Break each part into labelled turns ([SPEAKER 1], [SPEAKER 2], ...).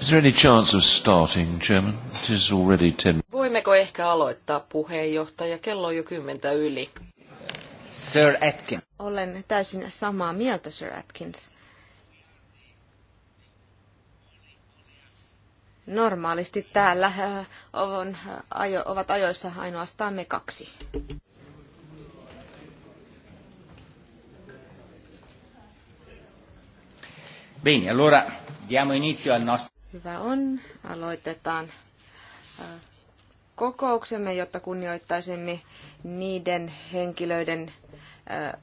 [SPEAKER 1] Is there any chance of starting, Chairman? It is already ten.
[SPEAKER 2] Voimmeko ehkä aloittaa puheenjohtaja? Kello on jo kymmentä yli.
[SPEAKER 1] Sir Atkins.
[SPEAKER 3] Olen täysin samaa mieltä, Sir Atkins. Normaalisti täällä äh, on, äh, ajo, ovat ajoissa ainoastaan me kaksi.
[SPEAKER 4] Bene, allora diamo inizio al nostro...
[SPEAKER 3] Hyvä on. Aloitetaan äh, kokouksemme, jotta kunnioittaisimme niiden henkilöiden äh,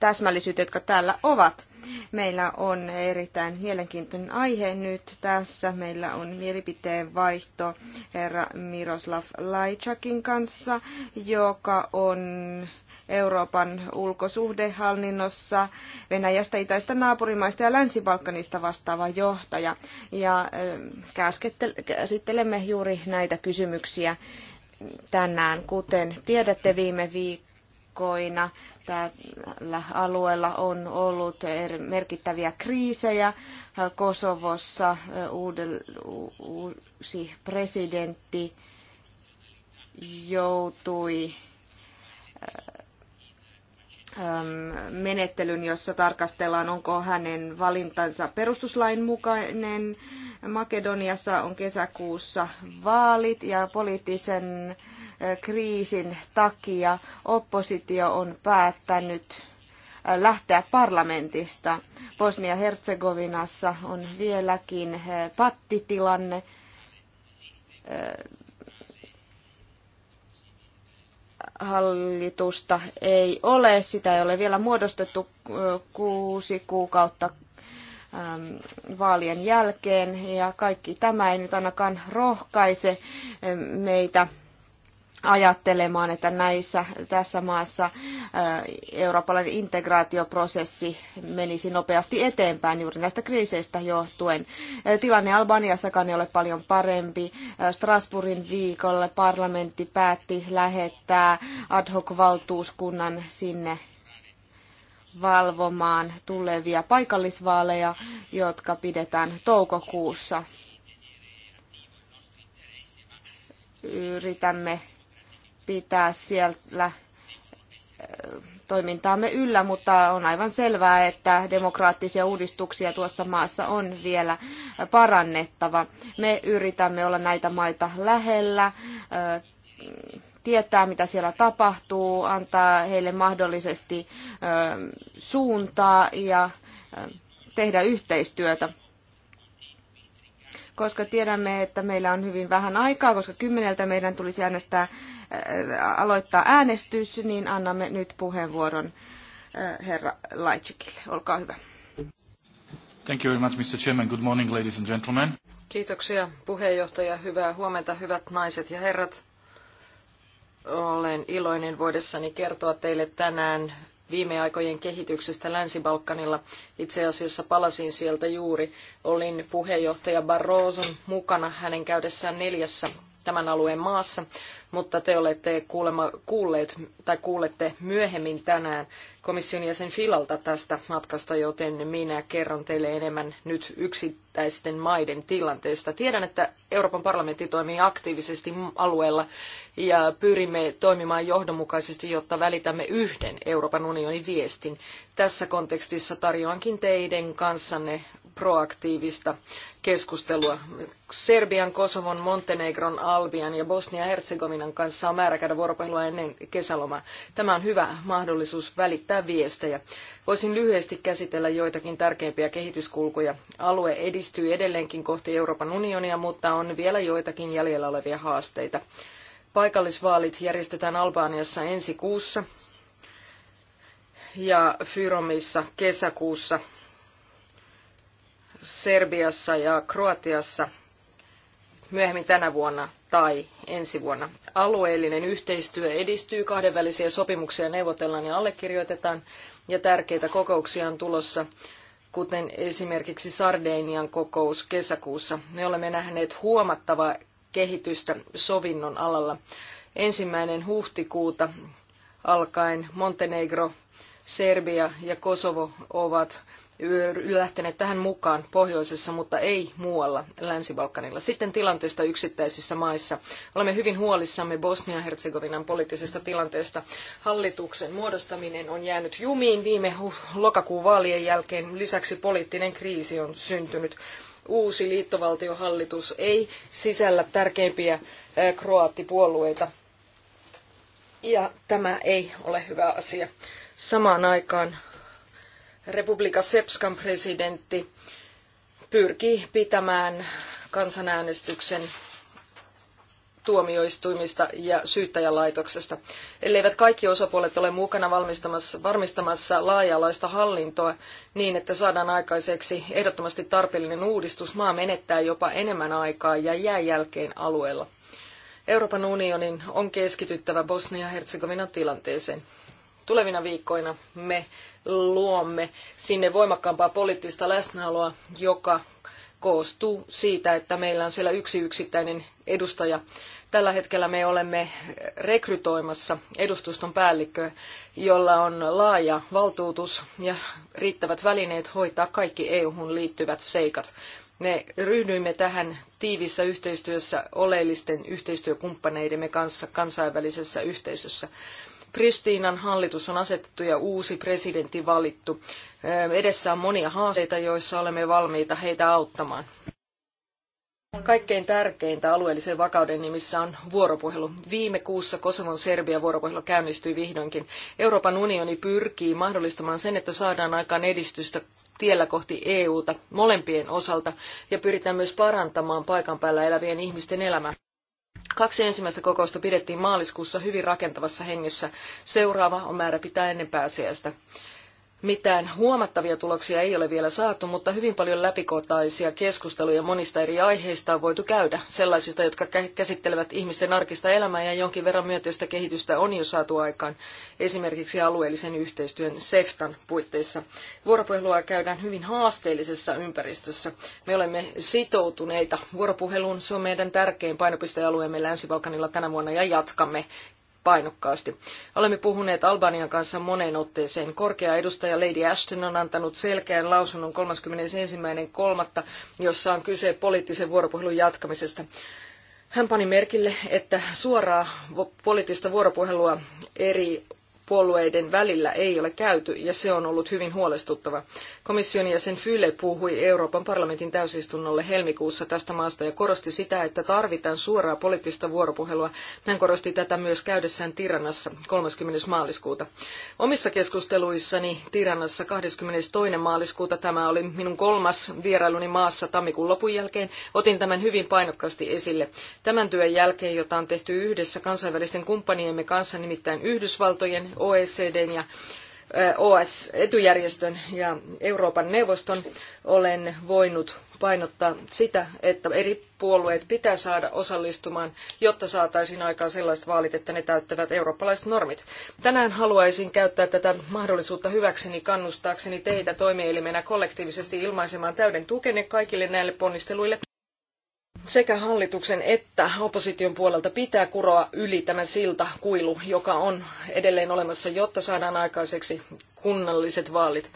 [SPEAKER 3] täsmällisyyttä, jotka täällä ovat. Meillä on erittäin mielenkiintoinen aihe nyt tässä. Meillä on mielipiteen vaihto herra Miroslav Lajčakin kanssa, joka on Euroopan ulkosuhdehallinnossa Venäjästä, itäistä naapurimaista ja Länsi-Balkanista vastaava johtaja. Ja ähm, käsittelemme juuri näitä kysymyksiä tänään. Kuten tiedätte viime viikkoina, tällä alueella on ollut er-, merkittäviä kriisejä. Kosovossa äh, uusi presidentti joutui äh, Ähm, menettelyn, jossa tarkastellaan, onko hänen valintansa perustuslain mukainen. Makedoniassa on kesäkuussa vaalit ja poliittisen äh, kriisin takia oppositio on päättänyt äh, lähteä parlamentista. Bosnia-Herzegovinassa on vieläkin äh, pattitilanne hallitusta ei ole, sitä ei ole vielä muodostettu kuusi kuukautta vaalien jälkeen ja kaikki tämä ei nyt ainakaan rohkaise meitä ajattelemaan, että näissä, tässä maassa eurooppalainen integraatioprosessi menisi nopeasti eteenpäin juuri näistä kriiseistä johtuen. Tilanne Albaniassakaan ei ole paljon parempi. Strasbourgin viikolle parlamentti päätti lähettää ad hoc-valtuuskunnan sinne valvomaan tulevia paikallisvaaleja, jotka pidetään toukokuussa. Yritämme pitää siellä toimintaamme yllä, mutta on aivan selvää, että demokraattisia uudistuksia tuossa maassa on vielä parannettava. Me yritämme olla näitä maita lähellä, tietää mitä siellä tapahtuu, antaa heille mahdollisesti suuntaa ja tehdä yhteistyötä koska tiedämme, että meillä on hyvin vähän aikaa, koska kymmeneltä meidän tulisi äänestää, äh, aloittaa äänestys, niin annamme nyt puheenvuoron äh, herra Laitsikille. Olkaa hyvä.
[SPEAKER 4] Thank you very much, Mr. Chairman. Good morning, ladies and gentlemen.
[SPEAKER 2] Kiitoksia puheenjohtaja. Hyvää huomenta, hyvät naiset ja herrat. Olen iloinen voidessani kertoa teille tänään viime aikojen kehityksestä Länsi-Balkanilla. Itse asiassa palasin sieltä juuri. Olin puheenjohtaja Barroson mukana hänen käydessään neljässä tämän alueen maassa mutta te olette kuulemma kuulleet tai kuulette myöhemmin tänään komission jäsen Filalta tästä matkasta, joten minä kerron teille enemmän nyt yksittäisten maiden tilanteesta. Tiedän, että Euroopan parlamentti toimii aktiivisesti alueella ja pyrimme toimimaan johdonmukaisesti, jotta välitämme yhden Euroopan unionin viestin. Tässä kontekstissa tarjoankin teidän kanssanne proaktiivista keskustelua. Serbian, Kosovon, Montenegron, Albian ja Bosnia-Herzegovinan kanssa on määrä käydä vuoropuhelua ennen kesälomaa. Tämä on hyvä mahdollisuus välittää viestejä. Voisin lyhyesti käsitellä joitakin tärkeimpiä kehityskulkuja. Alue edistyy edelleenkin kohti Euroopan unionia, mutta on vielä joitakin jäljellä olevia haasteita. Paikallisvaalit järjestetään Albaniassa ensi kuussa ja Fyromissa kesäkuussa Serbiassa ja Kroatiassa myöhemmin tänä vuonna tai ensi vuonna. Alueellinen yhteistyö edistyy, kahdenvälisiä sopimuksia neuvotellaan ja allekirjoitetaan, ja tärkeitä kokouksia on tulossa, kuten esimerkiksi Sardinian kokous kesäkuussa. Me olemme nähneet huomattavaa kehitystä sovinnon alalla. Ensimmäinen huhtikuuta alkaen Montenegro, Serbia ja Kosovo ovat lähteneet tähän mukaan pohjoisessa, mutta ei muualla Länsi-Balkanilla. Sitten tilanteesta yksittäisissä maissa. Olemme hyvin huolissamme Bosnia-Herzegovinan poliittisesta tilanteesta. Hallituksen muodostaminen on jäänyt jumiin viime lokakuun vaalien jälkeen. Lisäksi poliittinen kriisi on syntynyt. Uusi liittovaltiohallitus ei sisällä tärkeimpiä kroaattipuolueita. Ja tämä ei ole hyvä asia. Samaan aikaan Republika Sepskan presidentti pyrki pitämään kansanäänestyksen tuomioistuimista ja syyttäjälaitoksesta. Elleivät kaikki osapuolet ole mukana valmistamassa, varmistamassa laaja-alaista hallintoa niin, että saadaan aikaiseksi ehdottomasti tarpeellinen uudistus, maa menettää jopa enemmän aikaa ja jää jälkeen alueella. Euroopan unionin on keskityttävä Bosnia-Herzegovinan tilanteeseen tulevina viikkoina me luomme sinne voimakkaampaa poliittista läsnäoloa, joka koostuu siitä, että meillä on siellä yksi yksittäinen edustaja. Tällä hetkellä me olemme rekrytoimassa edustuston päällikköä, jolla on laaja valtuutus ja riittävät välineet hoitaa kaikki EU-hun liittyvät seikat. Me ryhdyimme tähän tiivissä yhteistyössä oleellisten yhteistyökumppaneidemme kanssa kansainvälisessä yhteisössä. Pristiinan hallitus on asetettu ja uusi presidentti valittu. Edessä on monia haasteita, joissa olemme valmiita heitä auttamaan. Kaikkein tärkeintä alueellisen vakauden nimissä on vuoropuhelu. Viime kuussa Kosovon Serbia vuoropuhelu käynnistyi vihdoinkin. Euroopan unioni pyrkii mahdollistamaan sen, että saadaan aikaan edistystä tiellä kohti EUta molempien osalta ja pyritään myös parantamaan paikan päällä elävien ihmisten elämää. Kaksi ensimmäistä kokousta pidettiin maaliskuussa hyvin rakentavassa hengessä. Seuraava on määrä pitää ennen pääsiäistä. Mitään huomattavia tuloksia ei ole vielä saatu, mutta hyvin paljon läpikotaisia keskusteluja monista eri aiheista on voitu käydä. Sellaisista, jotka käsittelevät ihmisten arkista elämää ja jonkin verran myönteistä kehitystä on jo saatu aikaan, esimerkiksi alueellisen yhteistyön SEFTAn puitteissa. Vuoropuhelua käydään hyvin haasteellisessa ympäristössä. Me olemme sitoutuneita vuoropuheluun. Se on meidän tärkein painopistealueemme Länsi-Balkanilla tänä vuonna ja jatkamme painokkaasti. Olemme puhuneet Albanian kanssa moneen otteeseen. Korkea edustaja Lady Ashton on antanut selkeän lausunnon 31.3., jossa on kyse poliittisen vuoropuhelun jatkamisesta. Hän pani merkille, että suoraa poliittista vuoropuhelua eri puolueiden välillä ei ole käyty, ja se on ollut hyvin huolestuttava. Komission jäsen Fyle puhui Euroopan parlamentin täysistunnolle helmikuussa tästä maasta ja korosti sitä, että tarvitaan suoraa poliittista vuoropuhelua. Hän korosti tätä myös käydessään Tiranassa 30. maaliskuuta. Omissa keskusteluissani Tiranassa 22. maaliskuuta, tämä oli minun kolmas vierailuni maassa tammikuun lopun jälkeen, otin tämän hyvin painokkaasti esille. Tämän työn jälkeen, jota on tehty yhdessä kansainvälisten kumppaniemme kanssa, nimittäin Yhdysvaltojen, OECDn ja OS, etujärjestön ja Euroopan neuvoston, olen voinut painottaa sitä, että eri puolueet pitää saada osallistumaan, jotta saataisiin aikaan sellaiset vaalit, että ne täyttävät eurooppalaiset normit. Tänään haluaisin käyttää tätä mahdollisuutta hyväkseni kannustaakseni teitä toimielimenä kollektiivisesti ilmaisemaan täyden tukenne kaikille näille ponnisteluille sekä hallituksen että opposition puolelta pitää kuroa yli tämä silta kuilu, joka on edelleen olemassa, jotta saadaan aikaiseksi kunnalliset vaalit.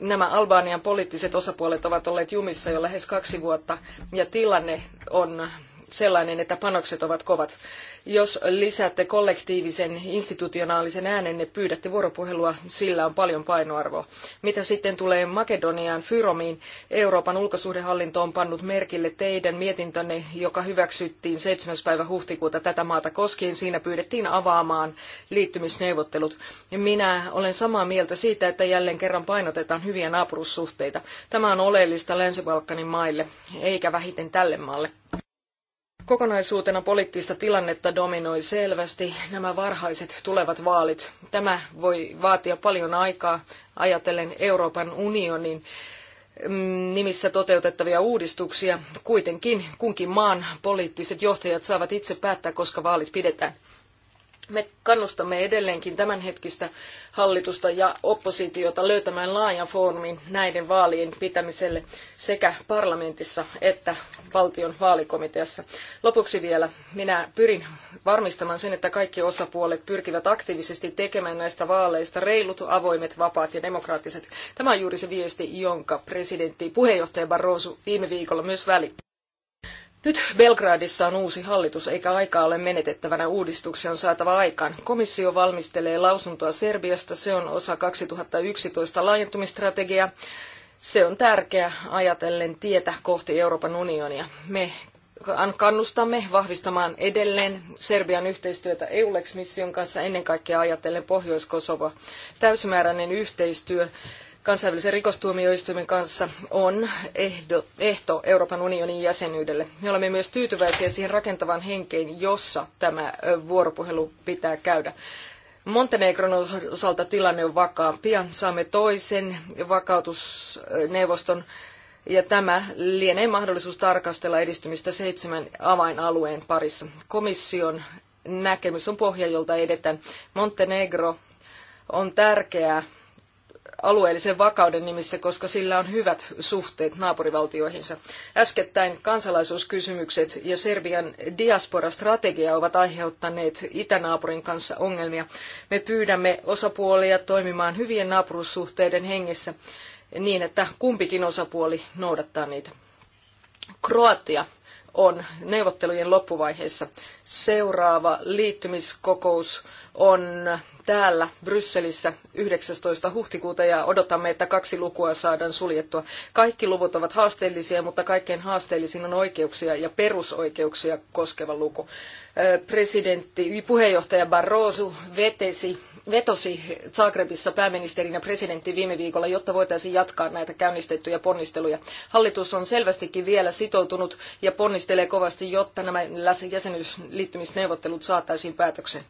[SPEAKER 2] Nämä Albanian poliittiset osapuolet ovat olleet jumissa jo lähes kaksi vuotta ja tilanne on sellainen, että panokset ovat kovat. Jos lisäätte kollektiivisen institutionaalisen äänenne, pyydätte vuoropuhelua, sillä on paljon painoarvoa. Mitä sitten tulee Makedoniaan, Fyromiin, Euroopan ulkosuhdehallinto on pannut merkille teidän mietintönne, joka hyväksyttiin 7. päivä huhtikuuta tätä maata koskien. Siinä pyydettiin avaamaan liittymisneuvottelut. Minä olen samaa mieltä siitä, että jälleen kerran painotetaan hyviä naapurussuhteita. Tämä on oleellista Länsi-Balkanin maille, eikä vähiten tälle maalle. Kokonaisuutena poliittista tilannetta dominoi selvästi nämä varhaiset tulevat vaalit. Tämä voi vaatia paljon aikaa ajatellen Euroopan unionin mm, nimissä toteutettavia uudistuksia. Kuitenkin kunkin maan poliittiset johtajat saavat itse päättää, koska vaalit pidetään. Me kannustamme edelleenkin tämänhetkistä hallitusta ja oppositiota löytämään laajan foorumin näiden vaalien pitämiselle sekä parlamentissa että valtion vaalikomiteassa. Lopuksi vielä minä pyrin varmistamaan sen, että kaikki osapuolet pyrkivät aktiivisesti tekemään näistä vaaleista reilut, avoimet, vapaat ja demokraattiset. Tämä on juuri se viesti, jonka presidentti puheenjohtaja Barroso viime viikolla myös välitti. Nyt Belgradissa on uusi hallitus, eikä aikaa ole menetettävänä. Uudistuksia on saatava aikaan. Komissio valmistelee lausuntoa Serbiasta. Se on osa 2011 laajentumistrategiaa. Se on tärkeä ajatellen tietä kohti Euroopan unionia. Me kannustamme vahvistamaan edelleen Serbian yhteistyötä EULEX-mission kanssa ennen kaikkea ajatellen Pohjois-Kosova. Täysimääräinen yhteistyö kansainvälisen rikostuomioistuimen kanssa on ehdo, ehto Euroopan unionin jäsenyydelle. Me olemme myös tyytyväisiä siihen rakentavaan henkeen, jossa tämä vuoropuhelu pitää käydä. Montenegron osalta tilanne on vakaa. Pian saamme toisen vakautusneuvoston ja tämä lienee mahdollisuus tarkastella edistymistä seitsemän avainalueen parissa. Komission näkemys on pohja, jolta edetään. Montenegro on tärkeää alueellisen vakauden nimissä, koska sillä on hyvät suhteet naapurivaltioihinsa. Äskettäin kansalaisuuskysymykset ja Serbian diasporastrategia ovat aiheuttaneet itänaapurin kanssa ongelmia. Me pyydämme osapuolia toimimaan hyvien naapuruussuhteiden hengessä niin, että kumpikin osapuoli noudattaa niitä. Kroatia on neuvottelujen loppuvaiheessa. Seuraava liittymiskokous on täällä Brysselissä 19. huhtikuuta ja odotamme, että kaksi lukua saadaan suljettua. Kaikki luvut ovat haasteellisia, mutta kaikkein haasteellisin on oikeuksia ja perusoikeuksia koskeva luku. Presidentti, puheenjohtaja Barroso vetesi, vetosi Zagrebissa pääministeriin ja presidentti viime viikolla, jotta voitaisiin jatkaa näitä käynnistettyjä ponnisteluja. Hallitus on selvästikin vielä sitoutunut ja ponnistelee kovasti, jotta nämä jäsenyysliittymisneuvottelut saataisiin päätökseen.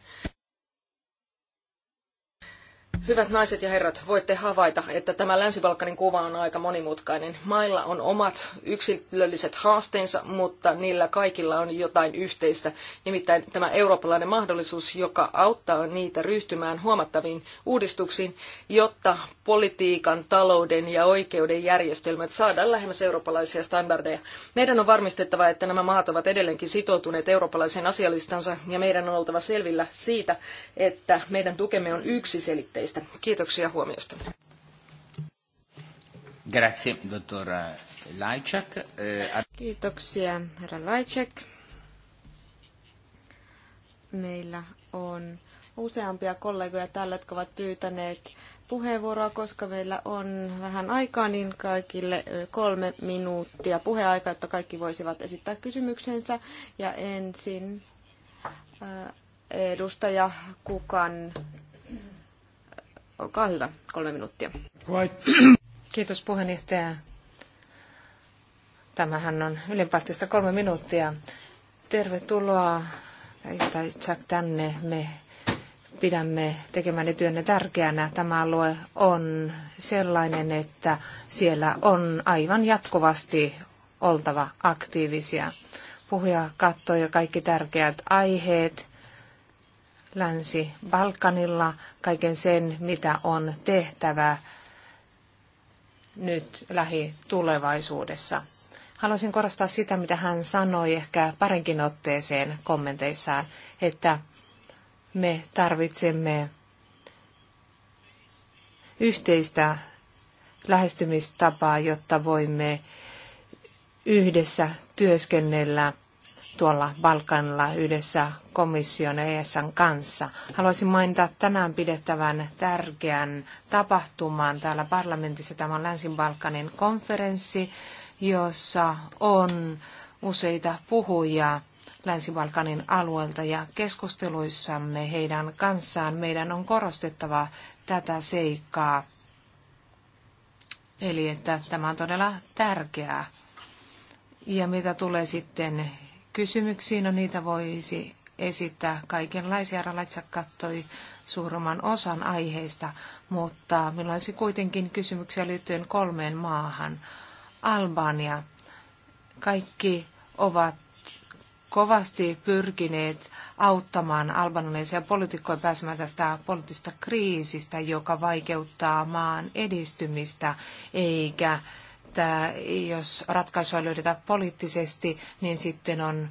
[SPEAKER 2] Hyvät naiset ja herrat, voitte havaita, että tämä Länsi-Balkanin kuva on aika monimutkainen. Mailla on omat yksilölliset haasteensa, mutta niillä kaikilla on jotain yhteistä. Nimittäin tämä eurooppalainen mahdollisuus, joka auttaa niitä ryhtymään huomattaviin uudistuksiin, jotta politiikan, talouden ja oikeuden järjestelmät saadaan lähemmäs eurooppalaisia standardeja. Meidän on varmistettava, että nämä maat ovat edelleenkin sitoutuneet eurooppalaiseen asialistansa ja meidän on oltava selvillä siitä, että meidän tukemme on yksiselitteistä tästä. Kiitoksia huomiosta.
[SPEAKER 4] Grazie, dottor Lajczak. Eh,
[SPEAKER 3] Kiitoksia, herra Lajczak. Meillä on useampia kollegoja täällä, jotka ovat pyytäneet puheenvuoroa, koska meillä on vähän aikaa, niin kaikille eh, kolme minuuttia puheaikaa, että kaikki voisivat esittää kysymyksensä. Ja ensin eh, edustaja Kukan Olkaa hyvä, kolme minuuttia. Kiitos
[SPEAKER 1] puheenjohtaja. Tämähän on ylenpäätistä kolme minuuttia. Tervetuloa tai Jack tänne. Me pidämme tekemänne työnne tärkeänä. Tämä alue on sellainen, että siellä on aivan jatkuvasti oltava aktiivisia. Puhuja katsoi jo kaikki tärkeät aiheet Länsi-Balkanilla, kaiken sen, mitä on tehtävä nyt lähitulevaisuudessa. Haluaisin korostaa sitä, mitä hän sanoi ehkä parinkin otteeseen kommenteissaan, että me tarvitsemme yhteistä lähestymistapaa, jotta voimme yhdessä työskennellä – tuolla Balkanilla yhdessä komission ja ESN kanssa. Haluaisin mainita tänään pidettävän tärkeän tapahtuman täällä parlamentissa. Tämä on Länsi-Balkanin konferenssi, jossa on useita puhujia Länsi-Balkanin alueelta ja keskusteluissamme heidän kanssaan meidän on korostettava tätä seikkaa. Eli että tämä on todella tärkeää. Ja mitä tulee sitten kysymyksiin, no niitä voisi esittää kaikenlaisia. Ralaitsa kattoi suurimman osan aiheista, mutta minulla olisi kuitenkin kysymyksiä liittyen kolmeen maahan. Albania. Kaikki ovat kovasti pyrkineet auttamaan albanilaisia poliitikkoja pääsemään tästä poliittisesta kriisistä, joka vaikeuttaa maan edistymistä, eikä että jos ratkaisua löydetään poliittisesti, niin sitten on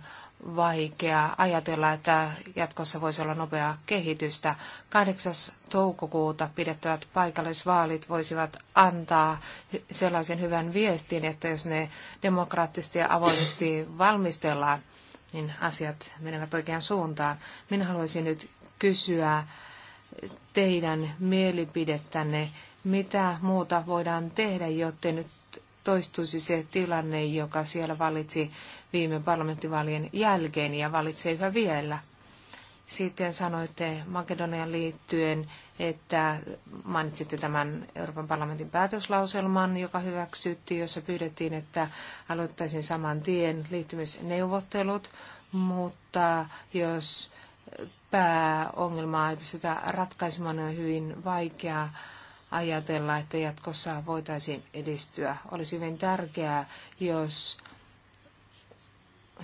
[SPEAKER 1] vaikea ajatella, että jatkossa voisi olla nopeaa kehitystä. 8. toukokuuta pidettävät paikallisvaalit voisivat antaa sellaisen hyvän viestin, että jos ne demokraattisesti ja avoimesti valmistellaan, niin asiat menevät oikeaan suuntaan. Minä haluaisin nyt kysyä teidän mielipidettänne, mitä muuta voidaan tehdä, jotta nyt toistuisi se tilanne, joka siellä valitsi viime parlamenttivaalien jälkeen ja valitsee yhä vielä. Sitten sanoitte Makedonian liittyen, että mainitsitte tämän Euroopan parlamentin päätöslauselman, joka hyväksyttiin, jossa pyydettiin, että aloittaisin saman tien liittymisneuvottelut, mutta jos pääongelmaa ei pystytä ratkaisemaan, on hyvin vaikeaa ajatella, että jatkossa voitaisiin edistyä. Olisi hyvin tärkeää, jos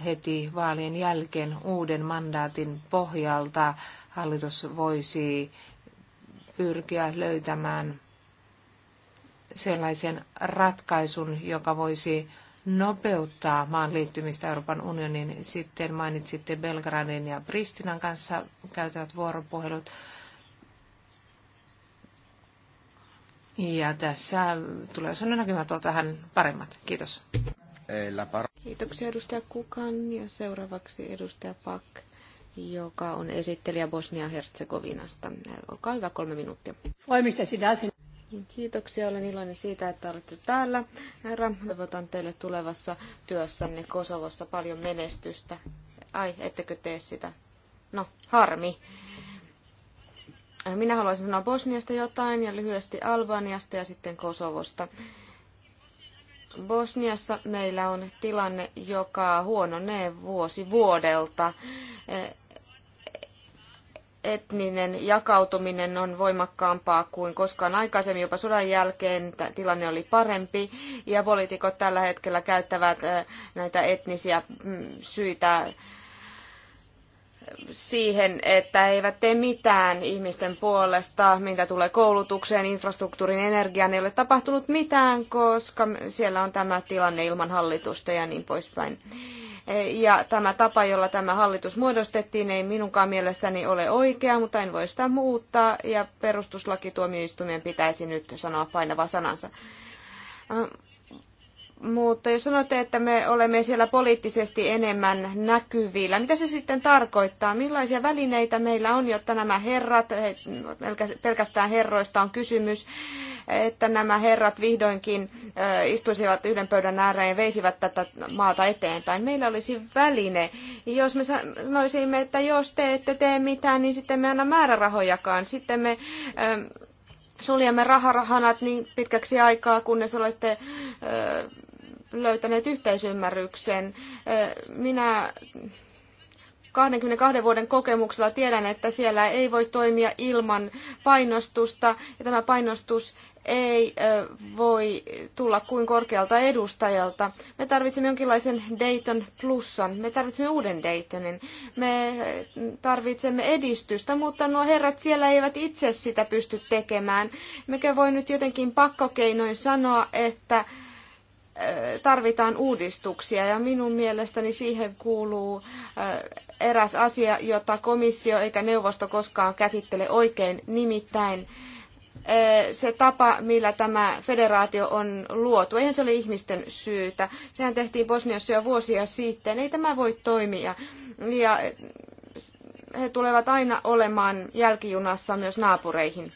[SPEAKER 1] heti vaalien jälkeen uuden mandaatin pohjalta hallitus voisi pyrkiä löytämään sellaisen ratkaisun, joka voisi nopeuttaa maan liittymistä Euroopan unioniin. Sitten mainitsitte Belgradin ja Pristinan kanssa käytävät vuoropuhelut. Ja tässä tulee sinun näkymä ovat vähän paremmat. Kiitos.
[SPEAKER 3] Kiitoksia edustaja Kukan ja seuraavaksi edustaja Pak, joka on esittelijä Bosnia-Herzegovinasta. Olkaa hyvä, kolme minuuttia. Kiitoksia, olen iloinen siitä, että olette täällä. Herra, toivotan teille tulevassa työssänne Kosovossa paljon menestystä. Ai, ettekö tee sitä? No, harmi. Äh, minä haluaisin sanoa Bosniasta jotain ja lyhyesti Albaniasta ja sitten Kosovosta. Bosniassa meillä on tilanne, joka huononee vuosi vuodelta. Äh, etninen jakautuminen on voimakkaampaa kuin koskaan aikaisemmin, jopa sodan jälkeen tilanne oli parempi ja poliitikot tällä hetkellä käyttävät äh, näitä etnisiä mm, syitä siihen, että he eivät tee mitään ihmisten puolesta, mitä tulee koulutukseen, infrastruktuurin, energiaan. Ei ole tapahtunut mitään, koska siellä on tämä tilanne ilman hallitusta ja niin poispäin. Ja tämä tapa, jolla tämä hallitus muodostettiin, ei minunkaan mielestäni ole oikea, mutta en voi sitä muuttaa. Ja perustuslakituomioistuimen pitäisi nyt sanoa painava sanansa. Mutta jos sanotte, että me olemme siellä poliittisesti enemmän näkyvillä, mitä se sitten tarkoittaa? Millaisia välineitä meillä on, jotta nämä herrat, pelkästään herroista on kysymys, että nämä herrat vihdoinkin istuisivat yhden pöydän ääreen ja veisivät tätä maata eteenpäin. Meillä olisi väline. Jos me sanoisimme, että jos te ette tee mitään, niin sitten me anna määrärahojakaan. Sitten me suljemme raharahanat niin pitkäksi aikaa, kunnes olette löytäneet yhteisymmärryksen. Minä 22 vuoden kokemuksella tiedän, että siellä ei voi toimia ilman painostusta, ja tämä painostus ei voi tulla kuin korkealta edustajalta. Me tarvitsemme jonkinlaisen Dayton plussan, me tarvitsemme uuden Daytonin, me tarvitsemme edistystä, mutta nuo herrat siellä eivät itse sitä pysty tekemään. Mikä voi nyt jotenkin pakkokeinoin sanoa, että tarvitaan uudistuksia ja minun mielestäni siihen kuuluu eräs asia, jota komissio eikä neuvosto koskaan käsittele oikein, nimittäin se tapa, millä tämä federaatio on luotu. Eihän se ole ihmisten syytä. Sehän tehtiin Bosniassa jo vuosia sitten. Ei tämä voi toimia. Ja he tulevat aina olemaan jälkijunassa myös naapureihin.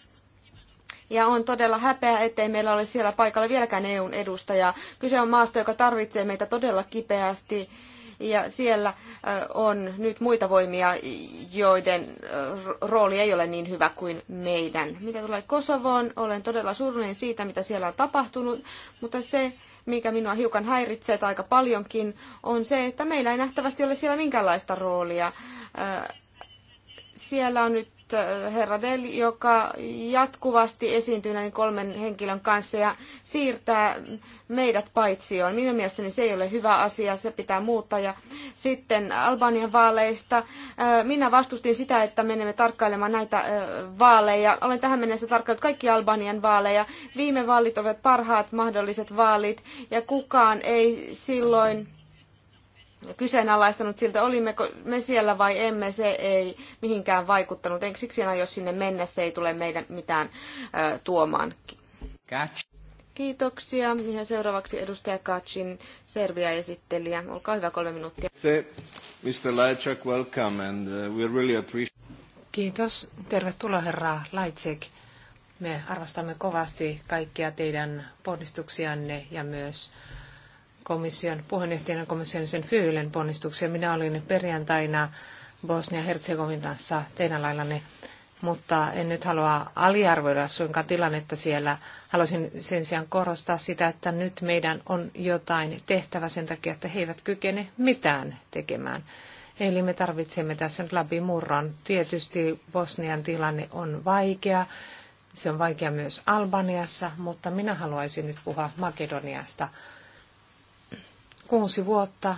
[SPEAKER 3] Ja on todella häpeä, ettei meillä ole siellä paikalla vieläkään EUn edustajaa. Kyse on maasta, joka tarvitsee meitä todella kipeästi. Ja siellä on nyt muita voimia, joiden rooli ei ole niin hyvä kuin meidän. Mitä tulee Kosovoon, olen todella surullinen siitä, mitä siellä on tapahtunut, mutta se, mikä minua hiukan häiritsee tai aika paljonkin, on se, että meillä ei nähtävästi ole siellä minkäänlaista roolia. Siellä on nyt herra Dell, joka jatkuvasti esiintyy näin kolmen henkilön kanssa ja siirtää meidät paitsioon. Minun mielestäni se ei ole hyvä asia, se pitää muuttaa. Ja sitten Albanian vaaleista. Äh, minä vastustin sitä, että menemme tarkkailemaan näitä äh, vaaleja. Olen tähän mennessä tarkkaillut kaikki Albanian vaaleja. Viime vaalit ovat parhaat mahdolliset vaalit ja kukaan ei silloin kyseenalaistanut siltä, olimmeko me siellä vai emme, se ei mihinkään vaikuttanut. Eikö siksi enää, jos sinne mennä, se ei tule meidän mitään ö, tuomaan. Kiitoksia. Ja seuraavaksi edustaja Kacin, Serbia-esittelijä. Olkaa hyvä, kolme minuuttia.
[SPEAKER 4] Mr. Lajczak, welcome, and uh, we really appreciate...
[SPEAKER 1] Kiitos. Tervetuloa, herra Lajczak. Me arvostamme kovasti kaikkia teidän ponnistuksianne ja myös komission puheenjohtajana komission sen Fyylen ponnistuksia. Minä olin perjantaina Bosnia-Herzegovinassa teidän laillanne, mutta en nyt halua aliarvioida suinkaan tilannetta siellä. Haluaisin sen sijaan korostaa sitä, että nyt meidän on jotain tehtävä sen takia, että he eivät kykene mitään tekemään. Eli me tarvitsemme tässä nyt läpimurron. Tietysti Bosnian tilanne on vaikea. Se on vaikea myös Albaniassa, mutta minä haluaisin nyt puhua Makedoniasta kuusi vuotta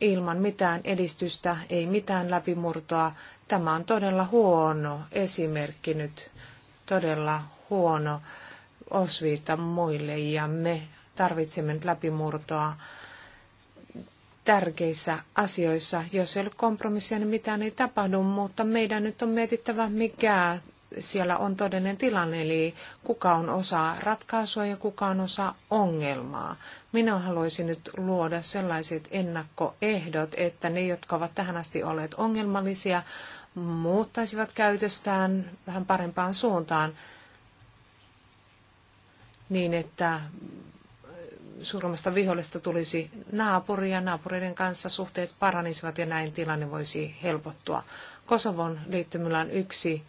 [SPEAKER 1] ilman mitään edistystä, ei mitään läpimurtoa. Tämä on todella huono esimerkki nyt, todella huono osviita muille ja me tarvitsemme läpimurtoa tärkeissä asioissa. Jos ei ole kompromissia, niin mitään ei tapahdu, mutta meidän nyt on mietittävä, mikä siellä on todellinen tilanne, eli kuka on osa ratkaisua ja kuka on osa ongelmaa. Minä haluaisin nyt luoda sellaiset ennakkoehdot, että ne, jotka ovat tähän asti olleet ongelmallisia, muuttaisivat käytöstään vähän parempaan suuntaan niin, että suurimmasta vihollista tulisi naapuri ja naapureiden kanssa suhteet paranisivat ja näin tilanne voisi helpottua. Kosovon liittymällä on yksi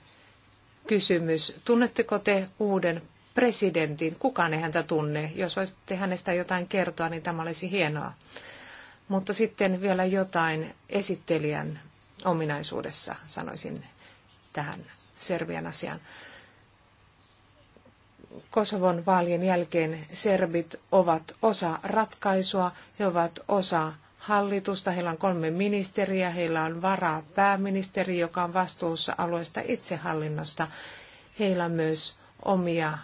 [SPEAKER 1] kysymys. Tunnetteko te uuden presidentin? Kukaan ei häntä tunne. Jos voisitte hänestä jotain kertoa, niin tämä olisi hienoa. Mutta sitten vielä jotain esittelijän ominaisuudessa, sanoisin tähän Serbian asiaan. Kosovon vaalien jälkeen serbit ovat osa ratkaisua, he ovat osa hallitusta, heillä on kolme ministeriä, heillä on varaa pääministeri, joka on vastuussa alueesta itsehallinnosta. Heillä on myös omia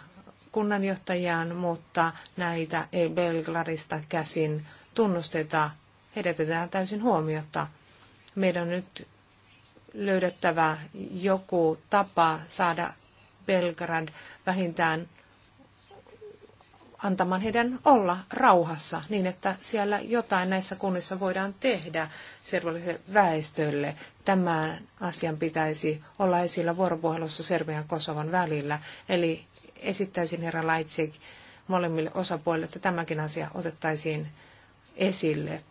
[SPEAKER 1] kunnanjohtajiaan, mutta näitä ei Belgradista käsin tunnusteta. Heidät jätetään täysin huomiota. Meidän on nyt löydettävä joku tapa saada Belgrad vähintään antamaan heidän olla rauhassa niin, että siellä jotain näissä kunnissa voidaan tehdä serbialaiselle väestölle. Tämän asian pitäisi olla esillä vuoropuhelussa Serbian ja Kosovan välillä. Eli esittäisin herra Leitsik molemmille osapuolille, että tämäkin asia otettaisiin esille.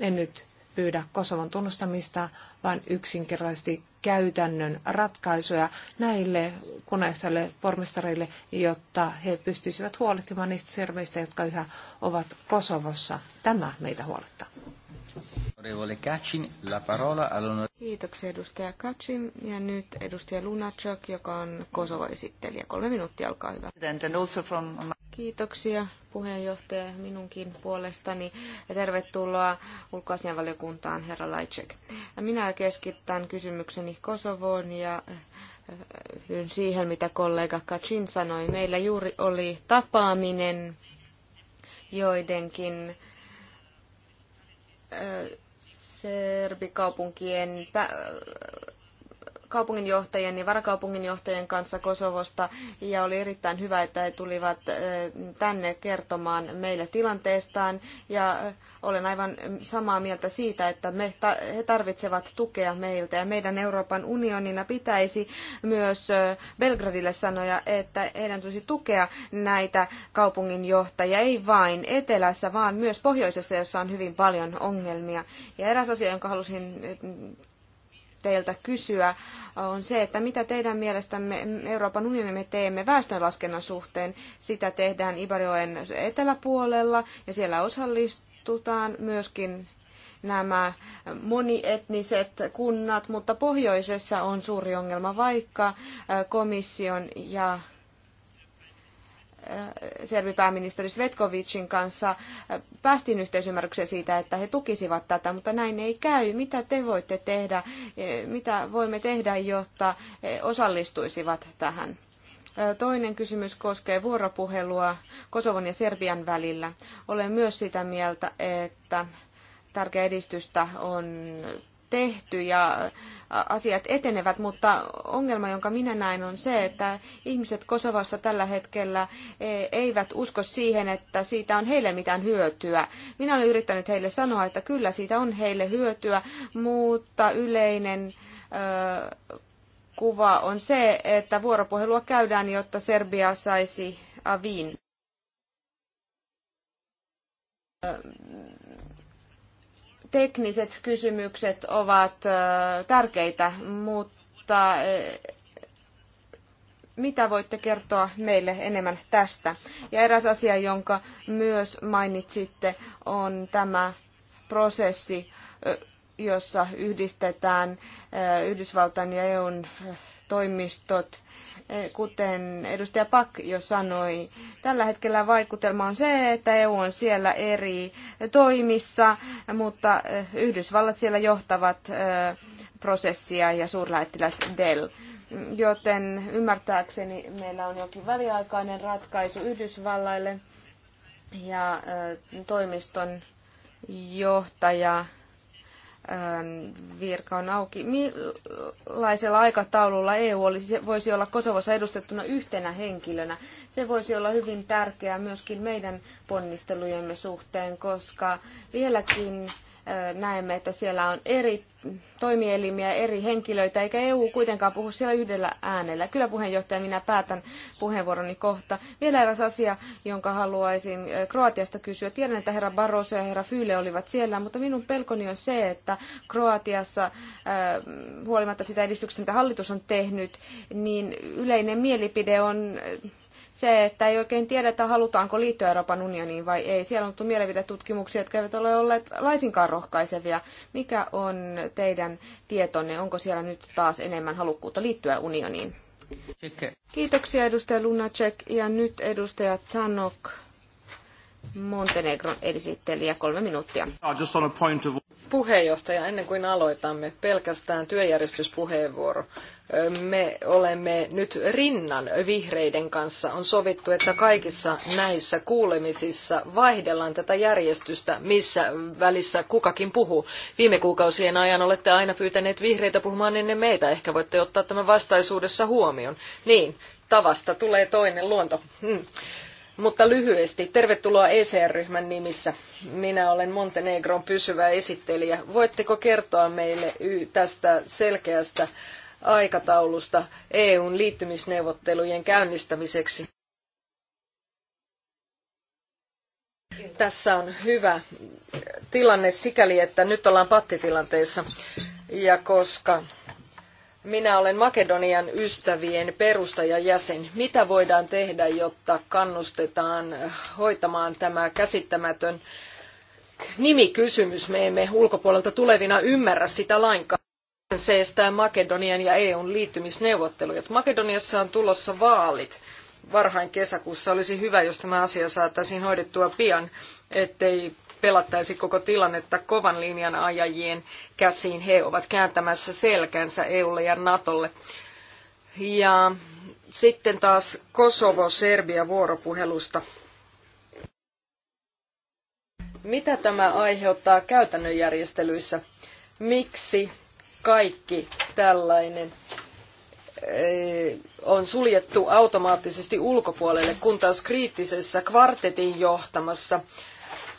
[SPEAKER 1] En nyt pyydä Kosovon tunnustamista, vaan yksinkertaisesti käytännön ratkaisuja näille kunnanjohtajille, pormestareille, jotta he pystyisivät huolehtimaan niistä serveistä, jotka yhä ovat Kosovossa. Tämä meitä huolettaa.
[SPEAKER 3] Kiitoksia edustaja Kacin ja nyt edustaja Lunacek, joka on Kosovo-esittelijä. Kolme minuuttia, olkaa hyvä. Kiitoksia puheenjohtaja minunkin puolestani. Ja tervetuloa ulkoasianvaliokuntaan, herra Lajcek. Minä keskittän kysymykseni Kosovoon ja äh, äh, siihen, mitä kollega Kacin sanoi. Meillä juuri oli tapaaminen joidenkin äh, serbikaupunkien kaupunginjohtajien ja varakaupunginjohtajien kanssa Kosovosta ja oli erittäin hyvä, että he tulivat tänne kertomaan meille tilanteestaan ja olen aivan samaa mieltä siitä, että me, he tarvitsevat tukea meiltä ja meidän Euroopan unionina pitäisi myös Belgradille sanoa, että heidän tulisi tukea näitä kaupunginjohtajia, ei vain etelässä, vaan myös pohjoisessa, jossa on hyvin paljon ongelmia. Ja eräs asia, jonka halusin teiltä kysyä, on se, että mitä teidän mielestämme Euroopan unionimme teemme väestönlaskennan suhteen. Sitä tehdään Ibarjoen eteläpuolella ja siellä osallistutaan myöskin nämä monietniset kunnat, mutta pohjoisessa on suuri ongelma, vaikka komission ja Serbi-pääministeri Svetkovicin kanssa päästiin yhteisymmärrykseen siitä, että he tukisivat tätä, mutta näin ei käy. Mitä te voitte tehdä, mitä voimme tehdä, jotta osallistuisivat tähän? Toinen kysymys koskee vuoropuhelua Kosovon ja Serbian välillä. Olen myös sitä mieltä, että tärkeää edistystä on tehty ja asiat etenevät, mutta ongelma, jonka minä näen, on se, että ihmiset Kosovassa tällä hetkellä e, eivät usko siihen, että siitä on heille mitään hyötyä. Minä olen yrittänyt heille sanoa, että kyllä siitä on heille hyötyä, mutta yleinen kuva on se, että vuoropuhelua käydään, jotta Serbia saisi avin tekniset kysymykset ovat tärkeitä, mutta mitä voitte kertoa meille enemmän tästä? Ja eräs asia, jonka myös mainitsitte, on tämä prosessi, jossa yhdistetään Yhdysvaltain ja EUn toimistot Eh, kuten edustaja Pak jo sanoi. Tällä hetkellä vaikutelma on se, että EU on siellä eri toimissa, mutta eh, Yhdysvallat siellä johtavat eh, prosessia ja suurlähettiläs Dell. Joten ymmärtääkseni meillä on jokin väliaikainen ratkaisu Yhdysvallaille ja toimiston johtaja Ähm, virka on auki. Millaisella aikataululla EU olisi, voisi olla Kosovossa edustettuna yhtenä henkilönä? Se voisi olla hyvin tärkeää myöskin meidän ponnistelujemme suhteen, koska vieläkin näemme, että siellä on eri toimielimiä, eri henkilöitä, eikä EU kuitenkaan puhu siellä yhdellä äänellä. Kyllä puheenjohtaja, minä päätän puheenvuoroni kohta. Vielä eräs asia, jonka haluaisin Kroatiasta kysyä. Tiedän, että herra Barroso ja herra Füle olivat siellä, mutta minun pelkoni on se, että Kroatiassa, huolimatta sitä edistyksestä, mitä hallitus on tehnyt, niin yleinen mielipide on se, että ei oikein tiedetä, halutaanko liittyä Euroopan unioniin vai ei. Siellä on tullut mielipidetutkimuksia, jotka eivät ole olleet laisinkaan rohkaisevia. Mikä on teidän tietonne? Onko siellä nyt taas enemmän halukkuutta liittyä unioniin? Kiitoksia edustaja Lunacek ja nyt edustaja Tanok,
[SPEAKER 2] Montenegron esittelijä, kolme minuuttia.
[SPEAKER 1] Just on a point of
[SPEAKER 2] puheenjohtaja, ennen kuin aloitamme, pelkästään työjärjestyspuheenvuoro. Me olemme nyt rinnan vihreiden kanssa. On sovittu, että kaikissa näissä kuulemisissa vaihdellaan tätä järjestystä, missä välissä kukakin puhuu. Viime kuukausien ajan olette aina pyytäneet vihreitä puhumaan ennen meitä. Ehkä voitte ottaa tämän vastaisuudessa huomioon. Niin, tavasta tulee toinen luonto. Hmm. Mutta lyhyesti, tervetuloa ECR-ryhmän nimissä. Minä olen Montenegron pysyvä esittelijä. Voitteko kertoa meille tästä selkeästä aikataulusta EUn liittymisneuvottelujen käynnistämiseksi? Tässä on hyvä tilanne sikäli, että nyt ollaan pattitilanteessa. Ja koska minä olen Makedonian ystävien perustajajäsen. Mitä voidaan tehdä, jotta kannustetaan hoitamaan tämä käsittämätön nimikysymys? Me emme ulkopuolelta tulevina ymmärrä sitä lainkaan. Se estää Makedonian ja EUn liittymisneuvotteluja. Makedoniassa on tulossa vaalit. Varhain kesäkuussa olisi hyvä, jos tämä asia saataisiin hoidettua pian, ettei pelattaisi koko tilannetta kovan linjan ajajien käsiin. He ovat kääntämässä selkänsä EUlle ja NATOlle. Ja sitten taas Kosovo-Serbia-vuoropuhelusta. Mitä tämä aiheuttaa käytännön järjestelyissä? Miksi kaikki tällainen eh, on suljettu automaattisesti ulkopuolelle, kun taas kriittisessä kvartetin johtamassa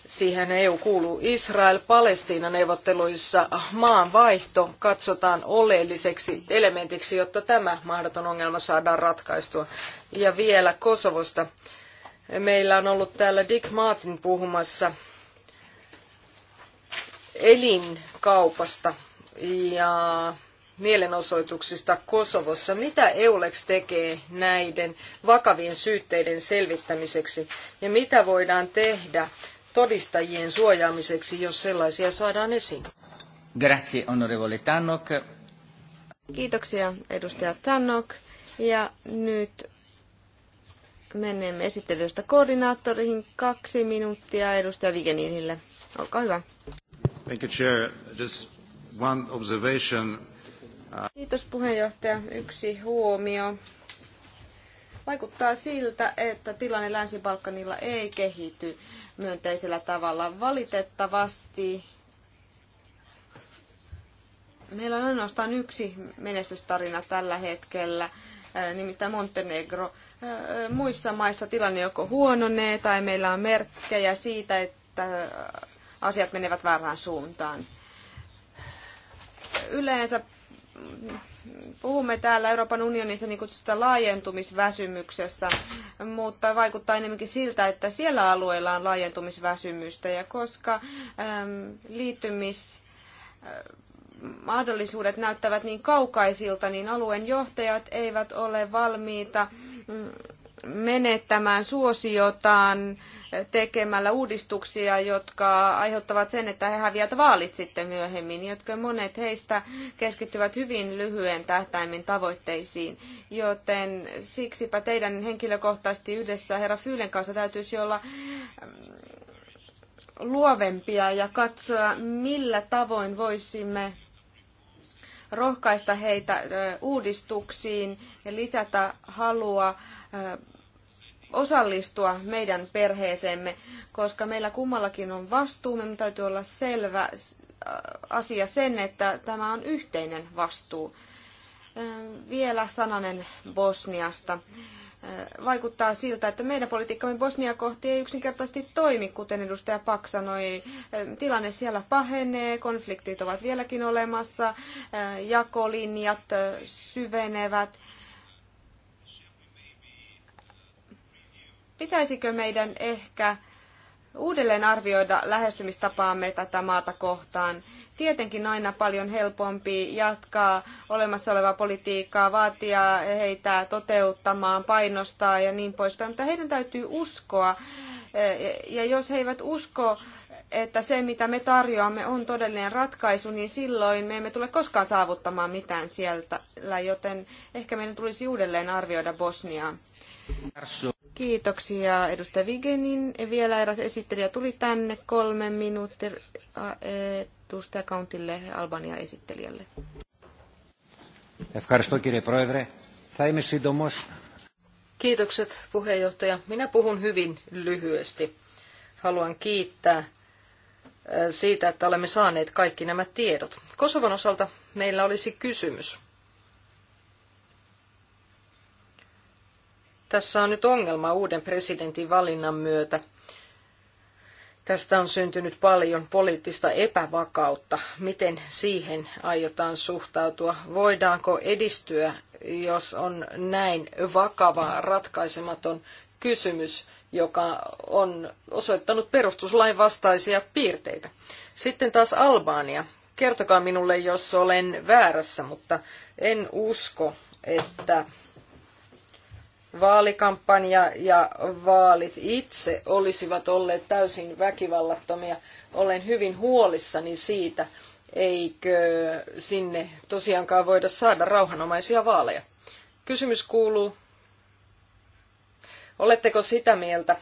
[SPEAKER 2] Siihen EU kuuluu Israel-Palestiina-neuvotteluissa maanvaihto katsotaan oleelliseksi elementiksi, jotta tämä mahdoton ongelma saadaan ratkaistua. Ja vielä Kosovosta. Meillä on ollut täällä Dick Martin puhumassa elinkaupasta ja mielenosoituksista Kosovossa. Mitä Eulex tekee näiden vakavien syytteiden selvittämiseksi ja mitä voidaan tehdä todistajien suojaamiseksi, jos sellaisia saadaan esiin.
[SPEAKER 4] Grazie, onorevole Tannock.
[SPEAKER 2] Kiitoksia, edustaja
[SPEAKER 3] Tannock. Ja nyt menemme esittelystä koordinaattoriin. Kaksi minuuttia edustaja Vigeninille. Olkaa hyvä.
[SPEAKER 1] Thank you, Chair. Just one
[SPEAKER 4] observation.
[SPEAKER 3] Kiitos puheenjohtaja. Yksi huomio. Vaikuttaa siltä, että tilanne Länsi-Balkanilla ei kehity myönteisellä tavalla. Valitettavasti meillä on ainoastaan yksi menestystarina tällä hetkellä, äh, nimittäin Montenegro. Äh, muissa maissa tilanne joko huononee tai meillä on merkkejä siitä, että äh, asiat menevät väärään suuntaan. Yleensä puhumme täällä Euroopan unionissa niin kutsusta laajentumisväsymyksestä mutta vaikuttaa enemmänkin siltä, että siellä alueella on laajentumisväsymystä ja koska liittymis mahdollisuudet näyttävät niin kaukaisilta, niin alueen johtajat eivät ole valmiita mm, menettämään suosiotaan tekemällä uudistuksia, jotka aiheuttavat sen, että he häviävät vaalit sitten myöhemmin, jotka monet heistä keskittyvät hyvin lyhyen tähtäimen tavoitteisiin. Joten siksipä teidän henkilökohtaisesti yhdessä herra Fyylen kanssa täytyisi olla mm, luovempia ja katsoa, millä tavoin voisimme rohkaista heitä uudistuksiin ja lisätä halua osallistua meidän perheeseemme, koska meillä kummallakin on vastuu, meidän täytyy olla selvä asia sen, että tämä on yhteinen vastuu. Vielä sananen Bosniasta vaikuttaa siltä, että meidän politiikkamme Bosnia kohti ei yksinkertaisesti toimi, kuten edustaja Pak sanoi. Tilanne siellä pahenee, konfliktit ovat vieläkin olemassa, jakolinjat syvenevät. Pitäisikö meidän ehkä uudelleen arvioida lähestymistapaamme tätä maata kohtaan tietenkin aina paljon helpompi jatkaa olemassa olevaa politiikkaa, vaatia heitä toteuttamaan, painostaa ja niin poispäin, mutta heidän täytyy uskoa. Ja jos he eivät usko, että se, mitä me tarjoamme, on todellinen ratkaisu, niin silloin me emme tule koskaan saavuttamaan mitään sieltä, joten ehkä meidän tulisi uudelleen arvioida Bosniaa. Kiitoksia edustaja Vigenin. Vielä eräs esittelijä tuli tänne kolme minuuttia Tuusta Countille Albania esittelijälle.
[SPEAKER 2] Kiitokset puheenjohtaja. Minä puhun hyvin lyhyesti. Haluan kiittää siitä, että olemme saaneet kaikki nämä tiedot. Kosovan osalta meillä olisi kysymys. Tässä on nyt ongelma uuden presidentin valinnan myötä – Tästä on syntynyt paljon poliittista epävakautta. Miten siihen aiotaan suhtautua? Voidaanko edistyä, jos on näin vakava, ratkaisematon kysymys, joka on osoittanut perustuslain vastaisia piirteitä? Sitten taas Albania. Kertokaa minulle, jos olen väärässä, mutta en usko, että vaalikampanja ja vaalit itse olisivat olleet täysin väkivallattomia. Olen hyvin huolissani siitä, eikö sinne tosiaankaan voida saada rauhanomaisia vaaleja. Kysymys kuuluu, oletteko sitä mieltä,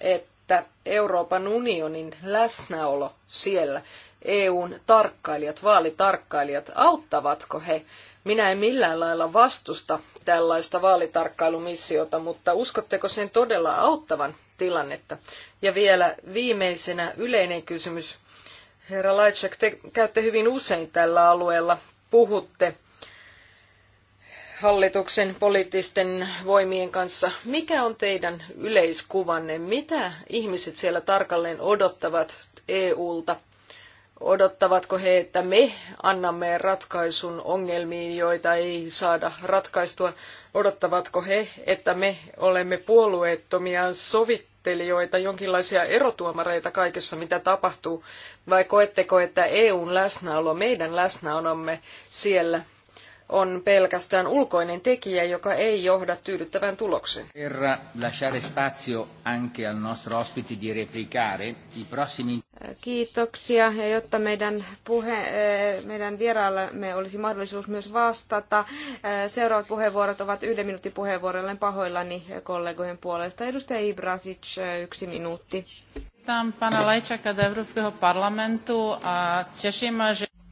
[SPEAKER 2] että Euroopan unionin läsnäolo siellä, EUn tarkkailijat, vaalitarkkailijat, auttavatko he minä en millään lailla vastusta tällaista vaalitarkkailumissiota, mutta uskotteko sen todella auttavan tilannetta? Ja vielä viimeisenä yleinen kysymys. Herra Laitschak, te käytte hyvin usein tällä alueella, puhutte hallituksen poliittisten voimien kanssa. Mikä on teidän yleiskuvanne? Mitä ihmiset siellä tarkalleen odottavat EUlta? Odottavatko he, että me annamme ratkaisun ongelmiin, joita ei saada ratkaistua? Odottavatko he, että me olemme puolueettomia sovittelijoita, jonkinlaisia erotuomareita kaikessa, mitä tapahtuu? Vai koetteko, että EUn läsnäolo, meidän läsnäolomme siellä on pelkästään ulkoinen tekijä, joka ei johda tyydyttävään tulokseen. Per
[SPEAKER 4] lasciare spazio anche al nostro ospite di replicare i prossimi...
[SPEAKER 3] Äh, kiitoksia. Ja jotta meidän, puhe, äh, meidän vieraallamme olisi mahdollisuus myös vastata, äh, seuraavat puheenvuorot ovat yhden minuutin puheenvuorolle pahoillani kollegojen puolesta. Edustaja Ibrasic, yksi minuutti. Kiitän
[SPEAKER 1] pana Lajčaka Evropského parlamentu.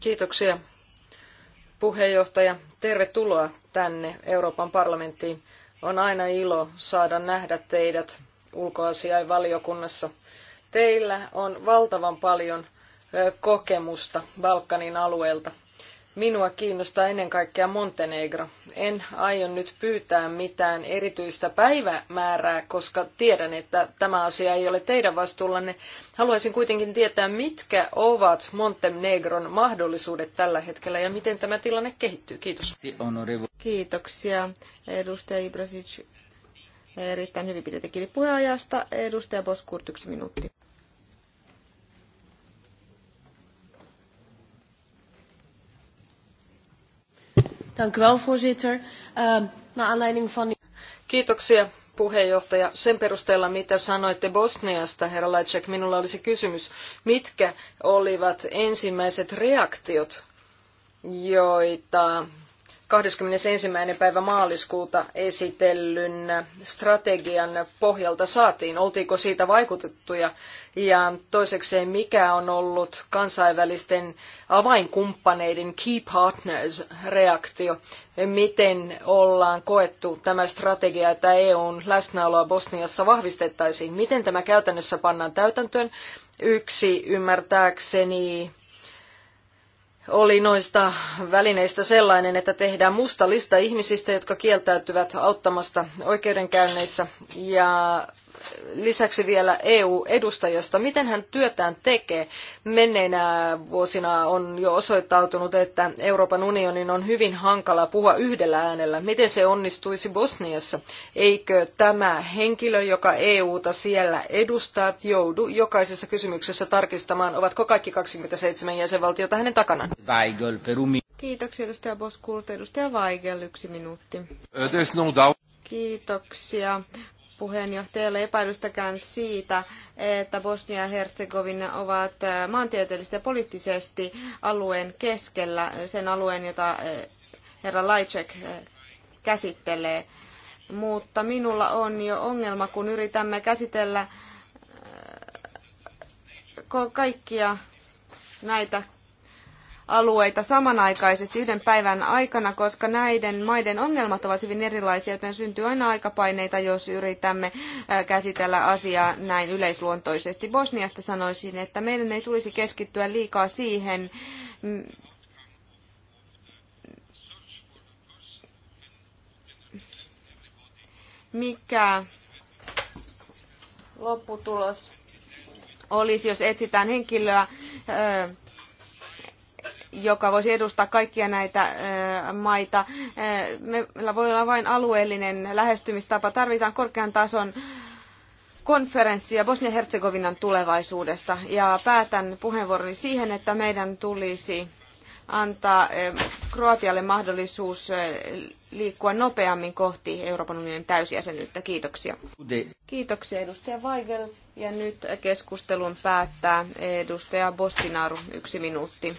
[SPEAKER 1] Kiitoksia
[SPEAKER 2] Puheenjohtaja, tervetuloa tänne Euroopan parlamenttiin. On aina ilo saada nähdä teidät ulkoasiainvaliokunnassa. Teillä on valtavan paljon kokemusta Balkanin alueelta. Minua kiinnostaa ennen kaikkea Montenegro. En aio nyt pyytää mitään erityistä päivämäärää, koska tiedän, että tämä asia ei ole teidän vastuullanne. Haluaisin kuitenkin tietää, mitkä ovat Montenegron mahdollisuudet tällä hetkellä ja miten tämä tilanne kehittyy. Kiitos. Kiitoksia, edustaja Ibrasic.
[SPEAKER 3] Erittäin hyvin pidetä kiinni puheenajasta. Edustaja Boskurt, yksi minuutti. Dank u wel, voorzitter.
[SPEAKER 2] Ehm, naar aanleiding van... Kiitoksia, puheenjohtaja. Sen perusteella, mitä sanoitte Bosniasta, herra Lajcek, minulla olisi kysymys. Mitkä olivat ensimmäiset reaktiot, joita 21. päivä maaliskuuta esitellyn strategian pohjalta saatiin? Oltiinko siitä vaikutettuja? Ja toisekseen, mikä on ollut kansainvälisten avainkumppaneiden key partners reaktio? Miten ollaan koettu tämä strategia, että EUn läsnäoloa Bosniassa vahvistettaisiin? Miten tämä käytännössä pannaan täytäntöön? Yksi ymmärtääkseni oli noista välineistä sellainen, että tehdään musta lista ihmisistä, jotka kieltäytyvät auttamasta oikeudenkäynneissä. Ja lisäksi vielä EU-edustajasta. Miten hän työtään tekee? Menneinä vuosina on jo osoittautunut, että Euroopan unionin on hyvin hankala puhua yhdellä äänellä. Miten se onnistuisi Bosniassa? Eikö tämä henkilö, joka EUta siellä edustaa, joudu jokaisessa kysymyksessä tarkistamaan, ovatko kaikki 27 jäsenvaltiota hänen takanaan?
[SPEAKER 4] Weigel,
[SPEAKER 3] Kiitoksia edustaja Boskulta. Edustaja Weigel, yksi minuutti.
[SPEAKER 4] No
[SPEAKER 3] Kiitoksia puheenjohtajalle epäilystäkään siitä, että Bosnia ja Herzegovina ovat äh, maantieteellisesti ja poliittisesti alueen keskellä, äh, sen alueen, jota äh, herra Lajcek käsittelee. Mutta minulla on jo ongelma, kun yritämme käsitellä kaikkia näitä alueita samanaikaisesti yhden päivän aikana, koska näiden maiden ongelmat ovat hyvin erilaisia, joten syntyy aina aikapaineita, jos yritämme käsitellä asiaa näin yleisluontoisesti. Bosniasta sanoisin, että meidän ei tulisi keskittyä liikaa siihen, mm, mikä
[SPEAKER 2] lopputulos
[SPEAKER 3] olisi, jos etsitään henkilöä joka voisi edustaa kaikkia näitä maita. Meillä voi olla vain alueellinen lähestymistapa. Tarvitaan korkean tason konferenssia Bosnia-Herzegovinan tulevaisuudesta. Ja päätän puheenvuoroni siihen, että meidän tulisi antaa Kroatialle mahdollisuus liikkua nopeammin kohti Euroopan unionin täysjäsenyyttä. Kiitoksia. Kiitoksia edustaja Weigel. Ja nyt keskustelun päättää edustaja Bostinaru, yksi minuutti.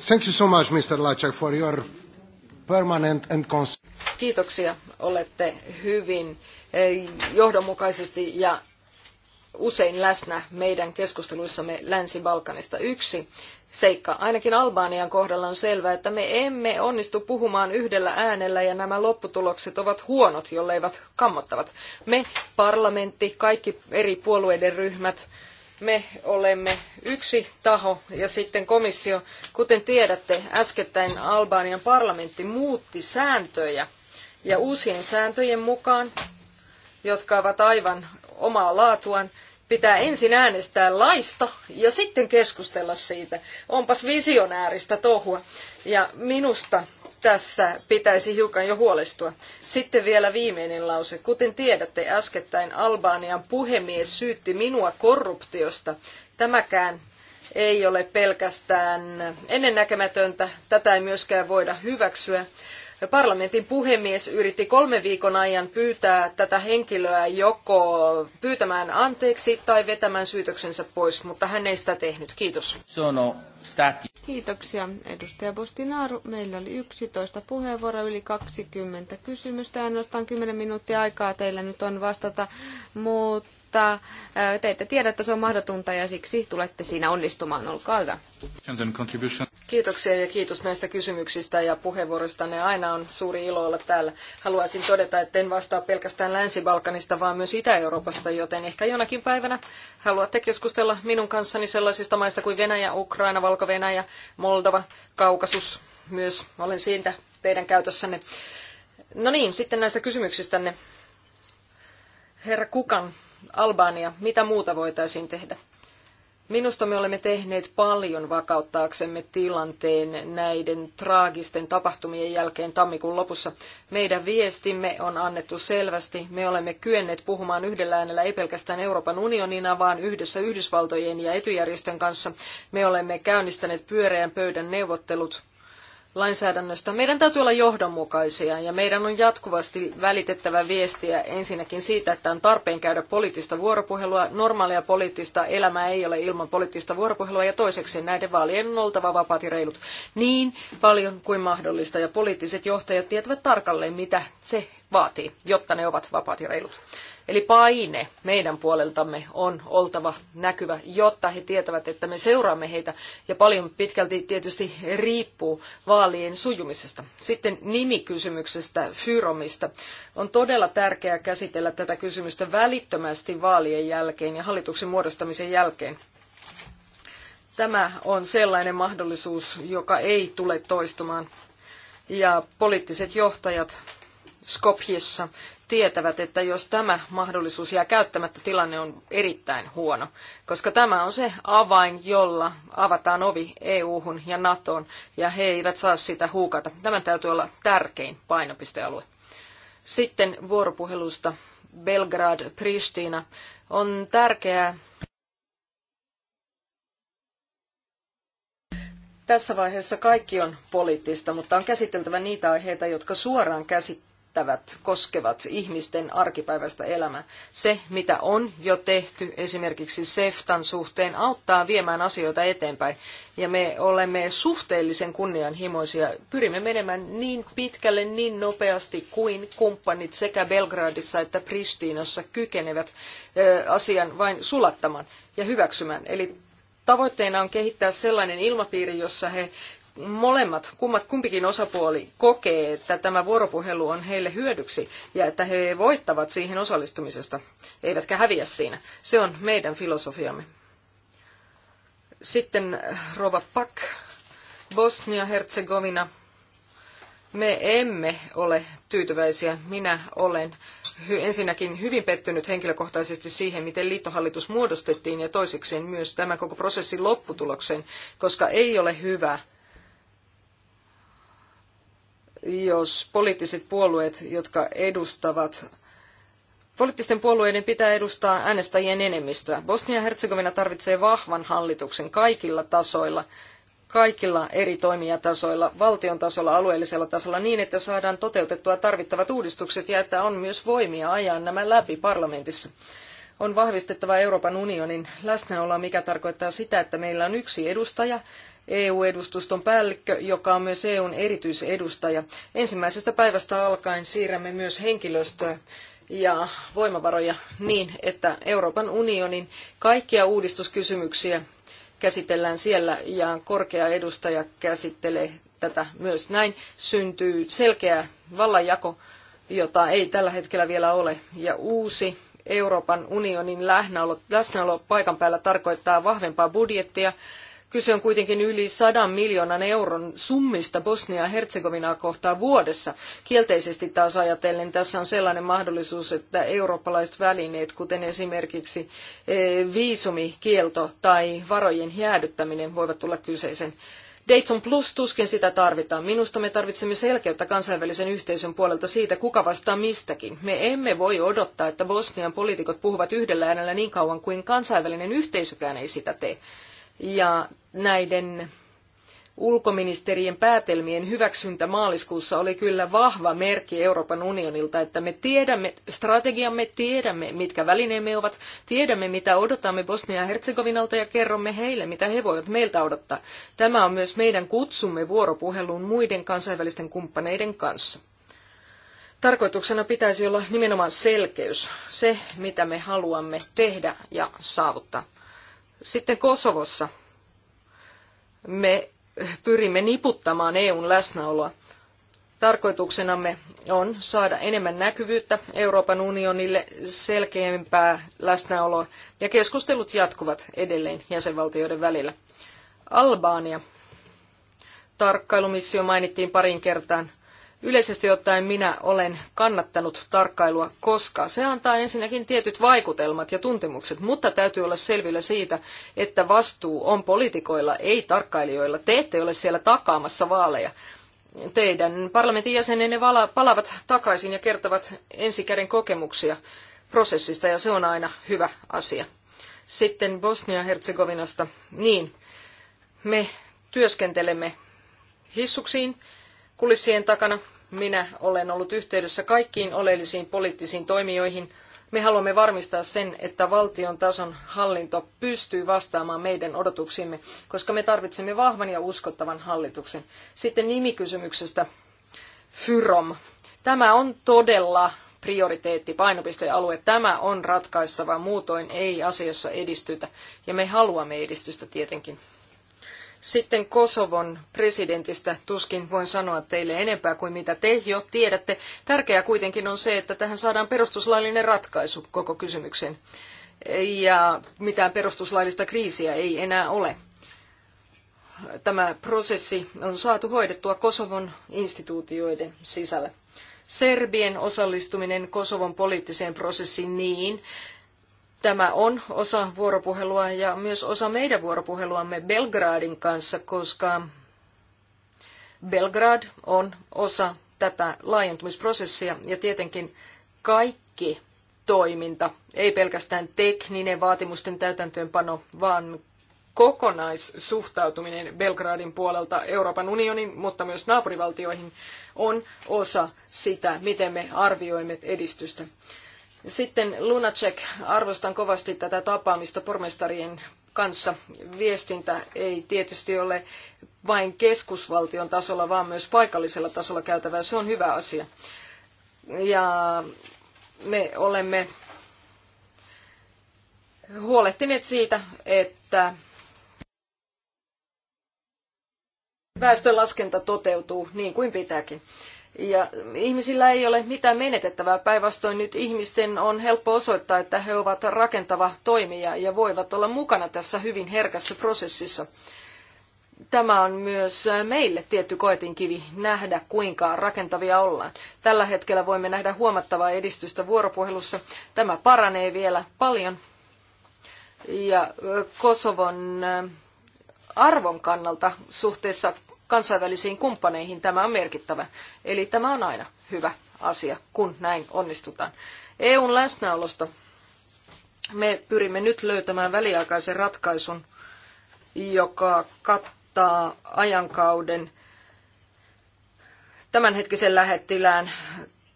[SPEAKER 4] Thank you so much, Mr. for your permanent and
[SPEAKER 2] Kiitoksia. Olette hyvin eh, johdonmukaisesti ja usein läsnä meidän keskusteluissamme Länsi-Balkanista. Yksi seikka, ainakin Albanian kohdalla on selvää, että me emme onnistu puhumaan yhdellä äänellä ja nämä lopputulokset ovat huonot, jolleivät kammottavat. Me, parlamentti, kaikki eri puolueiden ryhmät, me olemme yksi taho ja sitten komissio. Kuten tiedätte, äskettäin Albanian parlamentti muutti sääntöjä ja uusien sääntöjen mukaan, jotka ovat aivan omaa laatuaan, pitää ensin äänestää laista ja sitten keskustella siitä. Onpas visionääristä tohua. Ja minusta tässä pitäisi hiukan jo huolestua. Sitten vielä viimeinen lause. Kuten tiedätte, äskettäin Albanian puhemies syytti minua korruptiosta. Tämäkään ei ole pelkästään ennennäkemätöntä, tätä ei myöskään voida hyväksyä. Parlamentin puhemies yritti kolmen viikon ajan pyytää tätä henkilöä joko pyytämään anteeksi tai vetämään syytöksensä pois, mutta hän ei sitä tehnyt. Kiitos. stati. Kiitoksia
[SPEAKER 3] edustaja Bostinaru. Meillä oli 11 puheenvuoroa, yli 20 kysymystä. Ainoastaan 10 minuuttia aikaa teillä nyt on vastata, mutta mutta te ette tiedä, että se on mahdotonta
[SPEAKER 2] ja siksi tulette siinä onnistumaan. Olkaa hyvä. Kiitoksia ja kiitos näistä kysymyksistä ja puheenvuoroista. Ne aina on suuri ilo olla täällä. Haluaisin todeta, että en vastaa pelkästään Länsi-Balkanista, vaan myös Itä-Euroopasta, joten ehkä jonakin päivänä haluatte keskustella minun kanssani sellaisista maista kuin Venäjä, Ukraina, Valko-Venäjä, Moldova, Kaukasus myös. Olen siitä teidän käytössänne. No niin, sitten näistä kysymyksistänne. Herra Kukan Albania, mitä muuta voitaisiin tehdä? Minusta me olemme tehneet paljon vakauttaaksemme tilanteen näiden traagisten tapahtumien jälkeen tammikuun lopussa. Meidän viestimme on annettu selvästi. Me olemme kyenneet puhumaan yhdellä äänellä ei pelkästään Euroopan unionina, vaan yhdessä Yhdysvaltojen ja etujärjestön kanssa. Me olemme käynnistäneet pyöreän pöydän neuvottelut lainsäädännöstä. Meidän täytyy olla johdonmukaisia ja meidän on jatkuvasti välitettävä viestiä ensinnäkin siitä, että on tarpeen käydä poliittista vuoropuhelua. Normaalia poliittista elämää ei ole ilman poliittista vuoropuhelua ja toiseksi näiden vaalien on oltava vapaat ja reilut niin paljon kuin mahdollista ja poliittiset johtajat tietävät tarkalleen, mitä se vaatii, jotta ne ovat vapaat ja reilut. Eli paine meidän puoleltamme on oltava näkyvä, jotta he tietävät, että me seuraamme heitä. Ja paljon pitkälti tietysti riippuu vaalien sujumisesta. Sitten nimikysymyksestä, Fyromista. On todella tärkeää käsitellä tätä kysymystä välittömästi vaalien jälkeen ja hallituksen muodostamisen jälkeen. Tämä on sellainen mahdollisuus, joka ei tule toistumaan. Ja poliittiset johtajat Skopjessa tietävät, että jos tämä mahdollisuus jää käyttämättä, tilanne on erittäin huono, koska tämä on se avain, jolla avataan ovi EU-hun ja NATOon, ja he eivät saa sitä huukata. Tämän täytyy olla tärkein painopistealue. Sitten vuoropuhelusta Belgrad-Pristina. On tärkeää, Tässä vaiheessa kaikki on poliittista, mutta on käsiteltävä niitä aiheita, jotka suoraan käsittelevät päättävät, koskevat ihmisten arkipäiväistä elämää. Se, mitä on jo tehty esimerkiksi SEFTAn suhteen, auttaa viemään asioita eteenpäin. Ja me olemme suhteellisen kunnianhimoisia. Pyrimme menemään niin pitkälle, niin nopeasti kuin kumppanit sekä Belgradissa että Pristiinassa kykenevät asian vain sulattamaan ja hyväksymään. Eli Tavoitteena on kehittää sellainen ilmapiiri, jossa he molemmat, kummat, kumpikin osapuoli kokee, että tämä vuoropuhelu on heille hyödyksi ja että he voittavat siihen osallistumisesta, eivätkä häviä siinä. Se on meidän filosofiamme. Sitten eh, Rova Pak, Bosnia-Herzegovina. Me emme ole tyytyväisiä. Minä olen ensinnäkin hyvin pettynyt henkilökohtaisesti siihen, miten liittohallitus muodostettiin ja toisekseen myös tämän koko prosessin lopputulokseen, koska ei ole hyvä jos poliittiset puolueet, jotka edustavat Poliittisten puolueiden pitää edustaa äänestäjien enemmistöä. Bosnia-Herzegovina tarvitsee vahvan hallituksen kaikilla tasoilla, kaikilla eri toimijatasoilla, valtion tasolla, alueellisella tasolla niin, että saadaan toteutettua tarvittavat uudistukset ja että on myös voimia ajaa nämä läpi parlamentissa. On vahvistettava Euroopan unionin läsnäoloa, mikä tarkoittaa sitä, että meillä on yksi edustaja EU-edustuston päällikkö, joka on myös EUn erityisedustaja. Ensimmäisestä päivästä alkaen siirrämme myös henkilöstöä ja voimavaroja niin, että Euroopan unionin kaikkia uudistuskysymyksiä käsitellään siellä ja korkea edustaja käsittelee tätä myös. Näin syntyy selkeä vallanjako, jota ei tällä hetkellä vielä ole, ja uusi Euroopan unionin läsnäolo, läsnäolo paikan päällä tarkoittaa vahvempaa budjettia, Kyse on kuitenkin yli 100 miljoonan euron summista Bosnia-Herzegovinaa kohtaan vuodessa. Kielteisesti taas ajatellen tässä on sellainen mahdollisuus, että eurooppalaiset välineet, kuten esimerkiksi e, viisumikielto tai varojen jäädyttäminen, voivat tulla kyseisen Dayton Plus tuskin sitä tarvitaan. Minusta me tarvitsemme selkeyttä kansainvälisen yhteisön puolelta siitä, kuka vastaa mistäkin. Me emme voi odottaa, että Bosnian poliitikot puhuvat yhdellä äänellä niin kauan kuin kansainvälinen yhteisökään ei sitä tee ja näiden ulkoministerien päätelmien hyväksyntä maaliskuussa oli kyllä vahva merkki Euroopan unionilta, että me tiedämme strategiamme, tiedämme mitkä välineemme ovat, tiedämme mitä odotamme Bosnia ja Herzegovinalta ja kerromme heille, mitä he voivat meiltä odottaa. Tämä on myös meidän kutsumme vuoropuheluun muiden kansainvälisten kumppaneiden kanssa. Tarkoituksena pitäisi olla nimenomaan selkeys, se mitä me haluamme tehdä ja saavuttaa. Sitten Kosovossa me pyrimme niputtamaan EUn läsnäoloa. Tarkoituksenamme on saada enemmän näkyvyyttä Euroopan unionille, selkeämpää läsnäoloa ja keskustelut jatkuvat edelleen jäsenvaltioiden välillä. Albaania. Tarkkailumissio mainittiin parin kertaan. Yleisesti ottaen minä olen kannattanut tarkkailua, koska se antaa ensinnäkin tietyt vaikutelmat ja tuntemukset, mutta täytyy olla selvillä siitä, että vastuu on poliitikoilla, ei tarkkailijoilla. Te ette ole siellä takaamassa vaaleja. Teidän parlamentin jäsenenne palaavat takaisin ja kertovat ensikäden kokemuksia prosessista ja se on aina hyvä asia. Sitten Bosnia-Herzegovinasta. Niin, me työskentelemme hissuksiin kulissien takana minä olen ollut yhteydessä kaikkiin oleellisiin poliittisiin toimijoihin. Me haluamme varmistaa sen, että valtion tason hallinto pystyy vastaamaan meidän odotuksimme, koska me tarvitsemme vahvan ja uskottavan hallituksen. Sitten nimikysymyksestä Fyrom. Tämä on todella prioriteetti, painopistealue. Tämä on ratkaistava, muutoin ei asiassa edistytä. Ja me haluamme edistystä tietenkin. Sitten Kosovon presidentistä tuskin voin sanoa teille enempää kuin mitä te jo tiedätte. Tärkeää kuitenkin on se, että tähän saadaan perustuslaillinen ratkaisu koko kysymykseen. Ja mitään perustuslaillista kriisiä ei enää ole. Tämä prosessi on saatu hoidettua Kosovon instituutioiden sisällä. Serbien osallistuminen Kosovon poliittiseen prosessiin niin, Tämä on osa vuoropuhelua ja myös osa meidän vuoropuheluamme Belgradin kanssa, koska Belgrad on osa tätä laajentumisprosessia ja tietenkin kaikki toiminta, ei pelkästään tekninen vaatimusten täytäntöönpano, vaan kokonaissuhtautuminen Belgradin puolelta Euroopan unionin, mutta myös naapurivaltioihin on osa sitä, miten me arvioimme edistystä. Sitten Lunacek, arvostan kovasti tätä tapaamista pormestarien kanssa. Viestintä ei tietysti ole vain keskusvaltion tasolla, vaan myös paikallisella tasolla käytävää. Se on hyvä asia. Ja me olemme huolehtineet siitä, että väestönlaskenta toteutuu niin kuin pitääkin. Ja ihmisillä ei ole mitään menetettävää. Päinvastoin nyt ihmisten on helppo osoittaa, että he ovat rakentava toimija ja voivat olla mukana tässä hyvin herkässä prosessissa. Tämä on myös meille tietty koetinkivi nähdä, kuinka rakentavia ollaan. Tällä hetkellä voimme nähdä huomattavaa edistystä vuoropuhelussa. Tämä paranee vielä paljon. Ja Kosovon äh, arvon kannalta suhteessa kansainvälisiin kumppaneihin tämä on merkittävä. Eli tämä on aina hyvä asia, kun näin onnistutaan. EUn läsnäolosta me pyrimme nyt löytämään väliaikaisen ratkaisun, joka kattaa ajankauden tämänhetkisen lähettilään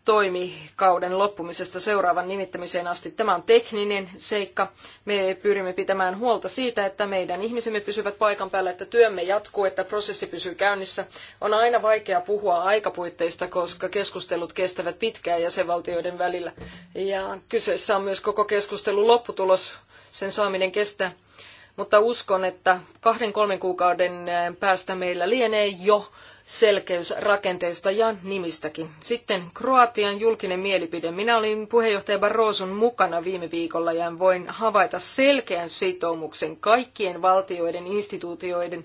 [SPEAKER 2] toimikauden loppumisesta seuraavan nimittämiseen asti. Tämä on tekninen seikka. Me pyrimme pitämään huolta siitä, että meidän ihmisemme pysyvät paikan päällä, että työmme jatkuu, että prosessi pysyy käynnissä. On aina vaikea puhua aikapuitteista, koska keskustelut kestävät pitkään jäsenvaltioiden välillä. Ja kyseessä on myös koko keskustelun lopputulos, sen saaminen kestää. Mutta uskon, että kahden kolmen kuukauden päästä meillä lienee jo selkeys rakenteesta ja nimistäkin. Sitten Kroatian julkinen mielipide. Minä olin puheenjohtaja Barroson mukana viime viikolla ja voin havaita selkeän sitoumuksen kaikkien valtioiden, instituutioiden,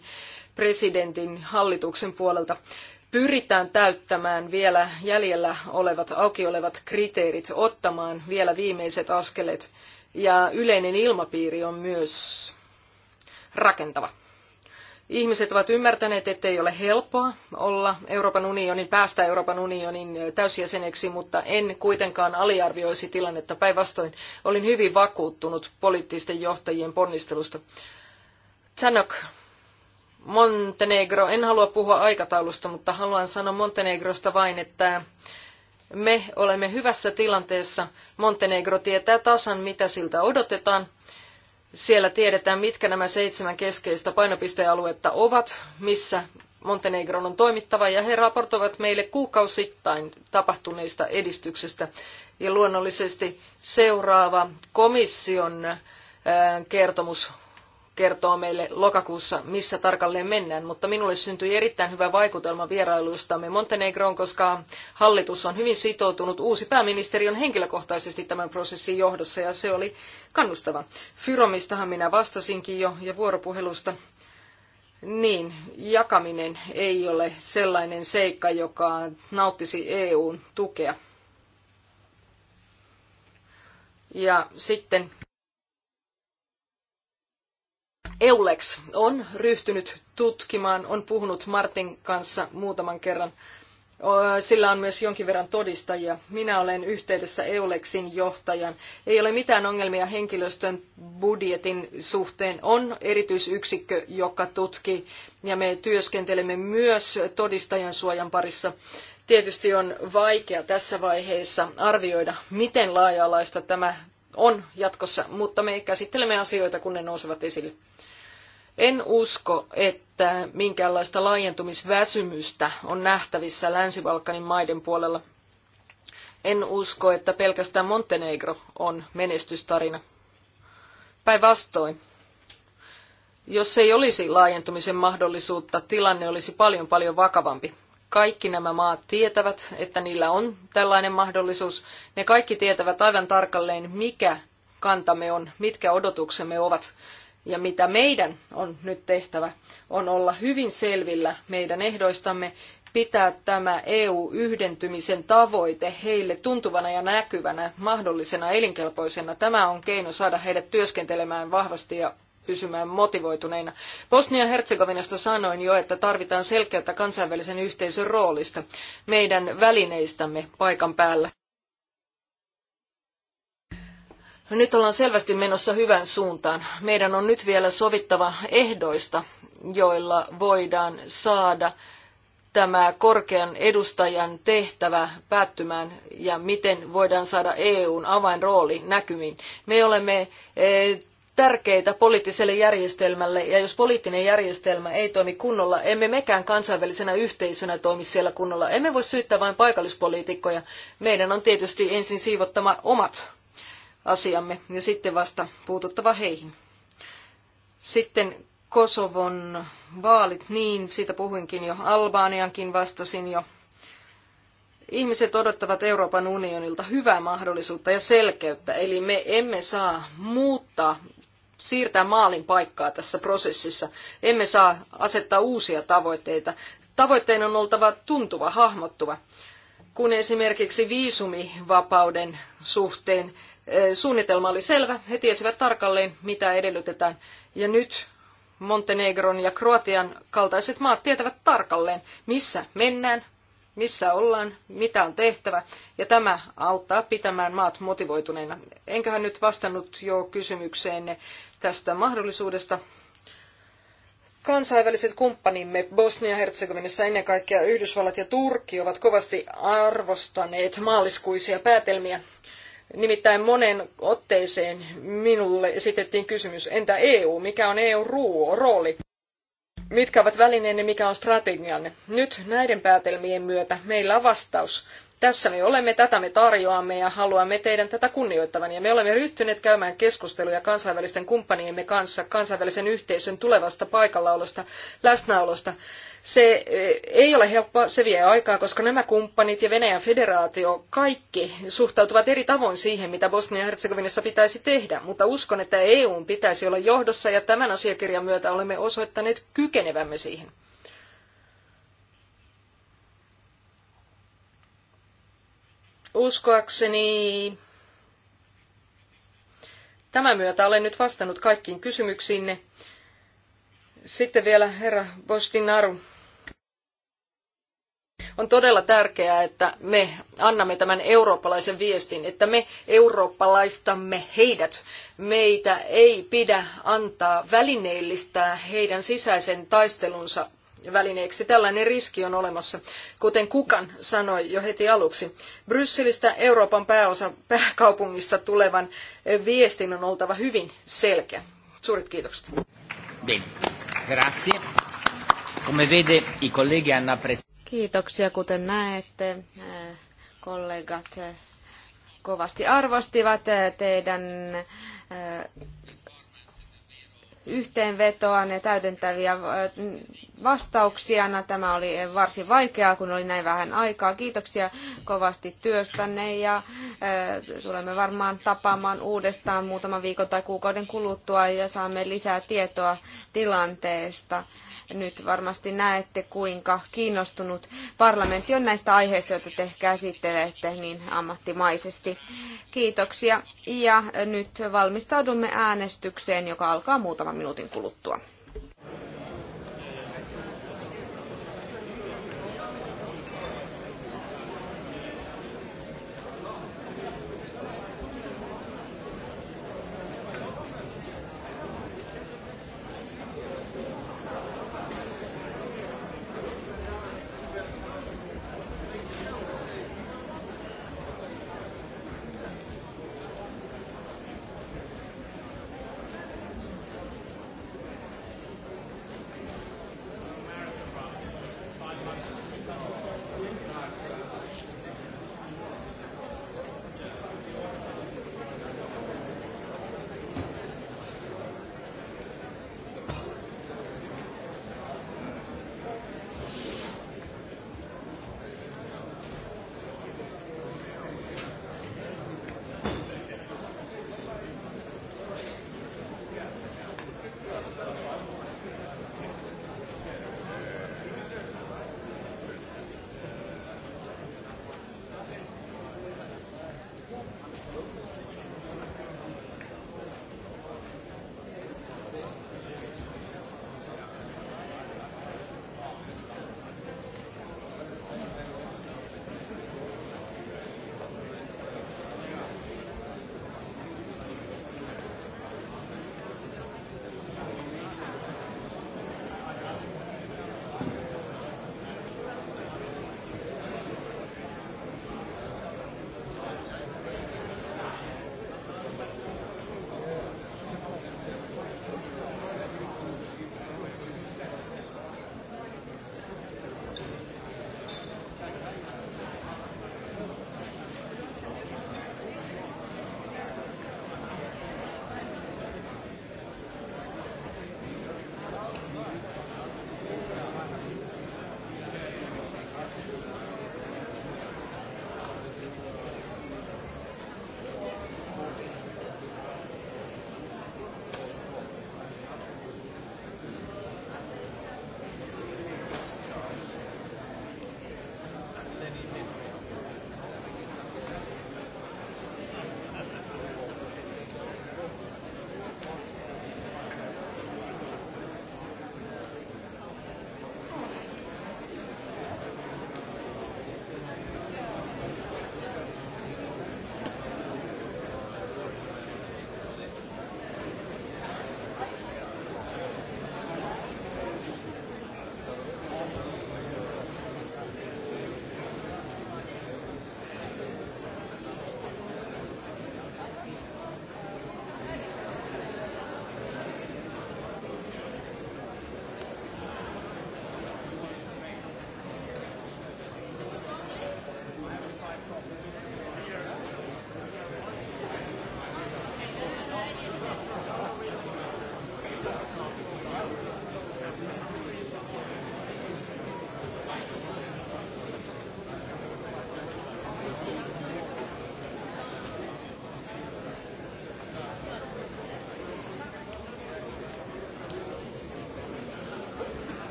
[SPEAKER 2] presidentin, hallituksen puolelta pyritään täyttämään vielä jäljellä olevat, auki olevat kriteerit, ottamaan vielä viimeiset askeleet. Ja yleinen ilmapiiri on myös rakentava. Ihmiset ovat ymmärtäneet, ettei ole helppoa olla Euroopan unionin, päästä Euroopan unionin täysjäseneksi, mutta en kuitenkaan aliarvioisi tilannetta. Päinvastoin olin hyvin vakuuttunut poliittisten johtajien ponnistelusta. Tsanok, Montenegro. En halua puhua aikataulusta, mutta haluan sanoa Montenegrosta vain, että me olemme hyvässä tilanteessa. Montenegro tietää tasan, mitä siltä odotetaan. Siellä tiedetään, mitkä nämä seitsemän keskeistä painopistealuetta ovat, missä Montenegron on toimittava, ja he raportoivat meille kuukausittain tapahtuneista edistyksestä. Ja luonnollisesti seuraava komission kertomus kertoo meille lokakuussa, missä tarkalleen mennään, mutta minulle syntyi erittäin hyvä vaikutelma vierailustamme Montenegroon, koska hallitus on hyvin sitoutunut. Uusi pääministeri on henkilökohtaisesti tämän prosessin johdossa ja se oli kannustava. Fyromistahan minä vastasinkin jo ja vuoropuhelusta. Niin, jakaminen ei ole sellainen seikka, joka nauttisi EUn tukea. Ja sitten Eulex on ryhtynyt tutkimaan, on puhunut Martin kanssa muutaman kerran. Sillä on myös jonkin verran todistajia. Minä olen yhteydessä Eulexin johtajan. Ei ole mitään ongelmia henkilöstön budjetin suhteen. On erityisyksikkö, joka tutkii, ja me työskentelemme myös todistajan suojan parissa. Tietysti on vaikea tässä vaiheessa arvioida, miten laaja-alaista tämä on jatkossa, mutta me käsittelemme asioita, kun ne nousevat esille. En usko, että minkäänlaista laajentumisväsymystä on nähtävissä Länsi-Balkanin maiden puolella. En usko, että pelkästään Montenegro on menestystarina. Päinvastoin, jos ei olisi laajentumisen mahdollisuutta, tilanne olisi paljon paljon vakavampi. Kaikki nämä maat tietävät, että niillä on tällainen mahdollisuus. Ne kaikki tietävät aivan tarkalleen, mikä kantamme on, mitkä odotuksemme ovat ja mitä meidän on nyt tehtävä, on olla hyvin selvillä meidän ehdoistamme, pitää tämä EU-yhdentymisen tavoite heille tuntuvana ja näkyvänä, mahdollisena elinkelpoisena. Tämä on keino saada heidät työskentelemään vahvasti ja pysymään motivoituneina. Bosnia-Herzegovinasta sanoin jo, että tarvitaan selkeyttä kansainvälisen yhteisön roolista, meidän välineistämme paikan päällä. Nyt ollaan selvästi menossa hyvään suuntaan. Meidän on nyt vielä sovittava ehdoista, joilla voidaan saada tämä korkean edustajan tehtävä päättymään ja miten voidaan saada EUn avainrooli näkymiin. Me olemme eh, tärkeitä poliittiselle järjestelmälle, ja jos poliittinen järjestelmä ei toimi kunnolla, emme mekään kansainvälisenä yhteisönä toimi siellä kunnolla. Emme voi syyttää vain paikallispoliitikkoja. Meidän on tietysti ensin siivottama omat asiamme ja sitten vasta puututtava heihin. Sitten Kosovon vaalit, niin siitä puhuinkin jo, Albaaniankin vastasin jo. Ihmiset odottavat Euroopan unionilta hyvää mahdollisuutta ja selkeyttä, eli me emme saa muuttaa siirtää maalin paikkaa tässä prosessissa. Emme saa asettaa uusia tavoitteita. Tavoitteen on oltava tuntuva, hahmottuva. Kun esimerkiksi viisumivapauden suhteen eh, suunnitelma oli selvä, he tiesivät tarkalleen, mitä edellytetään. Ja nyt Montenegron ja Kroatian kaltaiset maat tietävät tarkalleen, missä mennään, missä ollaan, mitä on tehtävä, ja tämä auttaa pitämään maat motivoituneina. Enköhän nyt vastannut jo kysymykseenne tästä mahdollisuudesta. Kansainväliset kumppanimme Bosnia-Herzegovinassa ennen kaikkea Yhdysvallat ja Turkki ovat kovasti arvostaneet maaliskuisia päätelmiä. Nimittäin monen otteeseen minulle esitettiin kysymys, entä EU, mikä on EU-rooli? mitkä ovat välineenne, mikä on strategianne. Nyt näiden päätelmien myötä meillä on vastaus tässä me olemme, tätä me tarjoamme ja haluamme teidän tätä kunnioittavan. Ja me olemme ryhtyneet käymään keskusteluja kansainvälisten kumppaniemme kanssa kansainvälisen yhteisön tulevasta paikallaolosta, läsnäolosta. Se e, ei ole helppoa, se vie aikaa, koska nämä kumppanit ja Venäjän federaatio kaikki suhtautuvat eri tavoin siihen, mitä Bosnia-Herzegovinassa pitäisi tehdä, mutta uskon, että EUn pitäisi olla johdossa ja tämän asiakirjan myötä olemme osoittaneet kykenevämme siihen. Uskoakseni tämän myötä olen nyt vastannut kaikkiin kysymyksiinne. Sitten vielä herra Bostinaru. On todella tärkeää, että me annamme tämän eurooppalaisen viestin, että me eurooppalaistamme heidät. Meitä ei pidä antaa välineellistää heidän sisäisen taistelunsa välineeksi. Tällainen riski on olemassa, kuten Kukan sanoi jo heti aluksi. Brysselistä Euroopan pääosa pääkaupungista tulevan viestin on oltava hyvin selkeä. Suuret kiitokset.
[SPEAKER 4] Grazie. Come vede, i colleghi hanno
[SPEAKER 3] Kiitoksia, kuten näette, eh, kollegat eh, kovasti arvostivat eh, teidän yhteenvetoanne, ja täydentäviä äh, vastauksia. Tämä oli varsin vaikeaa, kun oli näin vähän aikaa. Kiitoksia kovasti työstänne ja äh, tulemme varmaan tapaamaan uudestaan muutaman viikon tai kuukauden kuluttua ja saamme lisää tietoa tilanteesta. Nyt varmasti näette, kuinka kiinnostunut parlamentti on näistä aiheista, joita te käsittelette niin ammattimaisesti. Kiitoksia ja nyt valmistaudumme äänestykseen, joka alkaa muutaman minuutin kuluttua.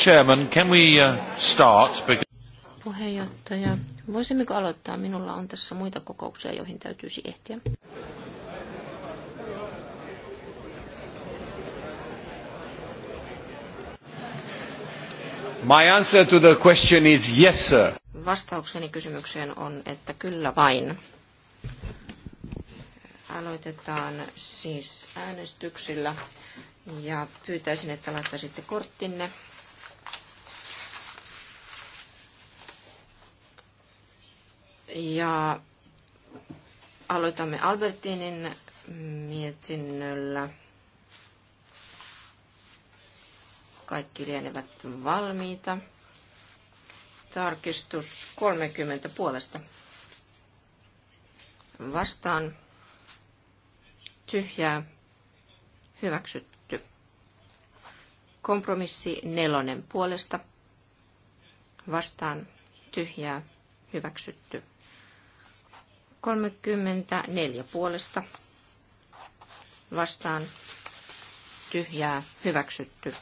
[SPEAKER 3] Chairman, can we uh, start?
[SPEAKER 5] Puheenjohtaja, voisimmeko aloittaa? Minulla on tässä muita kokouksia, joihin täytyisi ehtiä.
[SPEAKER 4] My answer to the question is yes, sir.
[SPEAKER 5] Vastaukseni kysymykseen on, että kyllä vain. Aloitetaan siis äänestyksillä ja pyytäisin, että laittaisitte korttinne Ja aloitamme Albertinin mietinnöllä. Kaikki lienevät valmiita. Tarkistus 30 puolesta. Vastaan. Tyhjää. Hyväksytty. Kompromissi nelonen puolesta. Vastaan. Tyhjää. Hyväksytty. 34 puolesta vastaan tyhjää hyväksytty.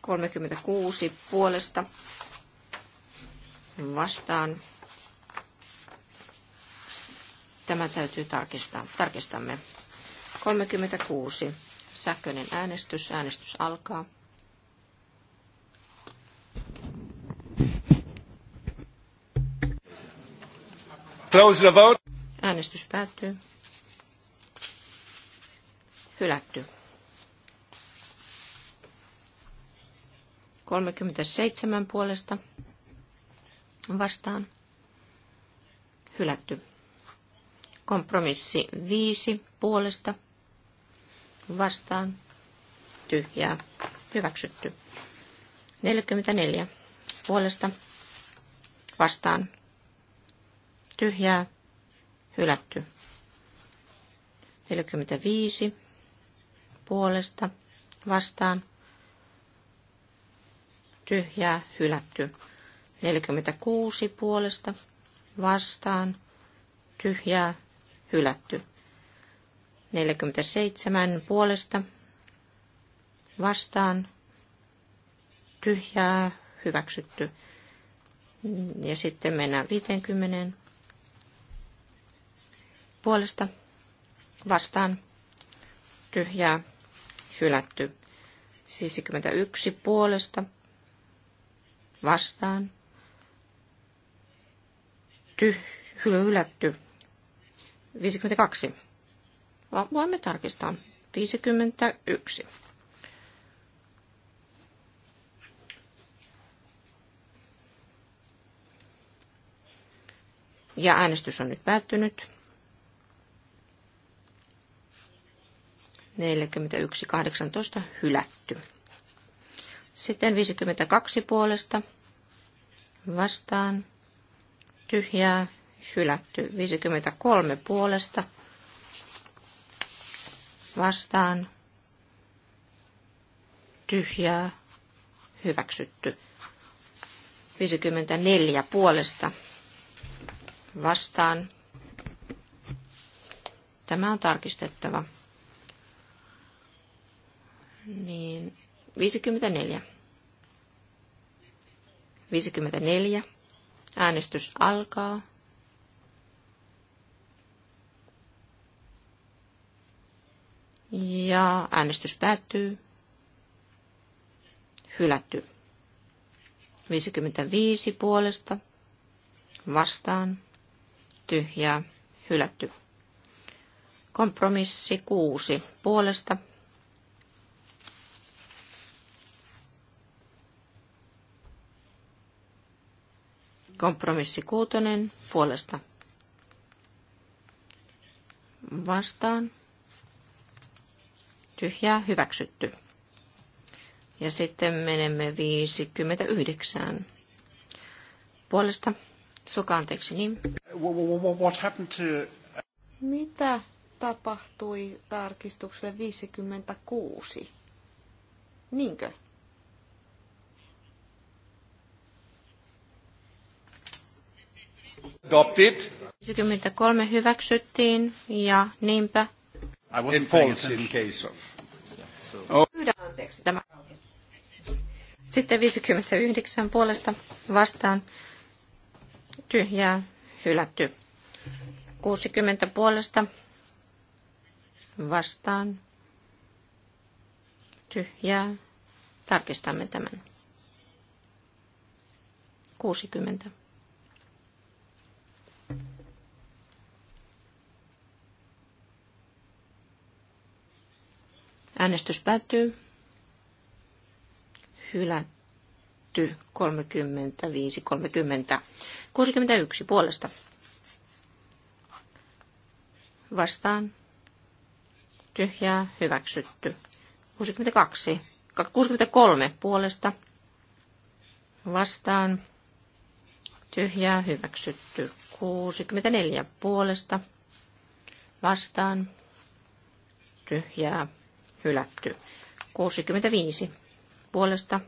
[SPEAKER 5] 36 puolesta vastaan. Tämä täytyy tarkistaa. Tarkistamme. 36. Sähköinen äänestys. Äänestys alkaa. Close the vote. Äänestys päättyy. Hylätty. 37 puolesta vastaan. Hylätty. Kompromissi 5 puolesta vastaan. Tyhjää. Hyväksytty. 44 puolesta vastaan tyhjää, hylätty. 45 puolesta vastaan tyhjää, hylätty. 46 puolesta vastaan tyhjää, hylätty. 47 puolesta vastaan tyhjää, hyväksytty. Ja sitten mennään 50 puolesta vastaan tyhjää hylätty. 51 puolesta vastaan tyh, hylätty. 52. Voimme tarkistaa. 51. Ja äänestys on nyt päättynyt. 41.18 hylätty. Sitten 52 puolesta vastaan tyhjää hylätty. 53 puolesta vastaan tyhjää hyväksytty. 54 puolesta vastaan. Tämä on tarkistettava niin 54. 54. Äänestys alkaa. Ja äänestys päättyy. Hylätty. 55 puolesta. Vastaan. Tyhjää. Hylätty. Kompromissi 6 puolesta Kompromissi kuutonen puolesta. Vastaan. Tyhjää hyväksytty. Ja sitten menemme 59 puolesta. Suka anteeksi, niin.
[SPEAKER 4] What happened to... Uh,
[SPEAKER 3] Mitä tapahtui tarkistukselle 56? Niinkö?
[SPEAKER 4] adopted.
[SPEAKER 5] 53 hyväksyttiin ja niinpä.
[SPEAKER 4] I wasn't false in case of. Pyydän anteeksi tämä.
[SPEAKER 5] Sitten 59 puolesta vastaan tyhjää hylätty. 60 puolesta vastaan tyhjää. Tarkistamme tämän. 60. Äänestys päättyy. Hylätty 35, 30. 61 puolesta. Vastaan. Tyhjää hyväksytty. 62. 63 puolesta. Vastaan. Tyhjää hyväksytty. 64 puolesta. Vastaan. Tyhjää hylätty. 65 puolesta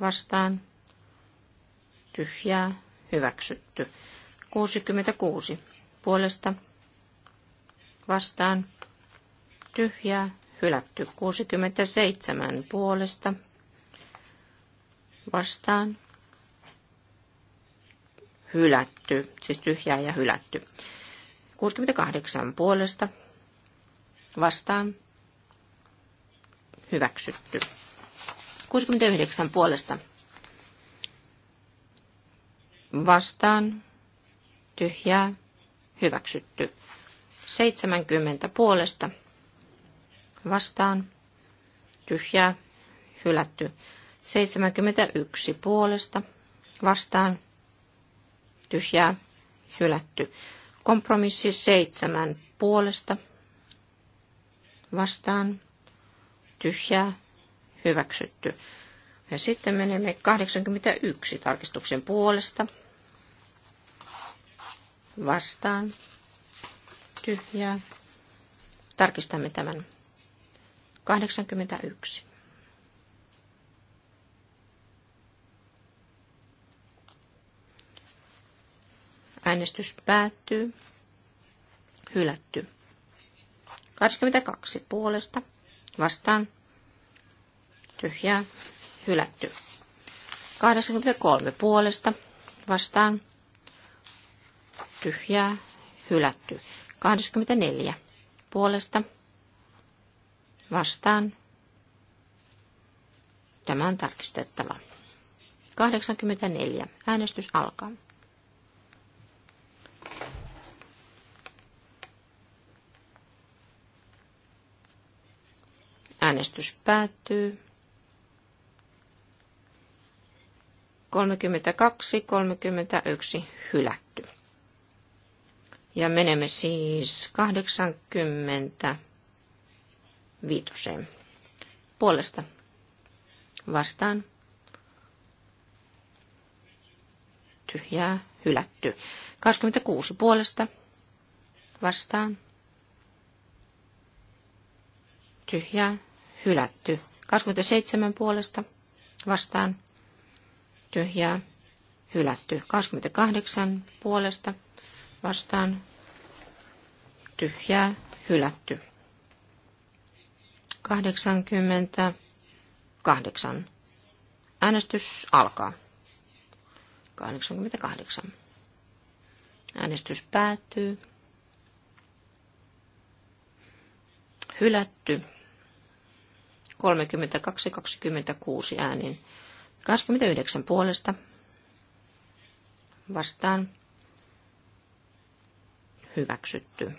[SPEAKER 5] vastaan tyhjää hyväksytty. 66 puolesta vastaan tyhjää hylätty. 67 puolesta vastaan hylätty, siis tyhjää ja hylätty. 68 puolesta vastaan hyväksytty. 69 puolesta vastaan tyhjää hyväksytty. 70 puolesta vastaan tyhjää hylätty. 71 puolesta vastaan tyhjää hylätty. Kompromissi 7 puolesta vastaan tyhjää, hyväksytty. Ja sitten menemme 81 tarkistuksen puolesta. Vastaan, tyhjää. Tarkistamme tämän. 81. Äänestys päättyy. Hylätty. 22 puolesta vastaan tyhjää hylätty. 83 puolesta vastaan tyhjää hylätty. 84 puolesta vastaan Tämä on tarkistettava. 84. Äänestys alkaa. Äänestys päättyy. 32, 31 hylätty. Ja menemme siis 85 puolesta vastaan. Tyhjää, hylätty. 26 puolesta vastaan. Tyhjää, hylätty. 27 puolesta vastaan tyhjää hylätty. 28 puolesta vastaan tyhjää hylätty. 88. Äänestys alkaa. 88. Äänestys päättyy. Hylätty. 32-26 äänin. 29 puolesta vastaan hyväksytty.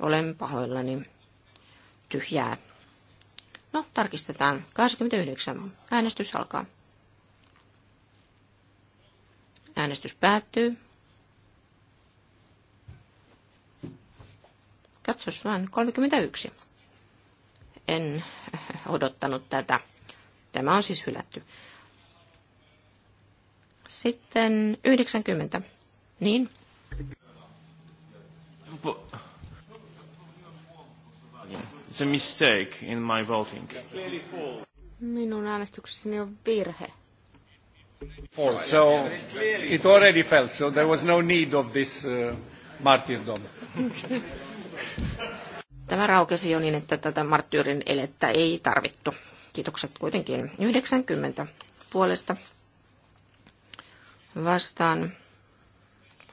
[SPEAKER 5] Olen pahoillani tyhjää. No, tarkistetaan. 29. Äänestys alkaa. Äänestys päättyy. Katsos vaan. 31. En odottanut tätä. Tämä on siis hylätty. Sitten 90. Niin.
[SPEAKER 1] It's a mistake in my voting.
[SPEAKER 3] Minun äänestyksessäni on virhe.
[SPEAKER 4] So it already fell, so there was no need of this uh, martyrdom.
[SPEAKER 5] Tämä raukesi jo niin, että tätä marttyyrin elettä ei tarvittu. Kiitokset kuitenkin. 90 puolesta vastaan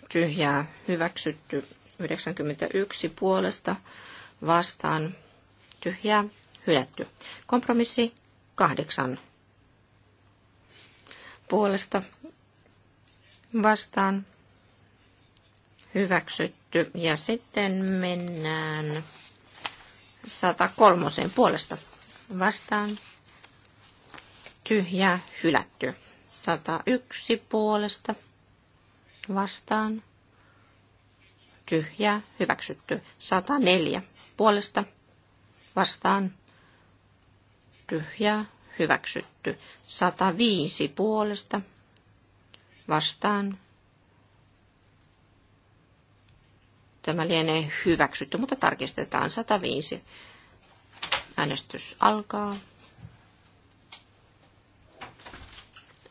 [SPEAKER 5] tyhjää hyväksytty. 91 puolesta vastaan tyhjää hylätty. Kompromissi 8 puolesta vastaan hyväksytty. Ja sitten mennään 103 puolesta vastaan tyhjä hylätty. 101 puolesta vastaan tyhjä hyväksytty. 104 puolesta vastaan tyhjä hyväksytty. 105 puolesta vastaan Tämä lienee hyväksytty, mutta tarkistetaan 105. Äänestys alkaa.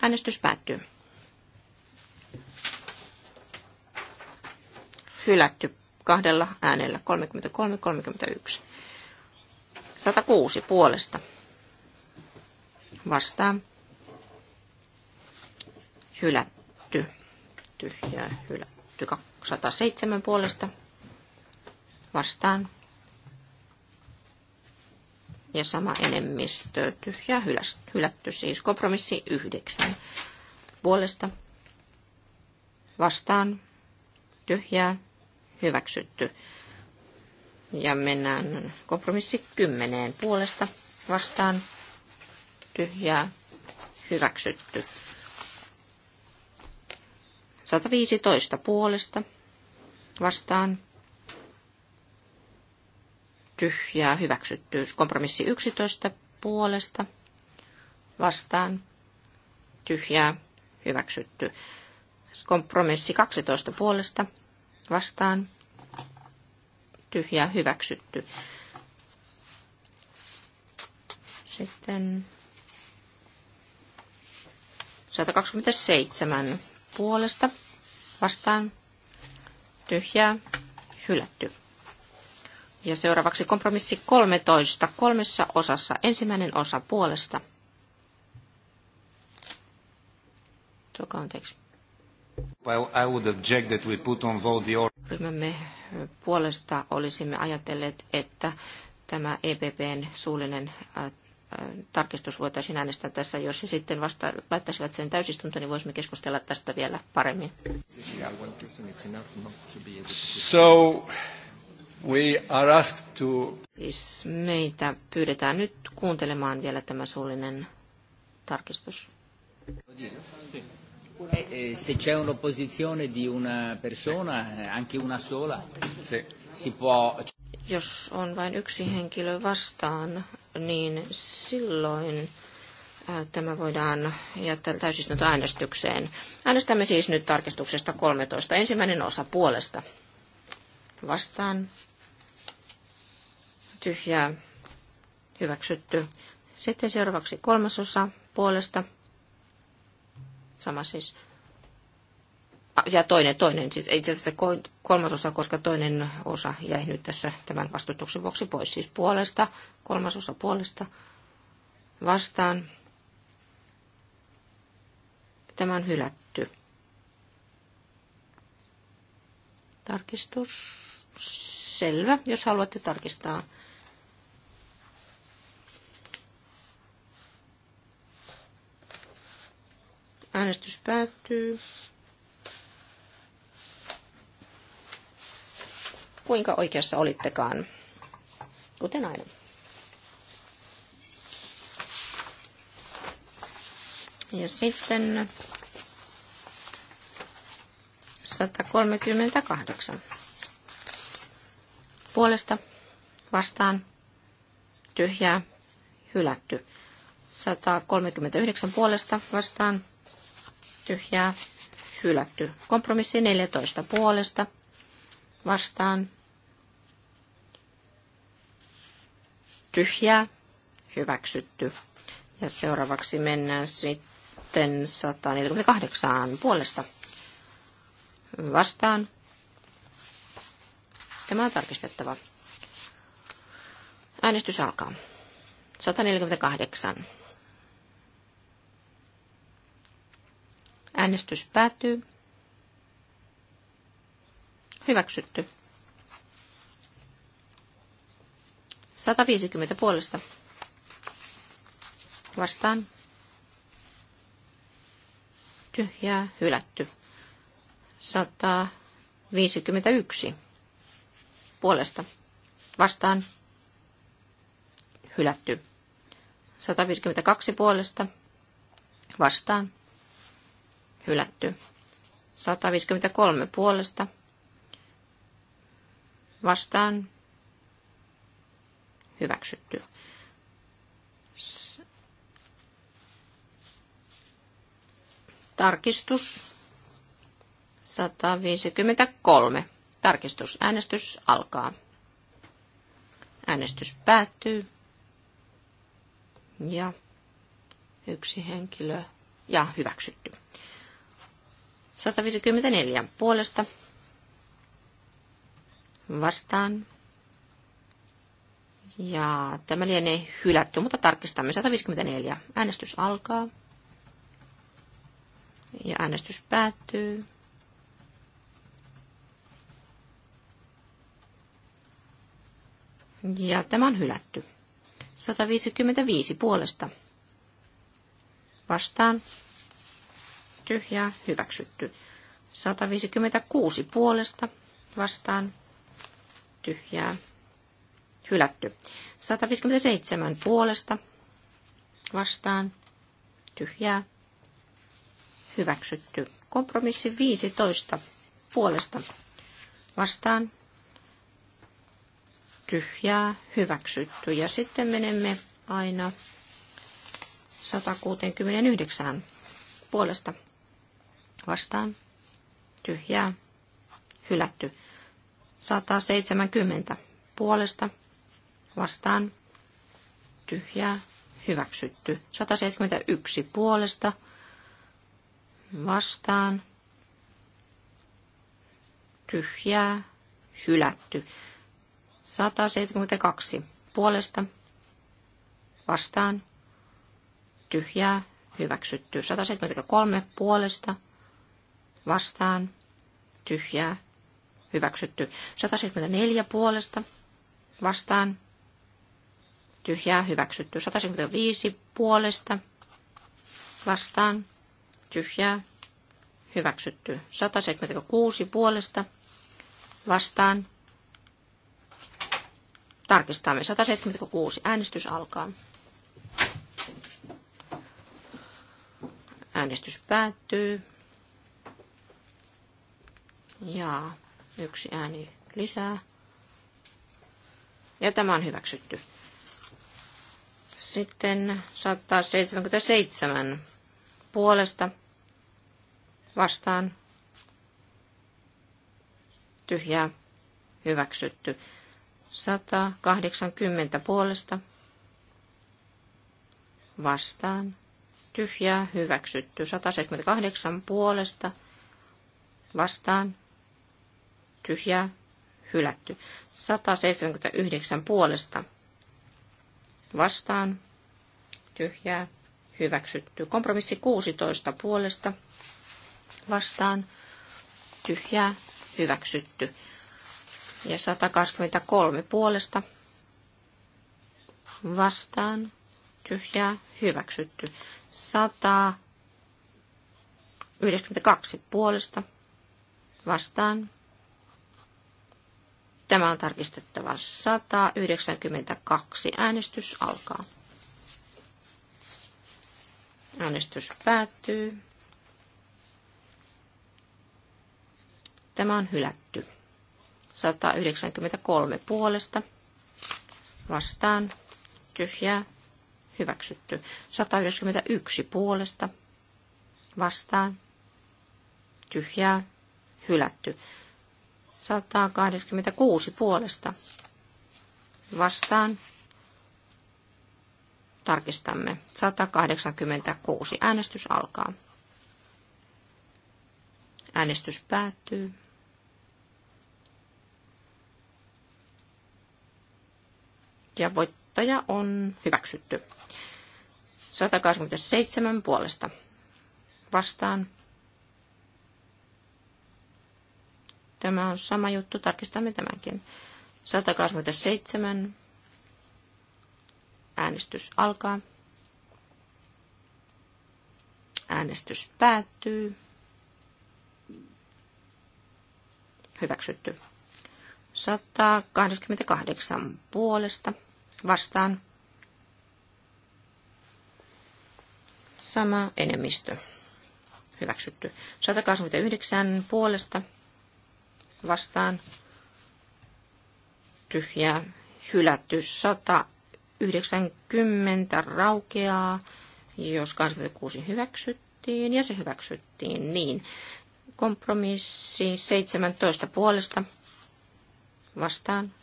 [SPEAKER 5] Äänestys päättyy. Hylätty kahdella äänellä 33-31. 106 puolesta. Vastaan. Hylätty. Tyhjää hylätty. 107 puolesta vastaan. Ja sama enemmistö tyhjää hylätty, siis kompromissi yhdeksän puolesta vastaan tyhjää hyväksytty. Ja mennään kompromissi kymmeneen puolesta vastaan tyhjää hyväksytty. 115 puolesta vastaan tyhjää hyväksytty. Kompromissi 11 puolesta vastaan tyhjää hyväksytty. Kompromissi 12 puolesta vastaan tyhjää hyväksytty. Sitten 127 puolesta vastaan tyhjää hylätty. Ja seuraavaksi kompromissi 13 kolmessa osassa. Ensimmäinen osa puolesta. Toka anteeksi.
[SPEAKER 4] I would object that we put on vote the order.
[SPEAKER 5] Ryhmämme puolesta olisimme ajatelleet, että tämä EPPn suullinen tarkistus voitaisiin äänestää tässä. Jos se sitten vasta laittaisivat sen täysistuntoon, niin voisimme keskustella tästä vielä paremmin. So,
[SPEAKER 4] We are asked to...
[SPEAKER 5] Siis meitä pyydetään nyt kuuntelemaan vielä tämä suullinen tarkistus.
[SPEAKER 4] Eh, eh, se c'è un'opposizione di una persona, eh, anche una sola, si può...
[SPEAKER 5] Jos on vain yksi henkilö vastaan, niin silloin tämä voidaan jättää täysistunto äänestykseen. Äänestämme siis nyt tarkistuksesta 13. Ensimmäinen osa puolesta. Vastaan tyhjää hyväksytty. Sitten seuraavaksi kolmasosa puolesta. Sama siis. Ah, ja toinen, toinen, siis itse asiassa kolmasosa, koska toinen osa jäi nyt tässä tämän vastustuksen vuoksi pois. Siis puolesta, kolmasosa puolesta vastaan. Tämä on hylätty. Tarkistus. Selvä, jos haluatte tarkistaa Äänestys päättyy. Kuinka oikeassa olittekaan? Kuten aina. Ja sitten 138. Puolesta vastaan tyhjää hylätty. 139 puolesta vastaan tyhjää, hylätty. Kompromissi 14 puolesta vastaan, tyhjää, hyväksytty. Ja seuraavaksi mennään sitten 148 puolesta vastaan. Tämä on tarkistettava. Äänestys alkaa. 148. Äänestys päättyy. Hyväksytty. 150 puolesta. Vastaan. Tyhjää hylätty. 151 puolesta. Vastaan. Hylätty. 152 puolesta. Vastaan hylätty. 153 puolesta vastaan hyväksytty. Tarkistus 153. Tarkistus. Äänestys alkaa. Äänestys päättyy. Ja yksi henkilö ja hyväksytty. 154 puolesta vastaan. Ja tämä lienee hylätty, mutta tarkistamme. 154. Äänestys alkaa. Ja äänestys päättyy. Ja tämä on hylätty. 155 puolesta. Vastaan tyhjää, hyväksytty. 156 puolesta vastaan, tyhjää, hylätty. 157 puolesta vastaan, tyhjää, hyväksytty. Kompromissi 15 puolesta vastaan, tyhjää, hyväksytty. Ja sitten menemme aina 169 puolesta vastaan, tyhjää, hylätty. 170 puolesta, vastaan, tyhjää, hyväksytty. 171 puolesta, vastaan, tyhjää, hylätty. 172 puolesta, vastaan, tyhjää, hyväksytty. 173 puolesta, vastaan, tyhjää, hyväksytty. 174 puolesta vastaan, tyhjää, hyväksytty. 175 puolesta vastaan, tyhjää, hyväksytty. 176 puolesta vastaan, tarkistamme. 176. Äänestys alkaa. Äänestys päättyy. Ja yksi ääni lisää. Ja tämä on hyväksytty. Sitten 177 puolesta vastaan tyhjää hyväksytty. 180 puolesta vastaan tyhjää hyväksytty. 178 puolesta vastaan tyhjää, hylätty. 179 puolesta vastaan, tyhjää, hyväksytty. Kompromissi 16 puolesta vastaan, tyhjää, hyväksytty. Ja 123 puolesta vastaan, tyhjää, hyväksytty. 192 puolesta vastaan, Tämä on tarkistettava 192. Äänestys alkaa. Äänestys päättyy. Tämä on hylätty. 193 puolesta. Vastaan. Tyhjää. Hyväksytty. 191 puolesta. Vastaan. Tyhjää. Hylätty. 126 puolesta vastaan. Tarkistamme. 186. Äänestys alkaa. Äänestys päättyy. Ja voittaja on hyväksytty. 187 puolesta vastaan Tämä on sama juttu, tarkistamme tämänkin. 127. Äänestys alkaa. Äänestys päättyy. Hyväksytty. 188 puolesta vastaan. Sama enemmistö. Hyväksytty. 129 puolesta vastaan tyhjää hylätty 190 raukeaa, jos 26 hyväksyttiin ja se hyväksyttiin niin. Kompromissi 17 puolesta vastaan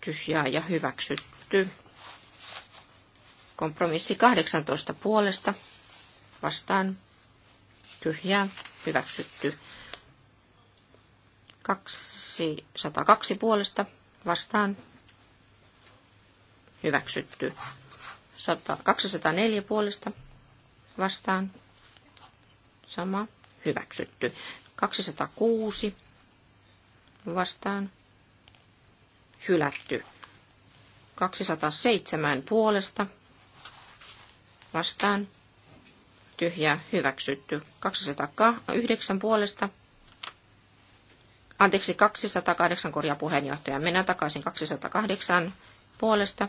[SPEAKER 5] tyhjää ja hyväksytty. Kompromissi 18 puolesta vastaan tyhjää hyväksytty. 202 puolesta vastaan hyväksytty. 204 puolesta vastaan sama hyväksytty. 206 vastaan hylätty. 207 puolesta vastaan tyhjä hyväksytty. 209 puolesta anteeksi, 208 korjaa puheenjohtaja. Mennään takaisin 208 puolesta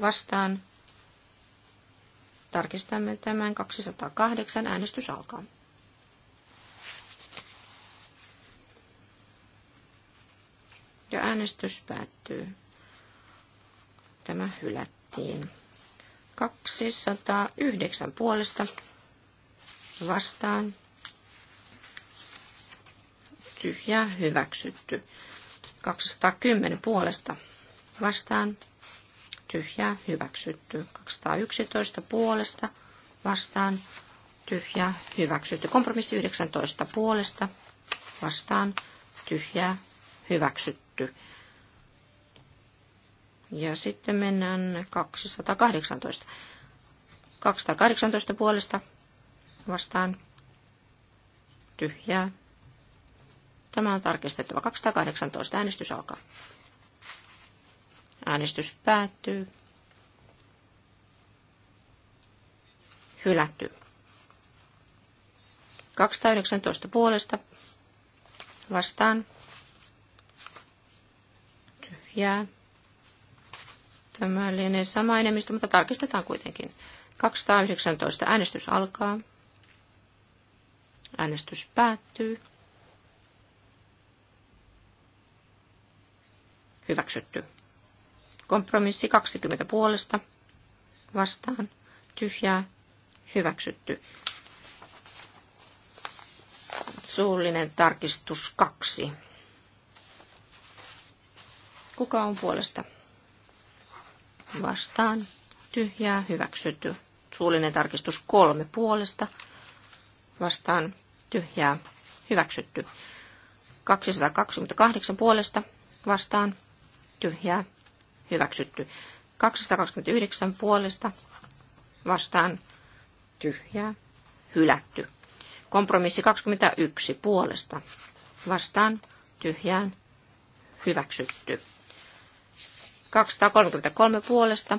[SPEAKER 5] vastaan. Tarkistamme tämän 208. Äänestys alkaa. Ja äänestys päättyy. Tämä hylättiin. 209 puolesta vastaan ja hyväksytty. 210 puolesta vastaan tyhjää hyväksytty. 211 puolesta vastaan tyhjää hyväksytty. Kompromissi 19 puolesta vastaan tyhjää hyväksytty. Ja sitten mennään 218. 218 puolesta vastaan tyhjää Tämä on tarkistettava. 218. Äänestys alkaa. Äänestys päättyy. Hylätty. 219 puolesta vastaan. Tyhjää. Tämä lienee sama enemmistö, mutta tarkistetaan kuitenkin. 219 äänestys alkaa. Äänestys päättyy. hyväksytty. Kompromissi 20 puolesta vastaan tyhjää hyväksytty. Suullinen tarkistus 2. Kuka on puolesta? Vastaan tyhjää hyväksytty. Suullinen tarkistus 3 puolesta vastaan tyhjää hyväksytty. 228 puolesta vastaan ja hyväksytty. 229 puolesta vastaan tyhjää, hylätty. Kompromissi 21 puolesta vastaan tyhjään, hyväksytty. 233 puolesta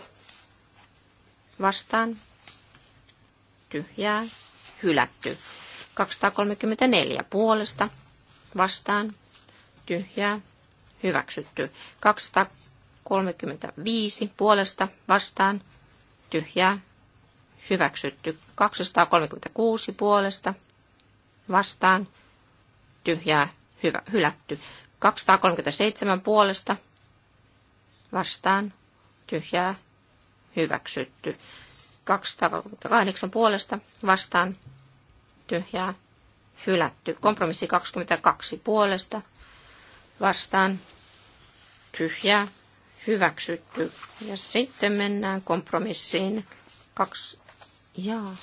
[SPEAKER 5] vastaan tyhjää, hylätty. 234 puolesta vastaan tyhjää, hyväksytty. 235 puolesta vastaan tyhjää hyväksytty. 236 puolesta vastaan tyhjää hyvä, hylätty. 237 puolesta vastaan tyhjää hyväksytty. 238 puolesta vastaan tyhjää hylätty. Kompromissi 22 puolesta vastaan tyhjä hyväksytty. Ja sitten mennään kompromissiin kaksi. Jaa.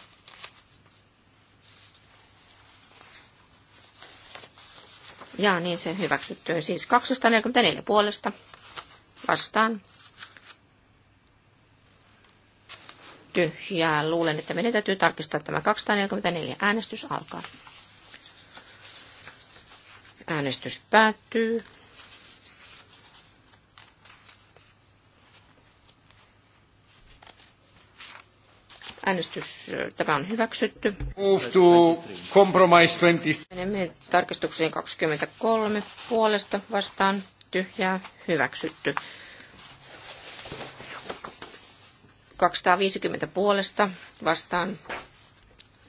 [SPEAKER 5] Ja niin se hyväksytty. Siis 244 puolesta vastaan. Tyhjää. Luulen, että meidän täytyy tarkistaa tämä 244. Äänestys alkaa. Äänestys päättyy. Äänestys, tämä on hyväksytty. Move to
[SPEAKER 4] compromise 20.
[SPEAKER 5] Menemme tarkistukseen 23 puolesta vastaan tyhjää hyväksytty. 250 puolesta vastaan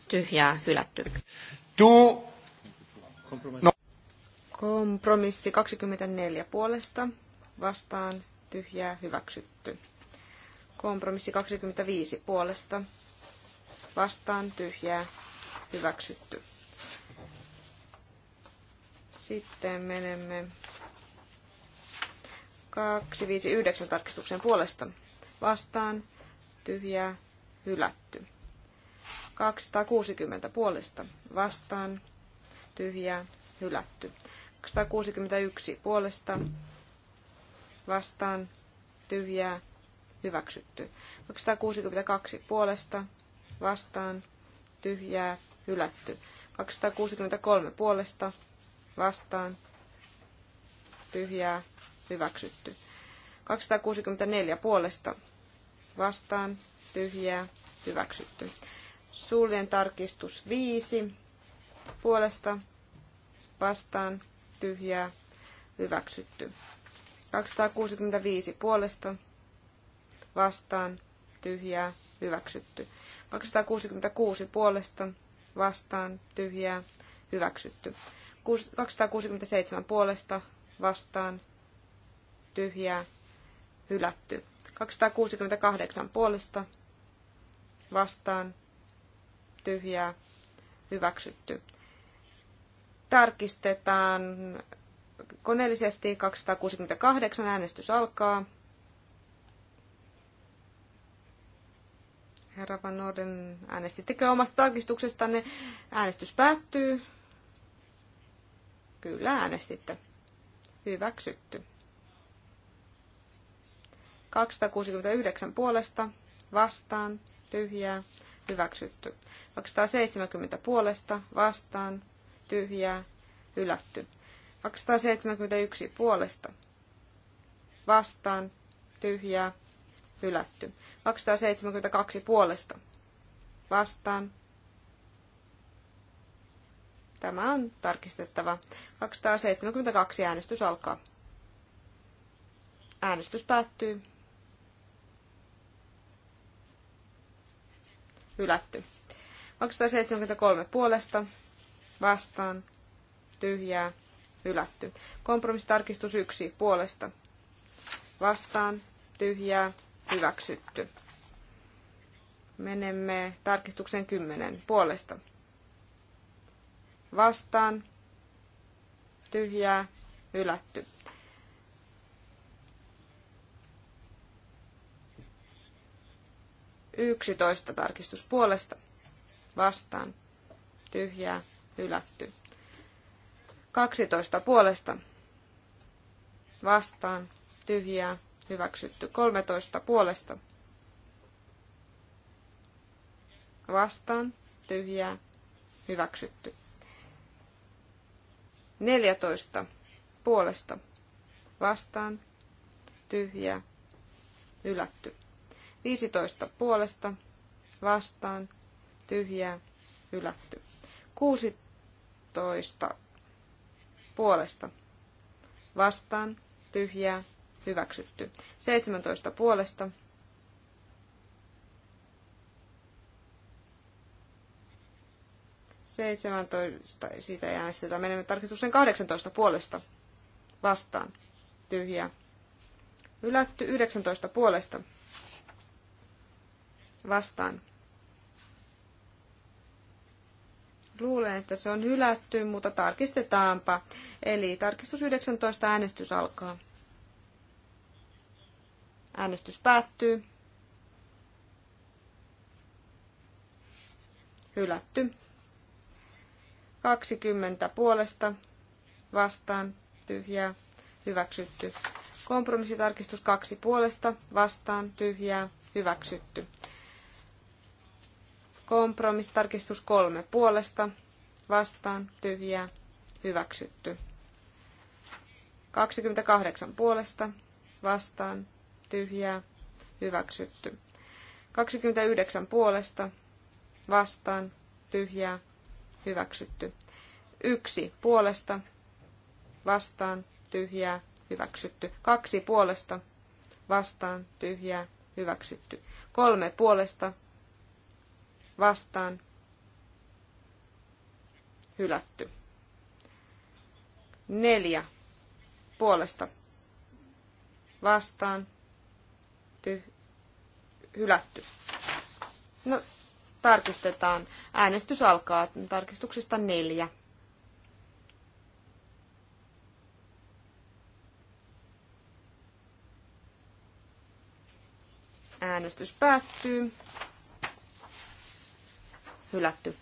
[SPEAKER 5] tyhjää hylätty.
[SPEAKER 4] To... No.
[SPEAKER 5] Kompromissi
[SPEAKER 3] 24 puolesta vastaan tyhjää hyväksytty. Kompromissi 25 puolesta vastaan tyhjää hyväksytty. Sitten menemme 259 tarkistuksen puolesta vastaan tyhjää hylätty. 260 puolesta vastaan tyhjää hylätty. 261 puolesta vastaan tyhjää hyväksytty. 262 puolesta vastaan tyhjää hylätty. 263 puolesta vastaan tyhjää hyväksytty. 264 puolesta vastaan tyhjää hyväksytty. Suullinen tarkistus 5 puolesta vastaan tyhjää, hyväksytty. 265 puolesta, vastaan, tyhjää, hyväksytty. 266 puolesta, vastaan, tyhjää, hyväksytty. 267 puolesta, vastaan, tyhjää, hylätty. 268 puolesta, vastaan, tyhjää, hyväksytty tarkistetaan koneellisesti 268 äänestys alkaa. Herra Van Norden, tekee omasta tarkistuksestanne? Äänestys päättyy. Kyllä äänestitte. Hyväksytty. 269 puolesta, vastaan, tyhjää, hyväksytty. 270 puolesta, vastaan, tyhjää, hylätty. 271 puolesta, vastaan, tyhjää, hylätty. 272 puolesta, vastaan. Tämä on tarkistettava. 272 äänestys alkaa. Äänestys päättyy. Hylätty. 273 puolesta, vastaan, tyhjää, hylätty. Kompromissitarkistus 1 puolesta, vastaan, tyhjää, hyväksytty. Menemme tarkistuksen 10 puolesta. Vastaan, tyhjää, hylätty. Yksitoista tarkistus puolesta. Vastaan. Tyhjää hylätty. 12 puolesta vastaan tyhjää hyväksytty. 13 puolesta vastaan tyhjää hyväksytty. 14 puolesta vastaan tyhjää hylätty. 15 puolesta vastaan tyhjää hylätty. 6 toista puolesta vastaan tyhjää hyväksytty. 17 puolesta Seitsemäntoista, siitä ei äänestetä. Menemme tarkistuksen 18 puolesta vastaan. Tyhjää. Ylätty 19 puolesta vastaan. Luulen, että se on hylätty, mutta tarkistetaanpa. Eli tarkistus 19 äänestys alkaa. Äänestys päättyy. Hylätty. 20 puolesta vastaan tyhjää hyväksytty. Kompromissitarkistus 2 puolesta vastaan tyhjää hyväksytty tarkistus kolme puolesta, vastaan, tyhjää, hyväksytty. 28 puolesta, vastaan, tyhjää, hyväksytty. 29 puolesta, vastaan, tyhjää, hyväksytty. Yksi puolesta, vastaan, tyhjää, hyväksytty. Kaksi puolesta, vastaan, tyhjää, hyväksytty. Kolme puolesta, vastaan hylätty. Neljä puolesta vastaan ty- hylätty. No, tarkistetaan. Äänestys alkaa tarkistuksesta neljä. Äänestys päättyy hylätty.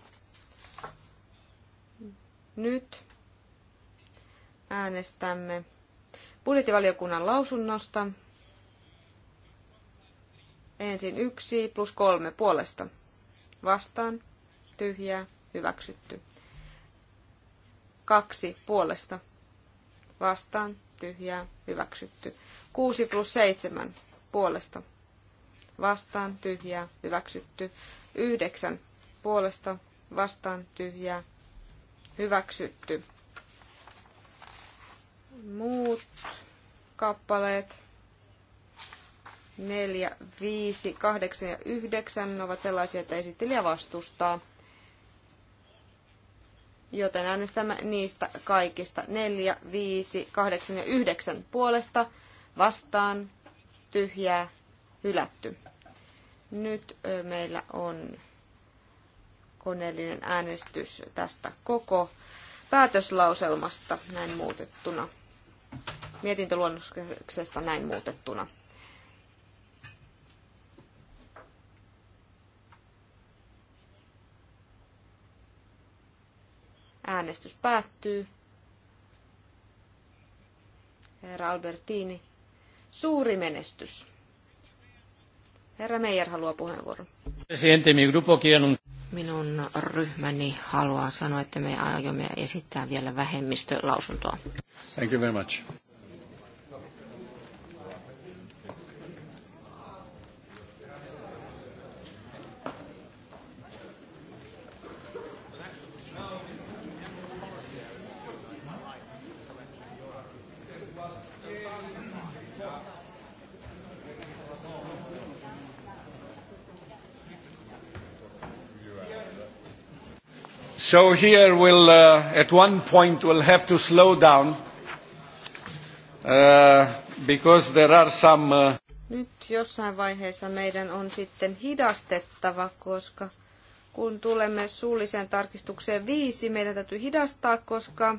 [SPEAKER 3] Nyt äänestämme budjettivaliokunnan lausunnosta. Ensin yksi plus kolme puolesta. Vastaan. Tyhjää. Hyväksytty. Kaksi puolesta. Vastaan. Tyhjää. Hyväksytty. Kuusi plus seitsemän puolesta. Vastaan. Tyhjää. Hyväksytty. Yhdeksän puolesta vastaan tyhjää hyväksytty. Muut kappaleet 4, 5, 8 ja 9 ovat sellaisia, että esittelijä vastustaa. Joten äänestämme niistä kaikista 4, 5, 8 ja 9 puolesta vastaan tyhjää hylätty. Nyt meillä on koneellinen äänestys tästä koko päätöslauselmasta näin muutettuna. Mietintöluonnoksesta näin muutettuna. Äänestys päättyy. Herra Albertini, suuri menestys. Herra Meijer haluaa puheenvuoron.
[SPEAKER 5] Minun ryhmäni haluaa sanoa, että me aiomme esittää vielä vähemmistölausuntoa.
[SPEAKER 4] Thank you very much. So here we'll, uh, at one point, we'll have to slow down, uh, because there are some... Uh...
[SPEAKER 3] Nyt jossain vaiheessa meidän on sitten hidastettava, koska kun tulemme suulliseen tarkistukseen viisi, meidän täytyy hidastaa, koska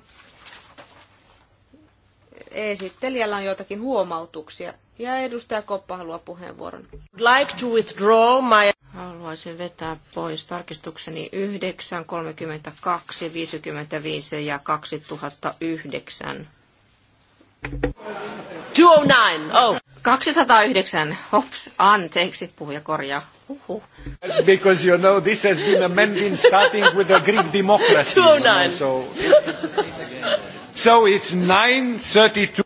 [SPEAKER 3] esittelijällä on joitakin huomautuksia. Ja edustaja Koppa haluaa puheenvuoron.
[SPEAKER 5] Like to withdraw my... Haluaisin vetää pois tarkistukseni 9, 32, 55 ja 2009.
[SPEAKER 2] 209,
[SPEAKER 5] oh. 209, hops, anteeksi, puhuja korjaa. Huhhuh.
[SPEAKER 4] That's because you know this has been amended starting with the Greek democracy. 209. You know, oh so, so it's 932.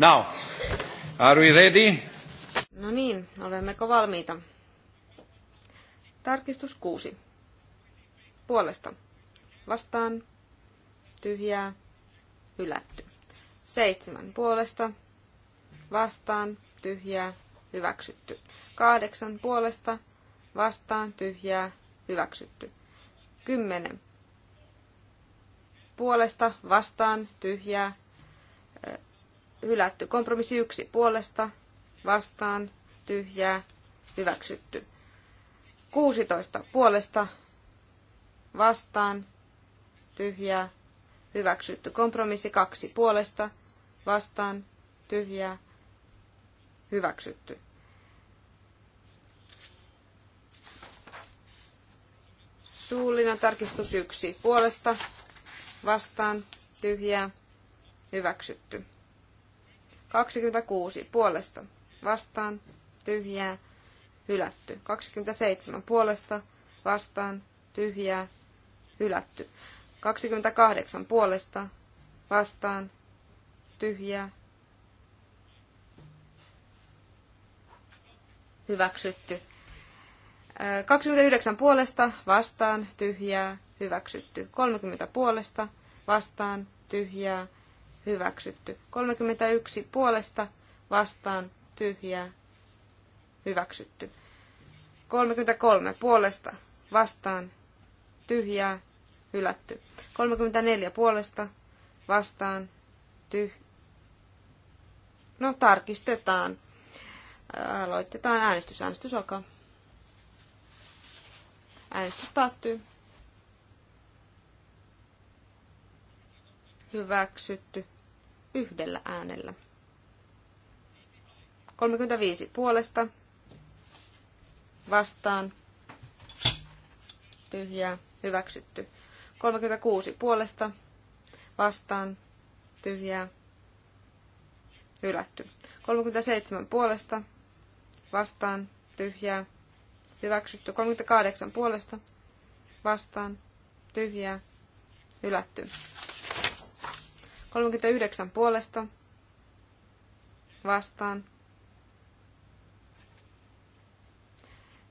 [SPEAKER 4] Now, are we ready?
[SPEAKER 3] No niin, olemmeko valmiita? Tarkistus kuusi. Puolesta. Vastaan. Tyhjää. Hylätty. Seitsemän. Puolesta. Vastaan. Tyhjää. Hyväksytty. Kahdeksan. Puolesta. Vastaan. Tyhjää. Hyväksytty. Kymmenen. Puolesta. Vastaan. Tyhjää hylätty. Kompromissi yksi puolesta, vastaan, tyhjää, hyväksytty. 16 puolesta, vastaan, tyhjää, hyväksytty. Kompromissi kaksi puolesta, vastaan, tyhjää, hyväksytty. Suullinen tarkistus yksi puolesta, vastaan, tyhjää, hyväksytty. 26 puolesta vastaan tyhjää hylätty. 27 puolesta vastaan tyhjää hylätty. 28 puolesta vastaan tyhjää hyväksytty. 29 puolesta vastaan tyhjää hyväksytty. 30 puolesta vastaan tyhjää hyväksytty. 31 puolesta vastaan tyhjää hyväksytty. 33 puolesta vastaan tyhjää hylätty. 34 puolesta vastaan tyh... No tarkistetaan. Aloitetaan äänestys. Äänestys alkaa. Äänestys päättyy. hyväksytty yhdellä äänellä. 35 puolesta vastaan tyhjää hyväksytty. 36 puolesta vastaan tyhjää hylätty. 37 puolesta vastaan tyhjää hyväksytty. 38 puolesta vastaan tyhjää hylätty. 39 puolesta vastaan.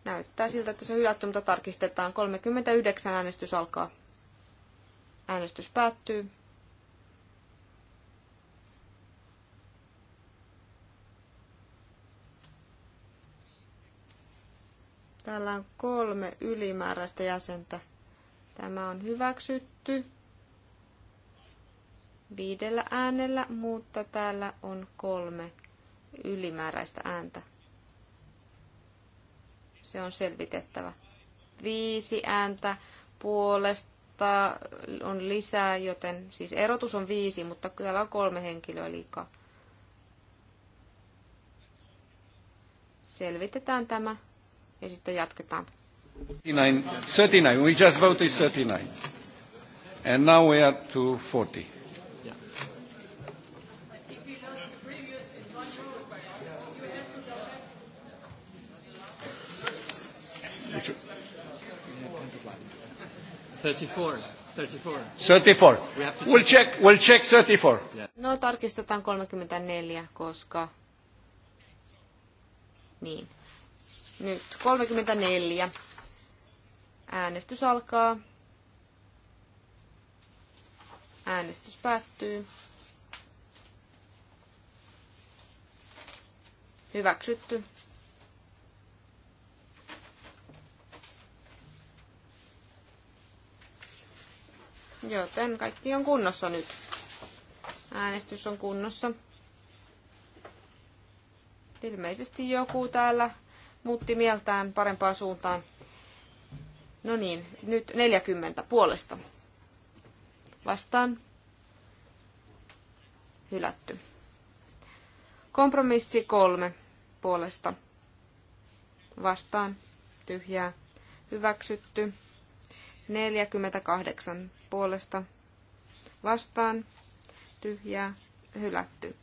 [SPEAKER 3] Näyttää siltä, että se on hylätty, mutta tarkistetaan. 39 äänestys alkaa. Äänestys päättyy. Täällä on kolme ylimääräistä jäsentä. Tämä on hyväksytty viidellä äänellä, mutta täällä on kolme ylimääräistä ääntä. Se on selvitettävä. Viisi ääntä puolesta on lisää, joten siis erotus on viisi, mutta täällä on kolme henkilöä liikaa. Selvitetään tämä ja sitten jatketaan.
[SPEAKER 4] 39, 39. we just voted 39. And now we are to 40.
[SPEAKER 1] 34. 34. 34. We'll check,
[SPEAKER 4] we'll check 34.
[SPEAKER 3] No tarkistetaan 34, koska... Niin. Nyt 34. Äänestys alkaa. Äänestys päättyy. Hyväksytty. joten kaikki on kunnossa nyt. Äänestys on kunnossa. Ilmeisesti joku täällä muutti mieltään parempaan suuntaan. No niin, nyt 40 puolesta. Vastaan. Hylätty. Kompromissi kolme puolesta. Vastaan. Tyhjää. Hyväksytty. 48 puolesta vastaan tyhjää hylätty.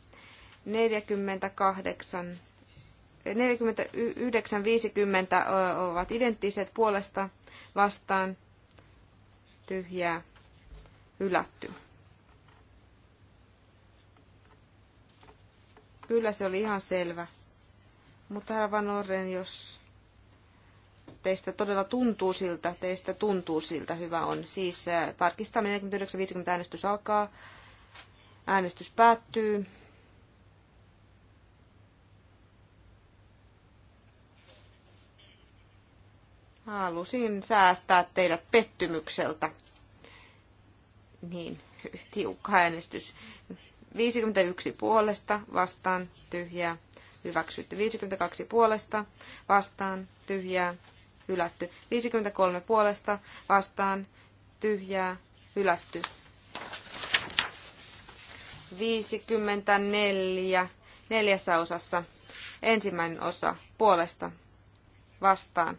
[SPEAKER 3] 48, 49, 50 ovat identtiset puolesta vastaan tyhjää hylätty. Kyllä se oli ihan selvä. Mutta herra Van jos teistä todella tuntuu siltä, teistä tuntuu siltä, hyvä on. Siis äh, tarkistaminen 49.50 äänestys alkaa, äänestys päättyy. Halusin säästää teidät pettymykseltä. Niin, tiukka äänestys. 51 puolesta, vastaan, tyhjää, hyväksytty. 52 puolesta, vastaan, tyhjää, hylätty. 53 puolesta vastaan tyhjää hylätty. 54 neljässä osassa. Ensimmäinen osa puolesta vastaan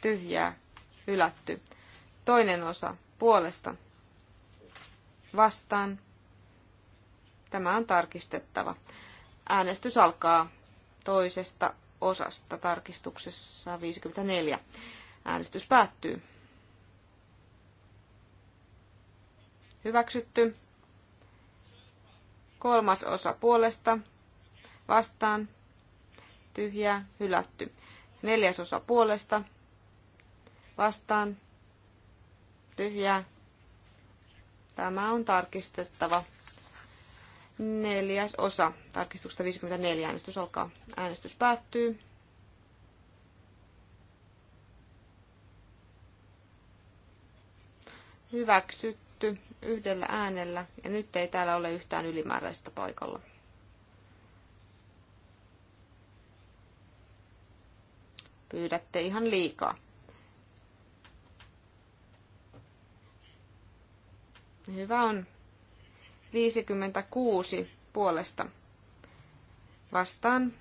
[SPEAKER 3] tyhjää hylätty. Toinen osa puolesta vastaan. Tämä on tarkistettava. Äänestys alkaa toisesta osasta tarkistuksessa 54. Äänestys päättyy. Hyväksytty. Kolmas osa puolesta. Vastaan. Tyhjää. Hylätty. Neljäs osa puolesta. Vastaan. Tyhjää. Tämä on tarkistettava neljäs osa tarkistuksesta 54. Äänestys alkaa. Äänestys päättyy. Hyväksytty yhdellä äänellä ja nyt ei täällä ole yhtään ylimääräistä paikalla. Pyydätte ihan liikaa. Hyvä on. 56 puolesta vastaan.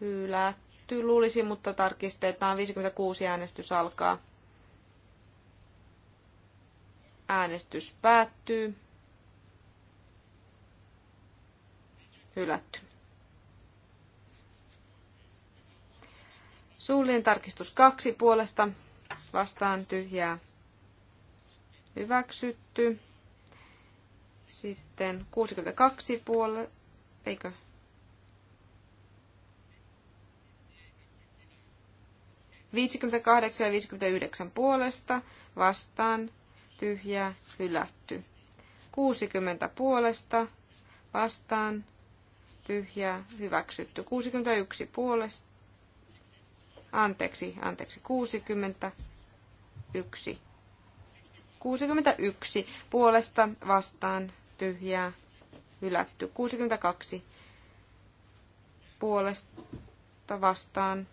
[SPEAKER 3] Hylätty luulisi, mutta tarkistetaan. 56 äänestys alkaa. Äänestys päättyy. Hylätty. Suullinen tarkistus kaksi puolesta vastaan tyhjää hyväksytty. Sitten 62 puolelle, eikö? ja 59 puolesta vastaan tyhjä hylätty. 60 puolesta vastaan tyhjä hyväksytty. 61 puolesta anteeksi, anteeksi, 61 61 puolesta vastaan tyhjää hylätty. 62 puolesta vastaan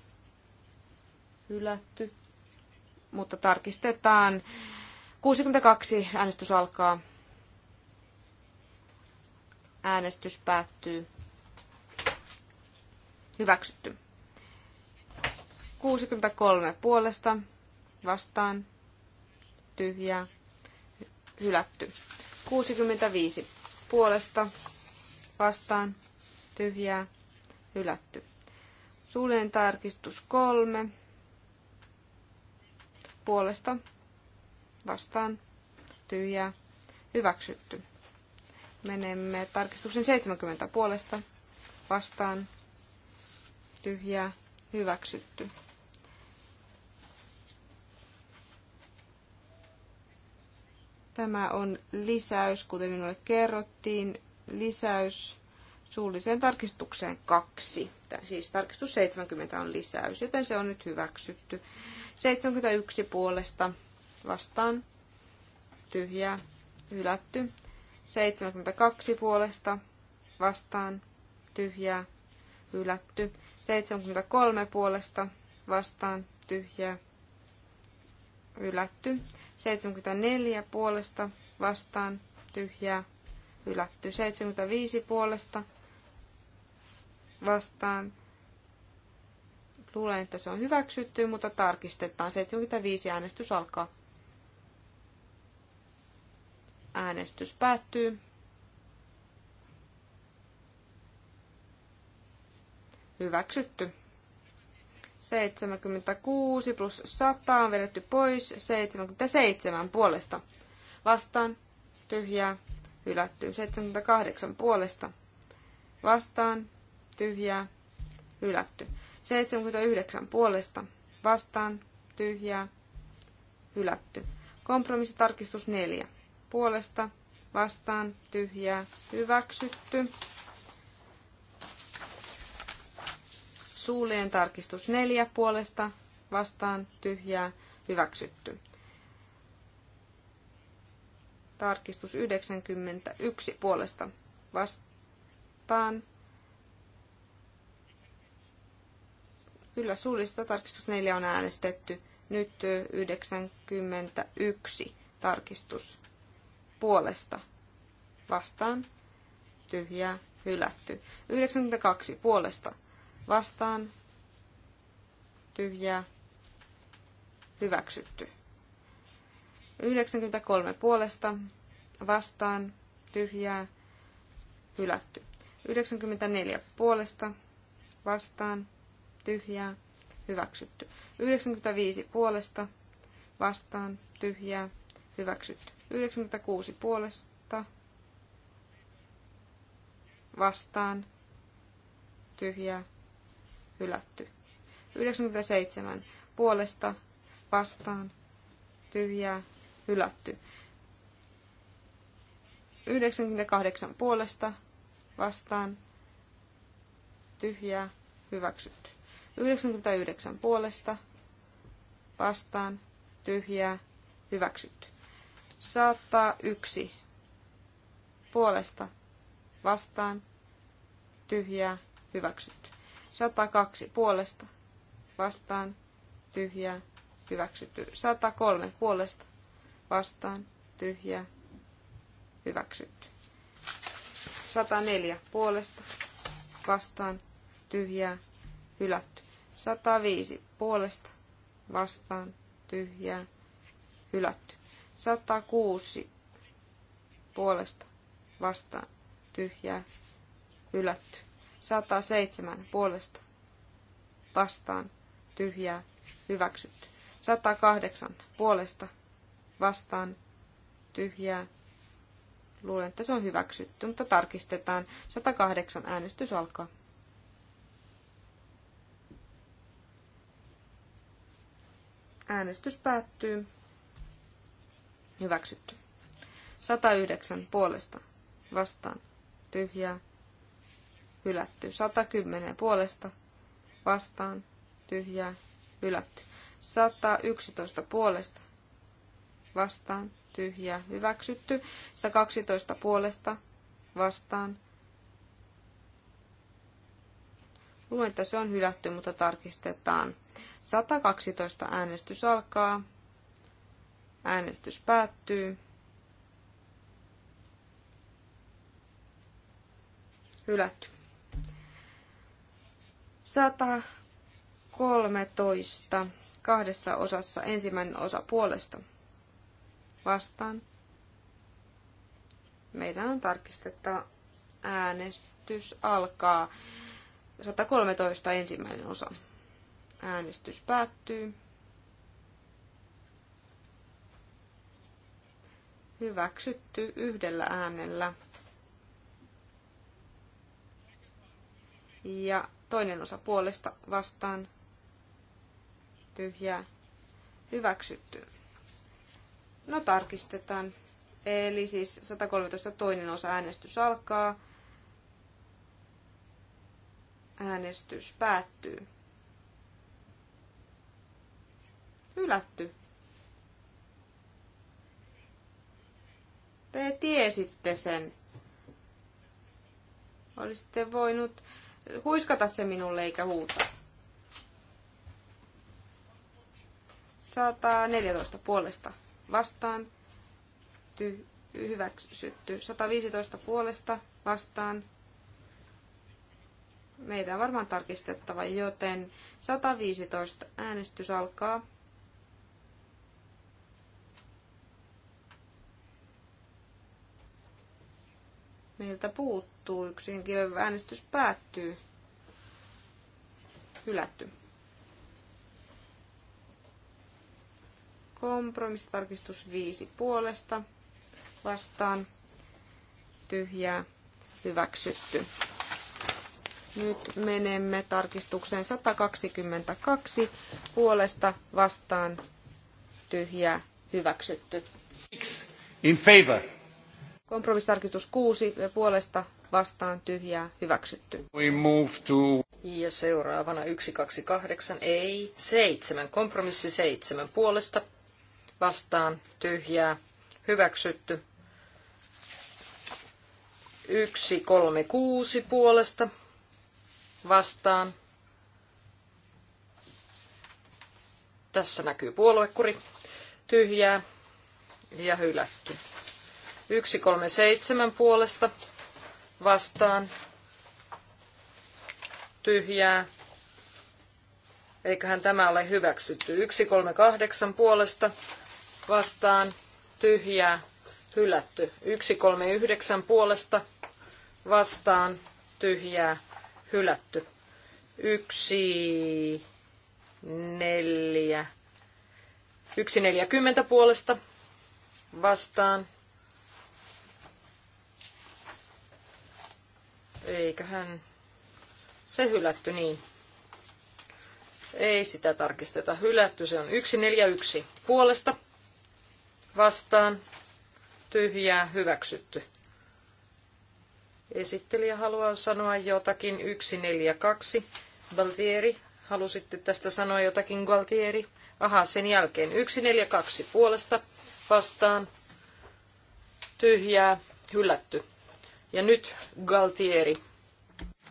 [SPEAKER 3] hylätty, mutta tarkistetaan. 62 äänestys alkaa. Äänestys päättyy. Hyväksytty. 63 puolesta vastaan tyhjää, hylätty. 65 puolesta vastaan tyhjää, hylätty. Suullinen tarkistus 3 puolesta vastaan tyhjää, hyväksytty. Menemme tarkistuksen 70 puolesta vastaan tyhjää, hyväksytty. Tämä on lisäys, kuten minulle kerrottiin, lisäys suulliseen tarkistukseen kaksi. Siis tarkistus 70 on lisäys, joten se on nyt hyväksytty. 71 puolesta vastaan tyhjä, hylätty. 72 puolesta vastaan tyhjää, hylätty. 73 puolesta vastaan tyhjää, hylätty. 74 puolesta vastaan tyhjää hylätty. 75 puolesta vastaan. Luulen, että se on hyväksytty, mutta tarkistetaan. 75 äänestys alkaa. Äänestys päättyy. Hyväksytty. 76 plus 100 on vedetty pois. 77 puolesta. Vastaan. Tyhjää. Hylätty. 78 puolesta. Vastaan. Tyhjää. Hylätty. 79 puolesta. Vastaan. Tyhjää. Hylätty. Kompromissitarkistus 4. Puolesta. Vastaan. Tyhjää. Hyväksytty. Suullinen tarkistus neljä puolesta vastaan tyhjää hyväksytty. Tarkistus 91 puolesta vastaan. Kyllä suullista tarkistus 4 on äänestetty. Nyt 91 tarkistus puolesta vastaan tyhjää hylätty. 92 puolesta vastaan tyhjää hyväksytty. 93 puolesta vastaan tyhjää hylätty. 94 puolesta vastaan tyhjää hyväksytty. 95 puolesta vastaan tyhjää hyväksytty. 96 puolesta vastaan tyhjää hylätty. 97 puolesta vastaan tyhjää hylätty. 98 puolesta vastaan tyhjää hyväksytty. 99 puolesta vastaan tyhjää hyväksytty. 101 puolesta vastaan tyhjää hyväksytty. 102 puolesta vastaan tyhjää hyväksytty. 103 puolesta vastaan tyhjää hyväksytty. 104 puolesta vastaan tyhjää hylätty. 105 puolesta vastaan tyhjää hylätty. 106 puolesta vastaan tyhjää hylätty. 107 puolesta vastaan tyhjää hyväksytty. 108 puolesta vastaan tyhjää. Luulen, että se on hyväksytty, mutta tarkistetaan. 108 äänestys alkaa. Äänestys päättyy. Hyväksytty. 109 puolesta vastaan tyhjää hylätty. 110 puolesta vastaan tyhjää hylätty. 111 puolesta vastaan tyhjää hyväksytty. 112 puolesta vastaan. Luulen, että se on hylätty, mutta tarkistetaan. 112 äänestys alkaa. Äänestys päättyy. Hylätty. 113 kahdessa osassa ensimmäinen osa puolesta vastaan. Meidän on tarkistettava äänestys alkaa. 113 ensimmäinen osa. Äänestys päättyy. Hyväksytty yhdellä äänellä. Ja Toinen osa puolesta vastaan tyhjää hyväksytty. No tarkistetaan. Eli siis 113 toinen osa äänestys alkaa. Äänestys päättyy. Hylätty. Te tiesitte sen. Olisitte voinut huiskata se minulle eikä huuta. 114 puolesta vastaan, ty, hyväksytty. 115 puolesta vastaan, meidän on varmaan tarkistettava, joten 115 äänestys alkaa. Meiltä puuttuu tapahtuu. Yksi henkilön äänestys päättyy. Hylätty. Kompromissitarkistus 5 puolesta. Vastaan. Tyhjää. Hyväksytty. Nyt menemme tarkistukseen 122 puolesta vastaan tyhjää hyväksytty. In favor. Kompromissitarkistus 6 puolesta vastaan
[SPEAKER 2] tyhjää hyväksytty.
[SPEAKER 4] We move to...
[SPEAKER 2] Ja seuraavana 128, ei, 7, kompromissi 7 puolesta vastaan tyhjää hyväksytty. 136 puolesta vastaan. Tässä näkyy puoluekuri. Tyhjää ja hylätty. 137 puolesta vastaan tyhjää. Eiköhän tämä ole hyväksytty. 138 puolesta vastaan tyhjää hylätty. 139 puolesta vastaan tyhjää hylätty. 1 4 140 puolesta vastaan Eiköhän se hylätty niin. Ei sitä tarkisteta. Hylätty se on 141 puolesta. Vastaan. Tyhjää hyväksytty. Esittelijä haluaa sanoa jotakin 142. Baltieri, halusitte tästä sanoa jotakin Gualtieri? Aha, sen jälkeen 142 puolesta vastaan. Tyhjää, hylätty. Ja nyt Galtieri.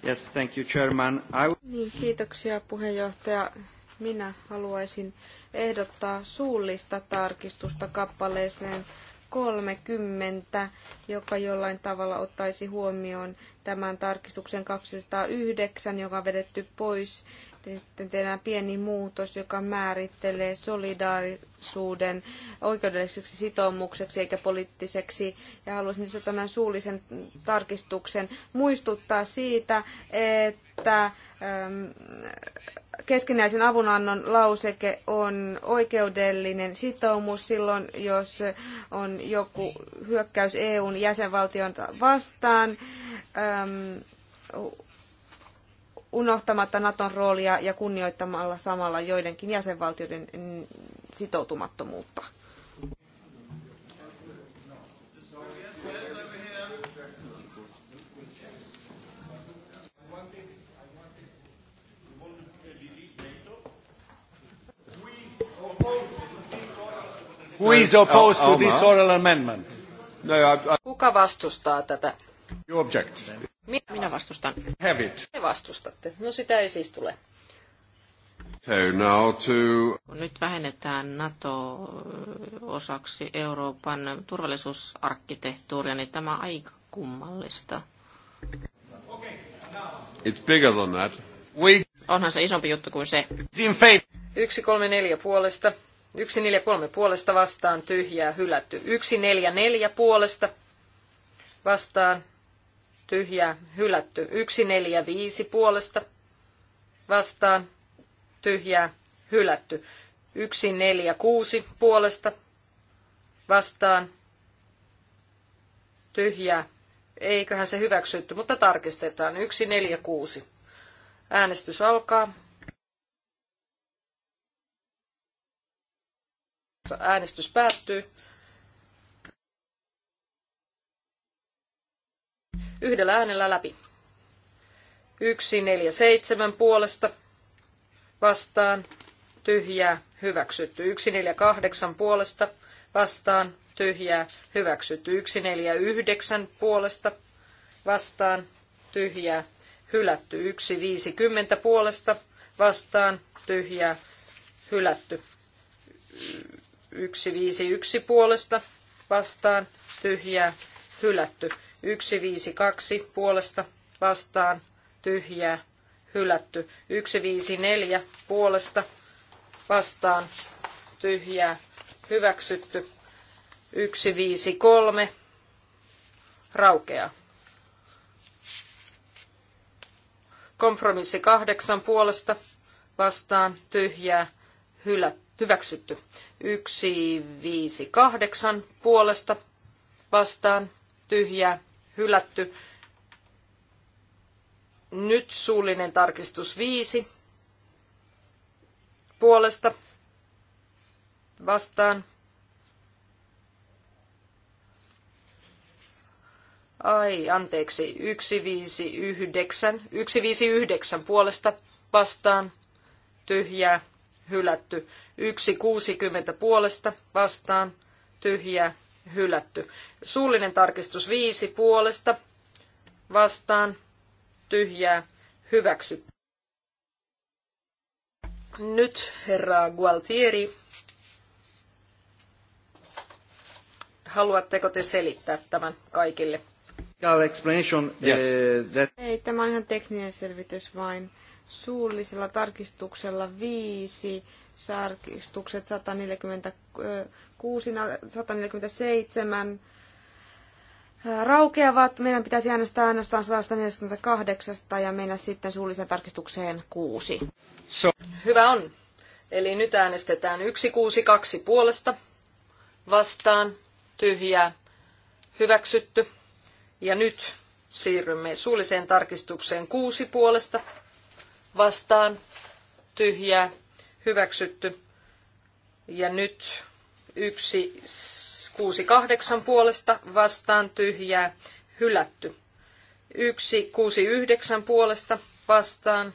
[SPEAKER 4] Yes, thank you, Chairman. I...
[SPEAKER 3] Niin, kiitoksia puheenjohtaja. Minä haluaisin ehdottaa suullista tarkistusta kappaleeseen 30, joka jollain tavalla ottaisi huomioon tämän tarkistuksen 209, joka on vedetty pois sitten tehdään pieni muutos, joka määrittelee solidaarisuuden oikeudelliseksi sitoumukseksi eikä poliittiseksi. Ja haluaisin siis tämän suullisen tarkistuksen muistuttaa siitä, että ähm, keskinäisen avunannon lauseke on oikeudellinen sitoumus silloin, jos on joku hyökkäys EUn jäsenvaltion vastaan ähm, unohtamatta Naton roolia ja kunnioittamalla samalla joidenkin jäsenvaltioiden sitoutumattomuutta.
[SPEAKER 4] Who is no, no, opposed to this oral amendment? No,
[SPEAKER 2] Kuka vastustaa tätä? You object. Minä, minä vastustan. Have Te vastustatte. No sitä ei siis tule.
[SPEAKER 5] So now to... nyt vähennetään NATO osaksi Euroopan turvallisuusarkkitehtuuria, niin tämä on aika kummallista. It's bigger than that. We... Onhan se isompi juttu kuin se.
[SPEAKER 2] Yksi kolme neljä puolesta. Yksi neljä kolme puolesta vastaan tyhjää hylätty. Yksi neljä neljä puolesta vastaan tyhjää hylätty. viisi puolesta vastaan tyhjää hylätty. kuusi puolesta vastaan tyhjää. Eiköhän se hyväksytty, mutta tarkistetaan. yksi 146. Äänestys alkaa. Äänestys päättyy. yhdellä äänellä läpi. seitsemän puolesta vastaan tyhjää hyväksytty. kahdeksan puolesta vastaan tyhjää hyväksytty. yhdeksän puolesta vastaan tyhjää hylätty. 150 puolesta vastaan tyhjää hylätty. yksi puolesta vastaan tyhjää hylätty. 152 puolesta vastaan tyhjää hylätty. 154 puolesta vastaan tyhjää hyväksytty. 153 raukeaa. Kompromissi kahdeksan puolesta vastaan tyhjää hyväksytty. 158 puolesta vastaan tyhjää hylätty. Nyt suullinen tarkistus viisi puolesta vastaan. Ai, anteeksi, 159, 159 puolesta vastaan, tyhjää, hylätty. 160 puolesta vastaan, tyhjää, hylätty. Suullinen tarkistus viisi puolesta vastaan tyhjää hyväksy. Nyt herra Gualtieri, haluatteko te selittää tämän kaikille?
[SPEAKER 4] Explanation, uh, yes. uh,
[SPEAKER 3] that... Ei, tämä on ihan tekninen selvitys vain. Suullisella tarkistuksella viisi sarkistukset 146, 147 raukeavat. Meidän pitäisi äänestää äänestään 148 ja mennä sitten suulliseen tarkistukseen
[SPEAKER 2] 6. So. Hyvä on. Eli nyt äänestetään 162 puolesta vastaan tyhjää hyväksytty. Ja nyt siirrymme suulliseen tarkistukseen 6 puolesta vastaan tyhjää hyväksytty. Ja nyt yksi kuusi kahdeksan puolesta vastaan tyhjää hylätty. Yksi kuusi yhdeksän puolesta vastaan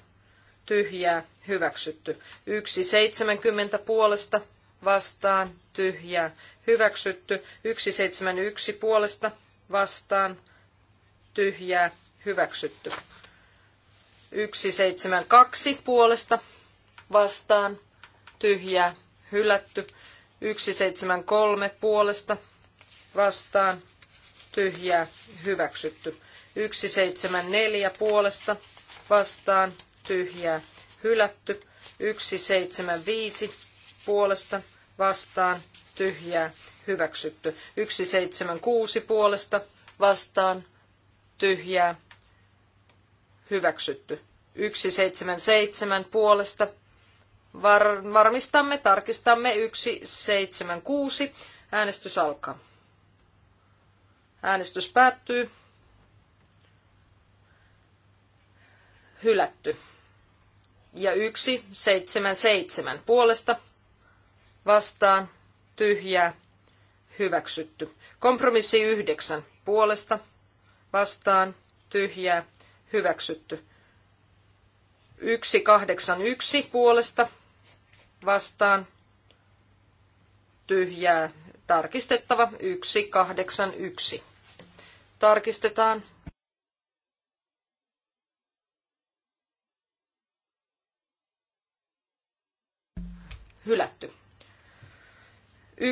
[SPEAKER 2] tyhjää hyväksytty. Yksi seitsemänkymmentä puolesta vastaan tyhjää hyväksytty. Yksi seitsemän yksi puolesta vastaan tyhjää hyväksytty. Yksi seitsemän kaksi puolesta vastaan, Tyhjä, hylätty. 173 puolesta vastaan, tyhjä hyväksytty. 174 puolesta vastaan, Tyhjä, hylätty. 175 puolesta vastaan, tyhjä hyväksytty. 176 puolesta vastaan, tyhjä hyväksytty. 177 puolesta Var- varmistamme, tarkistamme 176. Äänestys alkaa. Äänestys päättyy. Hylätty. Ja 177 puolesta vastaan tyhjää hyväksytty. Kompromissi 9 puolesta vastaan tyhjää hyväksytty. 181 puolesta vastaan tyhjää tarkistettava 181. Tarkistetaan. Hylätty.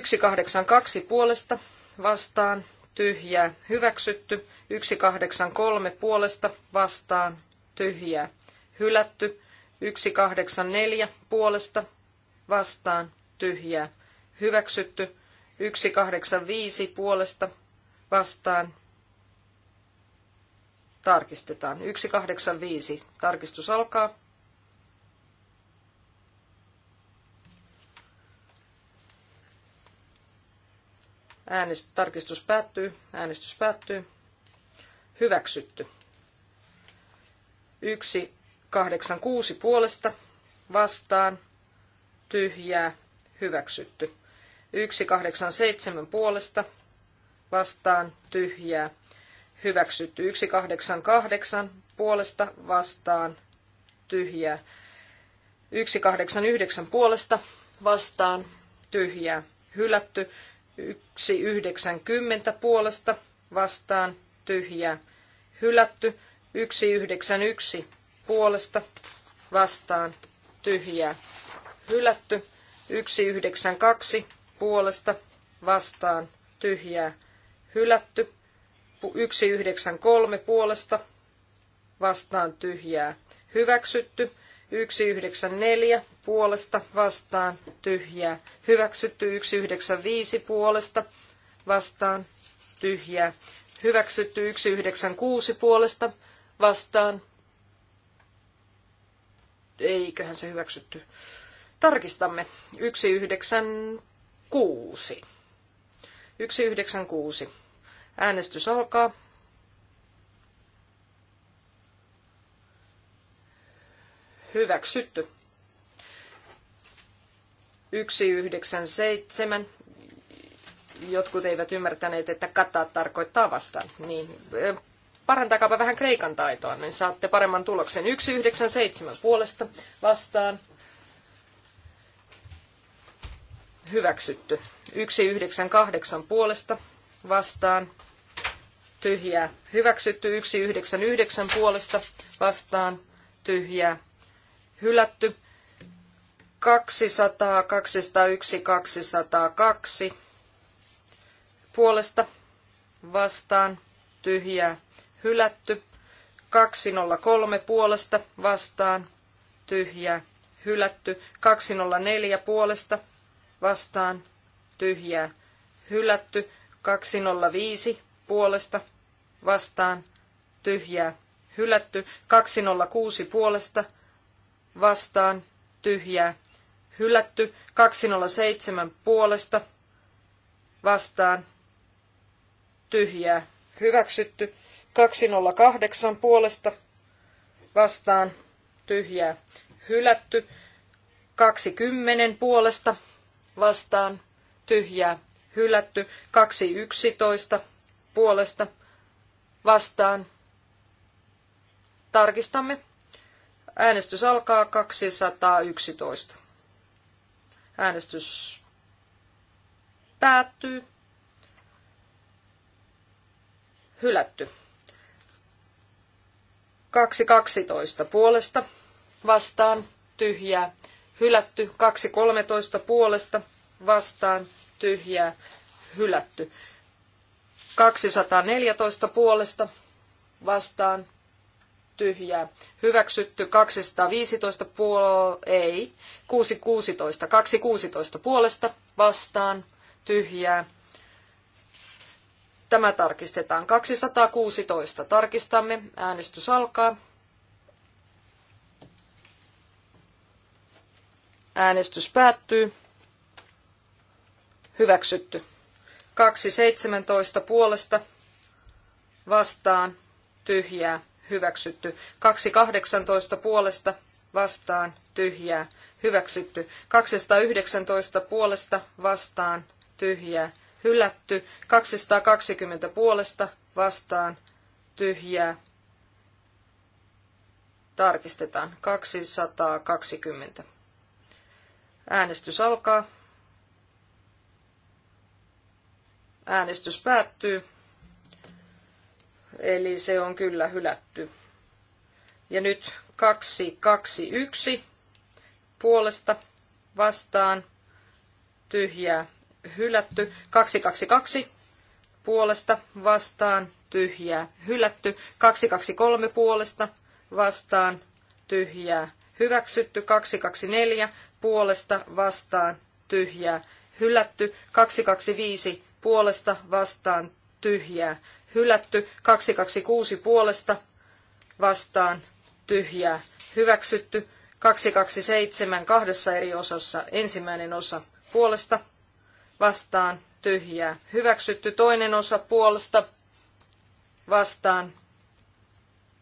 [SPEAKER 2] 182 puolesta vastaan tyhjää hyväksytty. 183 puolesta vastaan tyhjää hylätty. 184 puolesta vastaan, tyhjää, hyväksytty. 185 puolesta vastaan, tarkistetaan. 185, tarkistus alkaa. Äänest, tarkistus päättyy, äänestys päättyy. Hyväksytty. 186 puolesta vastaan, tyhjää, hyväksytty. 187 puolesta vastaan tyhjää, hyväksytty. 188 puolesta vastaan tyhjää. 189 puolesta vastaan tyhjää, hylätty. 190 puolesta vastaan tyhjää, hylätty. 191 puolesta vastaan tyhjää, hylätty. 192 puolesta vastaan tyhjää hylätty. 193 puolesta vastaan tyhjää hyväksytty. 194 puolesta vastaan tyhjää hyväksytty. 195 puolesta vastaan tyhjää hyväksytty. 196 puolesta vastaan eiköhän se hyväksytty. Tarkistamme. 196. 196. Äänestys alkaa. Hyväksytty. 197. Jotkut eivät ymmärtäneet, että kata tarkoittaa vastaan. Niin, parantakaapa vähän kreikan taitoa, niin saatte paremman tuloksen. 197 puolesta vastaan hyväksytty. 198 puolesta vastaan tyhjää hyväksytty. 199 puolesta vastaan tyhjää hylätty. 200, 201, 202 puolesta vastaan tyhjää hylätty. 203 puolesta vastaan tyhjää hylätty. 204 puolesta vastaan tyhjää hylätty. 205 puolesta vastaan tyhjää hylätty. 206 puolesta vastaan tyhjää hylätty. 207 puolesta vastaan tyhjää hyväksytty. 208 puolesta vastaan tyhjää hylätty. 20 puolesta vastaan tyhjää hylätty. 2.11 puolesta vastaan. Tarkistamme. Äänestys alkaa 211. Äänestys päättyy. Hylätty. 212 puolesta vastaan tyhjää hylätty, 2.13 puolesta vastaan tyhjää hylätty. 214 puolesta vastaan tyhjää. Hyväksytty 215 puol... ei, 616, 216 puolesta vastaan tyhjää. Tämä tarkistetaan. 216. Tarkistamme. Äänestys alkaa. Äänestys päättyy. Hyväksytty. 2.17 puolesta vastaan tyhjää hyväksytty. 2.18 puolesta vastaan tyhjää hyväksytty. 219 puolesta vastaan tyhjää hylätty. 220 puolesta vastaan tyhjää tarkistetaan. 220. Äänestys alkaa. Äänestys päättyy. Eli se on kyllä hylätty. Ja nyt 1 puolesta vastaan tyhjää hylätty. 2 puolesta vastaan tyhjää hylätty. 3 puolesta vastaan tyhjää hyväksytty. 4 puolesta vastaan tyhjää, hylätty 225 puolesta vastaan tyhjää, hylätty 226 puolesta vastaan tyhjää, hyväksytty 227 kahdessa eri osassa, ensimmäinen osa puolesta vastaan tyhjää, hyväksytty toinen osa puolesta vastaan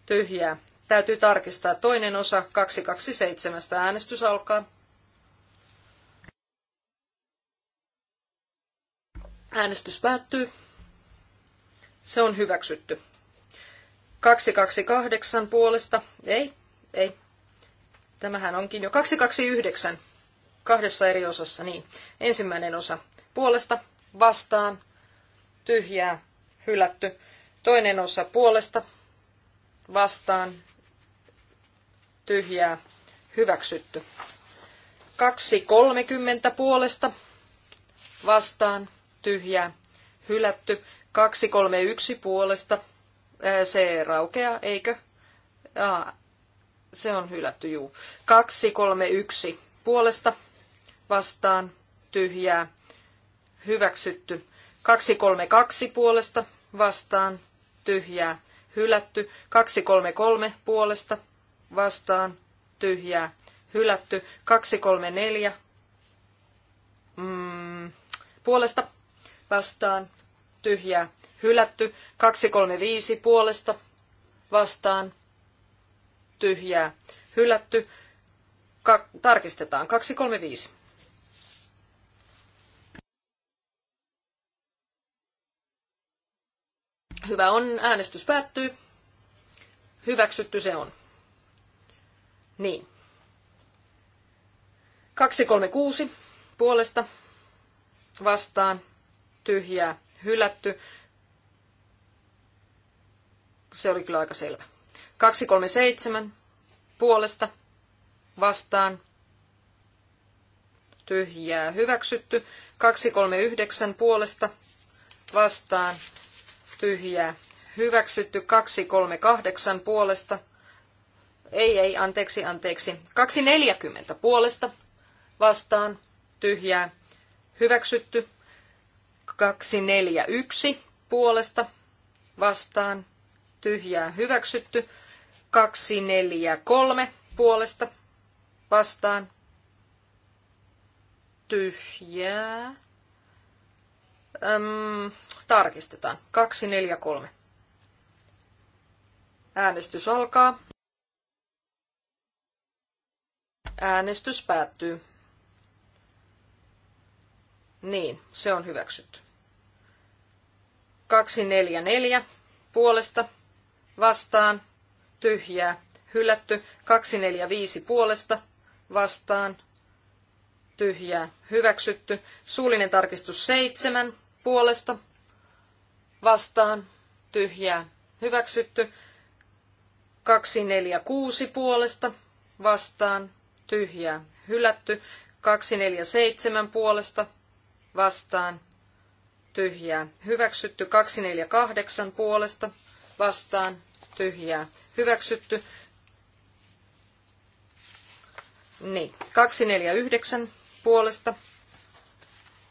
[SPEAKER 2] tyhjää. Täytyy tarkistaa toinen osa 227. Äänestys alkaa. Äänestys päättyy. Se on hyväksytty. 228 puolesta. Ei, ei. Tämähän onkin jo 229 kahdessa eri osassa. Niin, ensimmäinen osa puolesta, vastaan, tyhjää, hylätty. Toinen osa puolesta, vastaan, tyhjää, hyväksytty. 2.30 puolesta, vastaan, tyhjää hylätty. 231 puolesta se raukea, eikö? Aa, se on hylätty, juu. 231 puolesta vastaan tyhjää hyväksytty. 232 puolesta vastaan tyhjää hylätty. 233 puolesta vastaan tyhjää hylätty. 234 mm, puolesta vastaan tyhjää hylätty. 235 puolesta vastaan tyhjää hylätty. Ka- tarkistetaan 235. Hyvä on, äänestys päättyy. Hyväksytty se on. Niin. 236 puolesta vastaan tyhjää hylätty. Se oli kyllä aika selvä. 237 puolesta vastaan tyhjää hyväksytty. 239 puolesta vastaan tyhjää hyväksytty. 238 puolesta ei, ei, anteeksi, anteeksi. 240 puolesta vastaan tyhjää hyväksytty. 241 puolesta vastaan tyhjää hyväksytty. 243 puolesta vastaan tyhjää. Öm, tarkistetaan. 243. Äänestys alkaa. Äänestys päättyy. Niin, se on hyväksytty. 244 puolesta vastaan tyhjää hylätty. 245 puolesta vastaan tyhjää hyväksytty. Suullinen tarkistus 7 puolesta vastaan tyhjää hyväksytty. 246 puolesta vastaan tyhjää hylätty. 247 puolesta vastaan tyhjää. Hyväksytty 248 puolesta vastaan tyhjää. Hyväksytty. Niin, 249 puolesta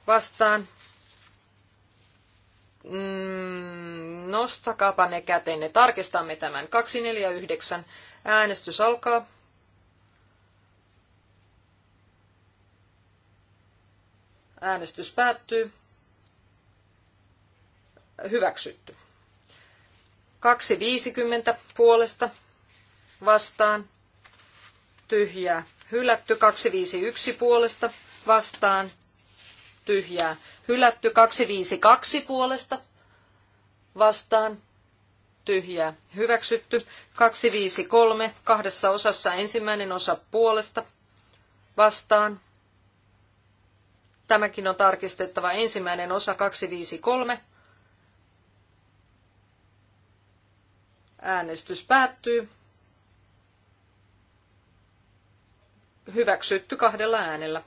[SPEAKER 2] vastaan. Mm, nostakaapa ne kätenne. Tarkistamme tämän. 249. Äänestys alkaa. Äänestys päättyy hyväksytty. 250 puolesta vastaan tyhjää hylätty. 251 puolesta vastaan tyhjää hylätty. 252 puolesta vastaan tyhjää hyväksytty. 253 kahdessa osassa ensimmäinen osa puolesta vastaan Tämäkin on tarkistettava ensimmäinen osa 253. Äänestys päättyy. Hyväksytty kahdella äänellä.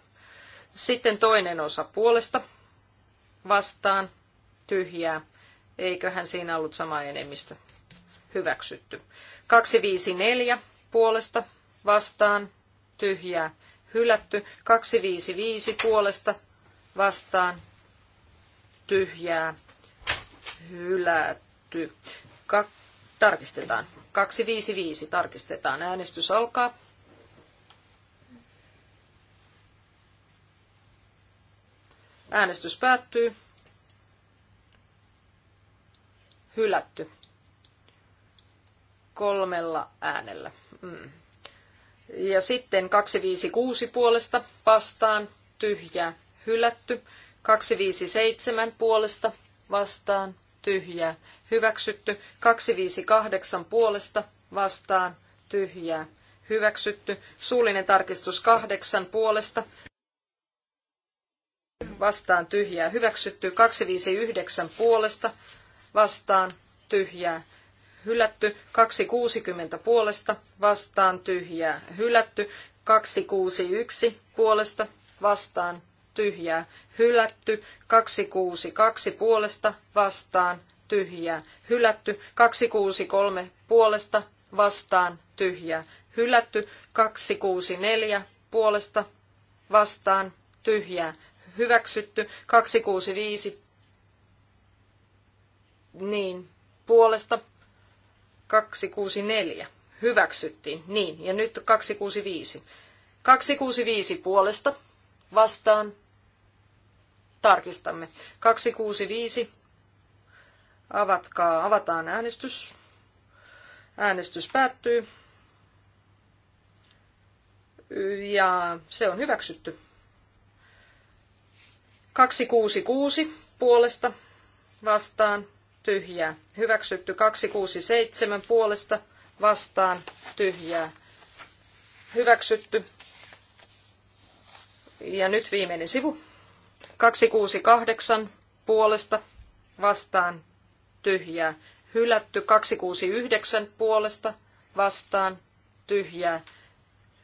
[SPEAKER 2] Sitten toinen osa puolesta vastaan tyhjää. Eiköhän siinä ollut sama enemmistö hyväksytty. 254 puolesta vastaan tyhjää hylätty. 255 puolesta vastaan tyhjää hylätty tarkistetaan. 255 tarkistetaan. Äänestys alkaa. Äänestys päättyy. Hylätty. Kolmella äänellä. Mm. Ja sitten 256 puolesta vastaan Tyhjä. hylätty. 257 puolesta vastaan tyhjä hyväksytty. 258 puolesta vastaan tyhjää hyväksytty. Suullinen tarkistus 8 puolesta vastaan tyhjää hyväksytty. 259 puolesta vastaan tyhjää hylätty. 260 puolesta vastaan tyhjää hylätty. 261 puolesta vastaan tyhjää hylätty. 262 puolesta vastaan tyhjää, hylätty, 263 puolesta, vastaan, tyhjää, hylätty, 264 puolesta, vastaan, tyhjää, hyväksytty, 265 niin, puolesta 264 hyväksyttiin, niin, ja nyt 265. 265 puolesta vastaan tarkistamme. 265 Avatkaa, avataan äänestys. Äänestys päättyy. Ja se on hyväksytty. 266 puolesta vastaan tyhjää. Hyväksytty 267 puolesta vastaan tyhjää. Hyväksytty. Ja nyt viimeinen sivu. 268 puolesta vastaan tyhjää. Hylätty 269 puolesta vastaan tyhjää.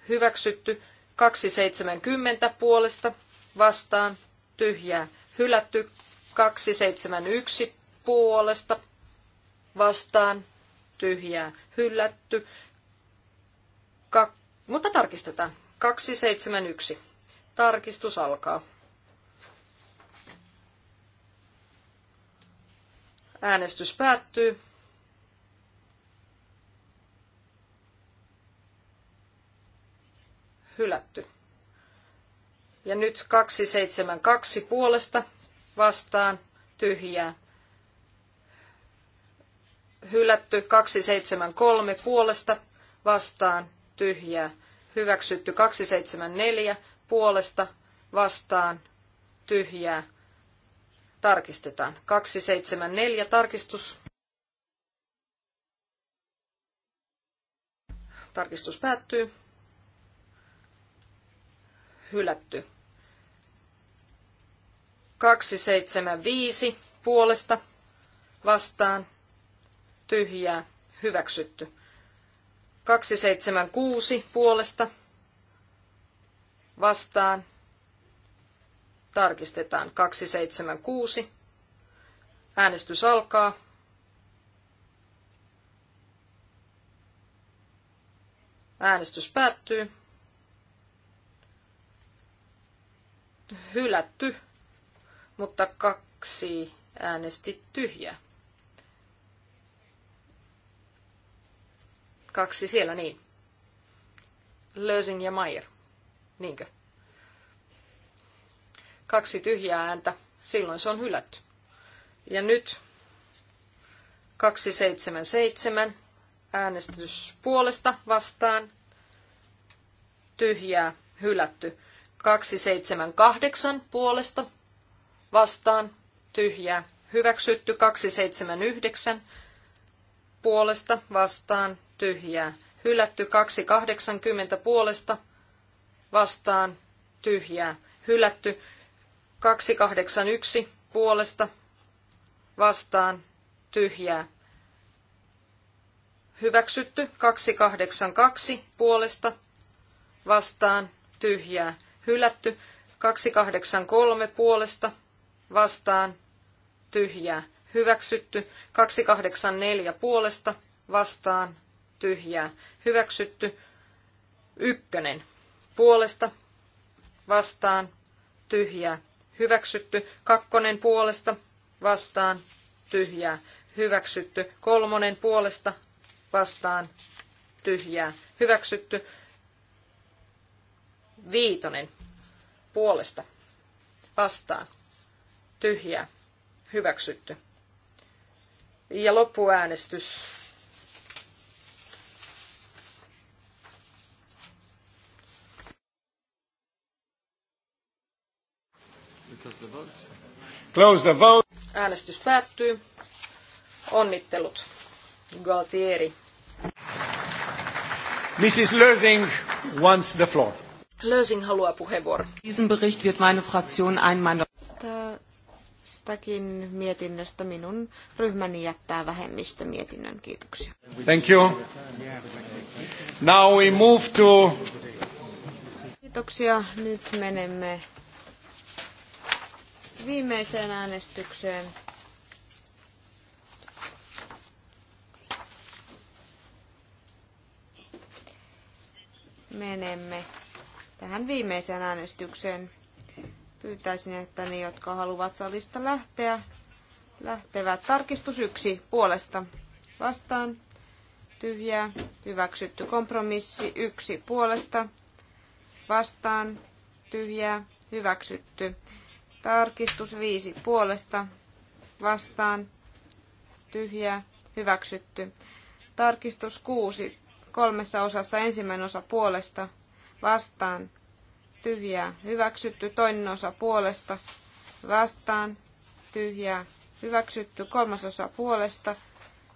[SPEAKER 2] Hyväksytty 270 puolesta vastaan tyhjää. Hylätty 271 puolesta vastaan tyhjää. Hylätty. Ka- mutta tarkistetaan. 271. Tarkistus alkaa. Äänestys päättyy. Hylätty. Ja nyt 272 puolesta vastaan tyhjää. Hylätty 273 puolesta vastaan tyhjää. Hyväksytty 274 puolesta vastaan tyhjää tarkistetaan. 274 tarkistus. Tarkistus päättyy. Hylätty. 275 puolesta vastaan tyhjää hyväksytty. 276 puolesta vastaan tarkistetaan 276. Äänestys alkaa. Äänestys päättyy. Hylätty, mutta kaksi äänesti tyhjää. Kaksi siellä, niin. Lösing ja Mayer. Niinkö? kaksi tyhjää ääntä, silloin se on hylätty. Ja nyt 277 äänestys puolesta vastaan, tyhjää hylätty. 278 puolesta vastaan, tyhjää hyväksytty. 279 puolesta vastaan, tyhjää hylätty. 280 puolesta vastaan, tyhjää hylätty. 281 puolesta vastaan tyhjää. Hyväksytty 282 puolesta vastaan tyhjää. Hylätty 283 puolesta vastaan tyhjää. Hyväksytty 284 puolesta vastaan tyhjää. Hyväksytty ykkönen puolesta vastaan tyhjää hyväksytty. Kakkonen puolesta vastaan tyhjää, hyväksytty. Kolmonen puolesta vastaan tyhjää, hyväksytty. Viitonen puolesta vastaan tyhjää, hyväksytty. Ja loppuäänestys
[SPEAKER 4] Close the vote.
[SPEAKER 2] Äänestys päättyy. Onnittelut. Galtieri.
[SPEAKER 1] Mrs. Lösing wants the floor.
[SPEAKER 2] Lösing haluaa puheenvuoron.
[SPEAKER 1] Diesen Bericht wird meine Fraktion ein
[SPEAKER 3] Tästäkin mietinnöstä minun ryhmäni jättää vähemmistömietinnön. Kiitoksia.
[SPEAKER 1] Thank you.
[SPEAKER 4] Now we move to...
[SPEAKER 3] Kiitoksia. Nyt menemme viimeiseen äänestykseen. Menemme tähän viimeiseen äänestykseen. Pyytäisin, että ne, jotka haluavat salista lähteä, lähtevät. Tarkistus yksi puolesta. Vastaan. Tyhjää. Hyväksytty kompromissi. Yksi puolesta. Vastaan. Tyhjää. Hyväksytty. Tarkistus 5 puolesta vastaan tyhjää hyväksytty. Tarkistus 6 kolmessa osassa ensimmäinen osa puolesta vastaan tyhjää hyväksytty. Toinen osa puolesta vastaan tyhjää hyväksytty. Kolmas osa puolesta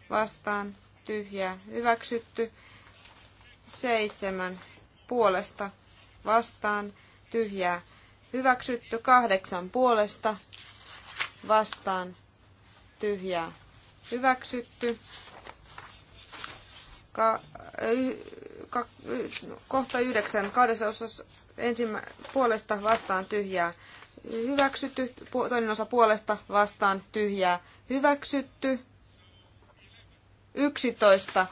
[SPEAKER 3] vastaan tyhjää hyväksytty. Seitsemän puolesta vastaan tyhjää Hyväksytty kahdeksan puolesta vastaan tyhjää. Hyväksytty. Ka- y- ka- y- no, kohta yhdeksän kahdessa osassa ensimmä- puolesta vastaan tyhjää. Hyväksytty. Pu- toinen osa puolesta vastaan tyhjää. Hyväksytty. Yksitoista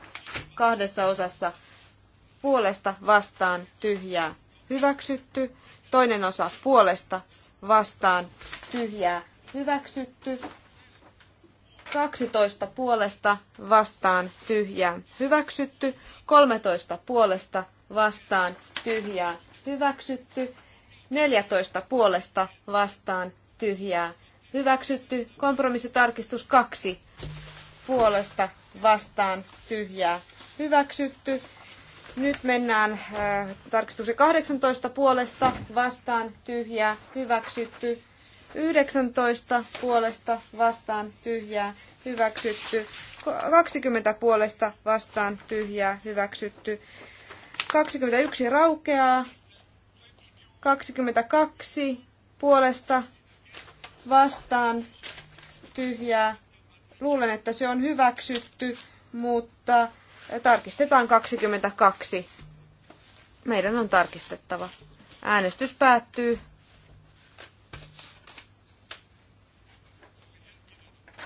[SPEAKER 3] kahdessa osassa puolesta vastaan tyhjää. Hyväksytty. Toinen osa puolesta vastaan tyhjää hyväksytty. 12 puolesta vastaan tyhjää hyväksytty. 13 puolesta vastaan tyhjää hyväksytty. 14 puolesta vastaan tyhjää hyväksytty. Kompromissitarkistus 2 puolesta vastaan tyhjää hyväksytty. Nyt mennään äh, tarkistuksen 18 puolesta vastaan tyhjää hyväksytty. 19 puolesta vastaan tyhjää hyväksytty. 20 puolesta vastaan tyhjää hyväksytty. 21 raukeaa. 22 puolesta vastaan tyhjää. Luulen, että se on hyväksytty, mutta Tarkistetaan 22. Meidän on tarkistettava. Äänestys päättyy.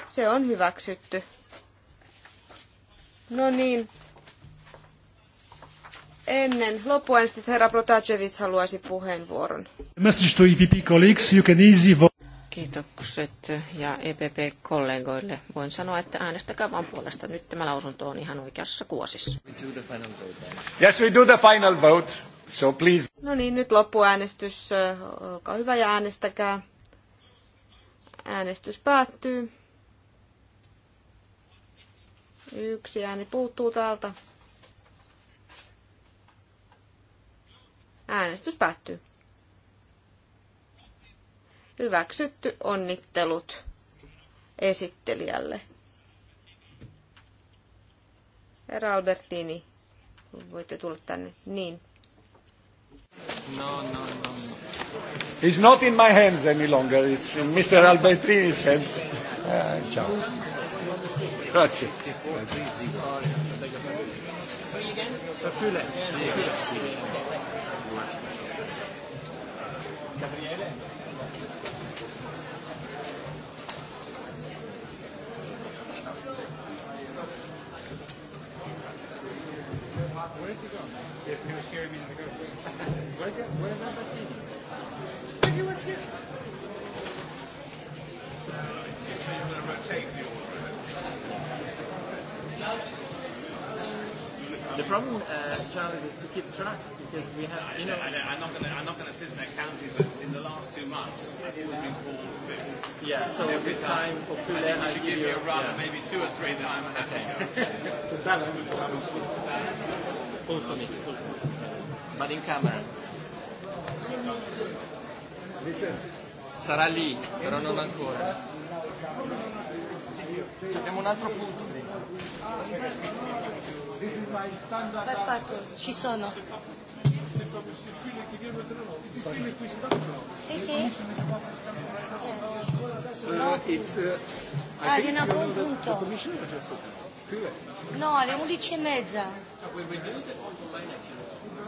[SPEAKER 3] Se on hyväksytty. No niin. Ennen loppuäänestys herra Protasevic haluaisi puheenvuoron. Message to EPP colleagues, you can easy vote.
[SPEAKER 5] Kiitokset ja EPP-kollegoille. Voin sanoa, että äänestäkää vaan puolesta. Nyt tämä lausunto on ihan oikeassa kuosissa.
[SPEAKER 4] Yes, we do the final vote. So please.
[SPEAKER 5] No niin,
[SPEAKER 3] nyt loppuäänestys. Olkaa hyvä ja äänestäkää. Äänestys päättyy. Yksi ääni puuttuu täältä. Äänestys päättyy. Hyväksytty onnittelut esittelijälle. Herra Albertini, voitte tulla tänne. Niin. No, no, no.
[SPEAKER 4] It's not in my hands any longer, it's in Mr. Albertini's hands. Uh, ciao. Grazie. Grazie. that? here. So, you're going to rotate the order.
[SPEAKER 1] The problem, uh, Charles, is to keep track because we have. You know, I I I'm not going to. I'm not going to sit there counting, but in the last two months, I've always been called Fitz. Yeah. So every this time, time for Fuller, I give, give you, me a
[SPEAKER 4] run, yeah. maybe two or three, then I'm happy. Balance. Full committee. Full committee. But in camera. Sarà lì, però non ancora.
[SPEAKER 2] Abbiamo un altro punto. Perfetto,
[SPEAKER 5] ci sono. Sì, sì.
[SPEAKER 2] Yes. Uh, no. uh, Ah, viene a buon
[SPEAKER 5] punto. No, alle 11 e mezza. Ah,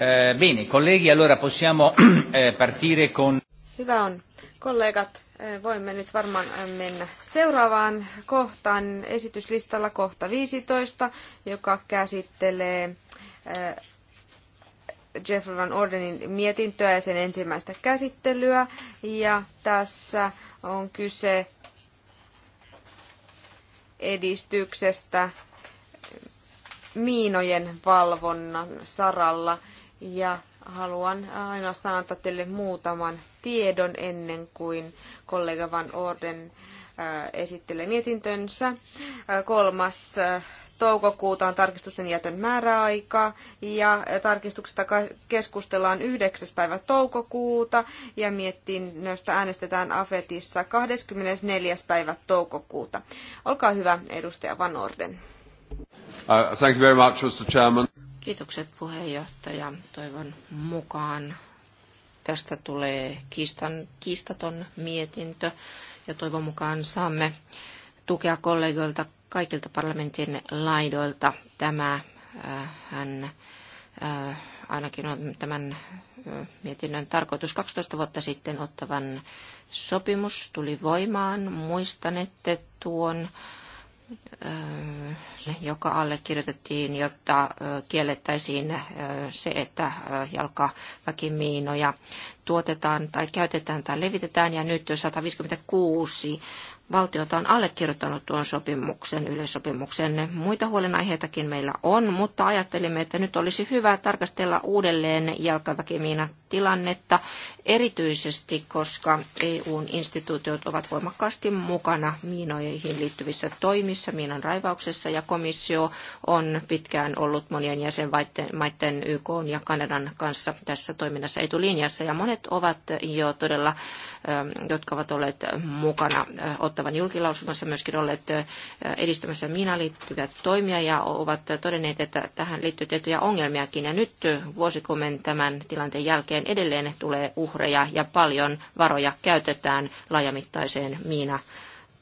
[SPEAKER 4] Eh, bene, colleghi, allora possiamo eh, partire con...
[SPEAKER 3] Hyvä on. Kollegat, eh, voimme nyt varmaan mennä seuraavaan kohtaan esityslistalla kohta 15, joka käsittelee Jeffrey Van Ordenin mietintöä ja sen ensimmäistä käsittelyä. Ja tässä on kyse edistyksestä miinojen valvonnan saralla ja haluan ainoastaan antaa teille muutaman tiedon ennen kuin kollega Van Orden äh, esittelee mietintönsä. Äh, kolmas äh, toukokuuta on tarkistusten jätön määräaika ja tarkistuksesta keskustellaan 9. päivä toukokuuta ja mietinnöstä äänestetään AFETissa 24. päivä
[SPEAKER 5] toukokuuta. Olkaa hyvä, edustaja Van Orden.
[SPEAKER 4] Uh, thank you very much, Mr. Chairman.
[SPEAKER 5] Kiitokset puheenjohtaja. Toivon mukaan tästä tulee kiistan, kiistaton mietintö ja toivon mukaan saamme tukea kollegoilta kaikilta parlamentin laidoilta. Tämä äh, hän äh, ainakin on tämän äh, mietinnön tarkoitus 12 vuotta sitten ottavan sopimus tuli voimaan. Muistanette tuon joka allekirjoitettiin, jotta kiellettäisiin se, että jalkaväkimiinoja tuotetaan tai käytetään tai levitetään. Ja nyt 156 valtiota on allekirjoittanut tuon sopimuksen, yleissopimuksen. Muita huolenaiheitakin meillä on, mutta ajattelimme, että nyt olisi hyvä tarkastella uudelleen jalkaväkimiina tilannetta, erityisesti koska EUn instituutiot ovat voimakkaasti mukana miinoihin liittyvissä toimissa, Kiinan raivauksessa ja komissio on pitkään ollut monien jäsenmaiden YK ja Kanadan kanssa tässä toiminnassa etulinjassa ja monet ovat jo todella, ähm, jotka ovat olleet mukana äh, ottavan julkilausumassa myöskin olleet äh, edistämässä Miinaan liittyviä toimia ja ovat todenneet, että tähän liittyy tiettyjä ongelmiakin ja nyt vuosikymmen tämän tilanteen jälkeen edelleen tulee uhreja ja paljon varoja käytetään laajamittaiseen miina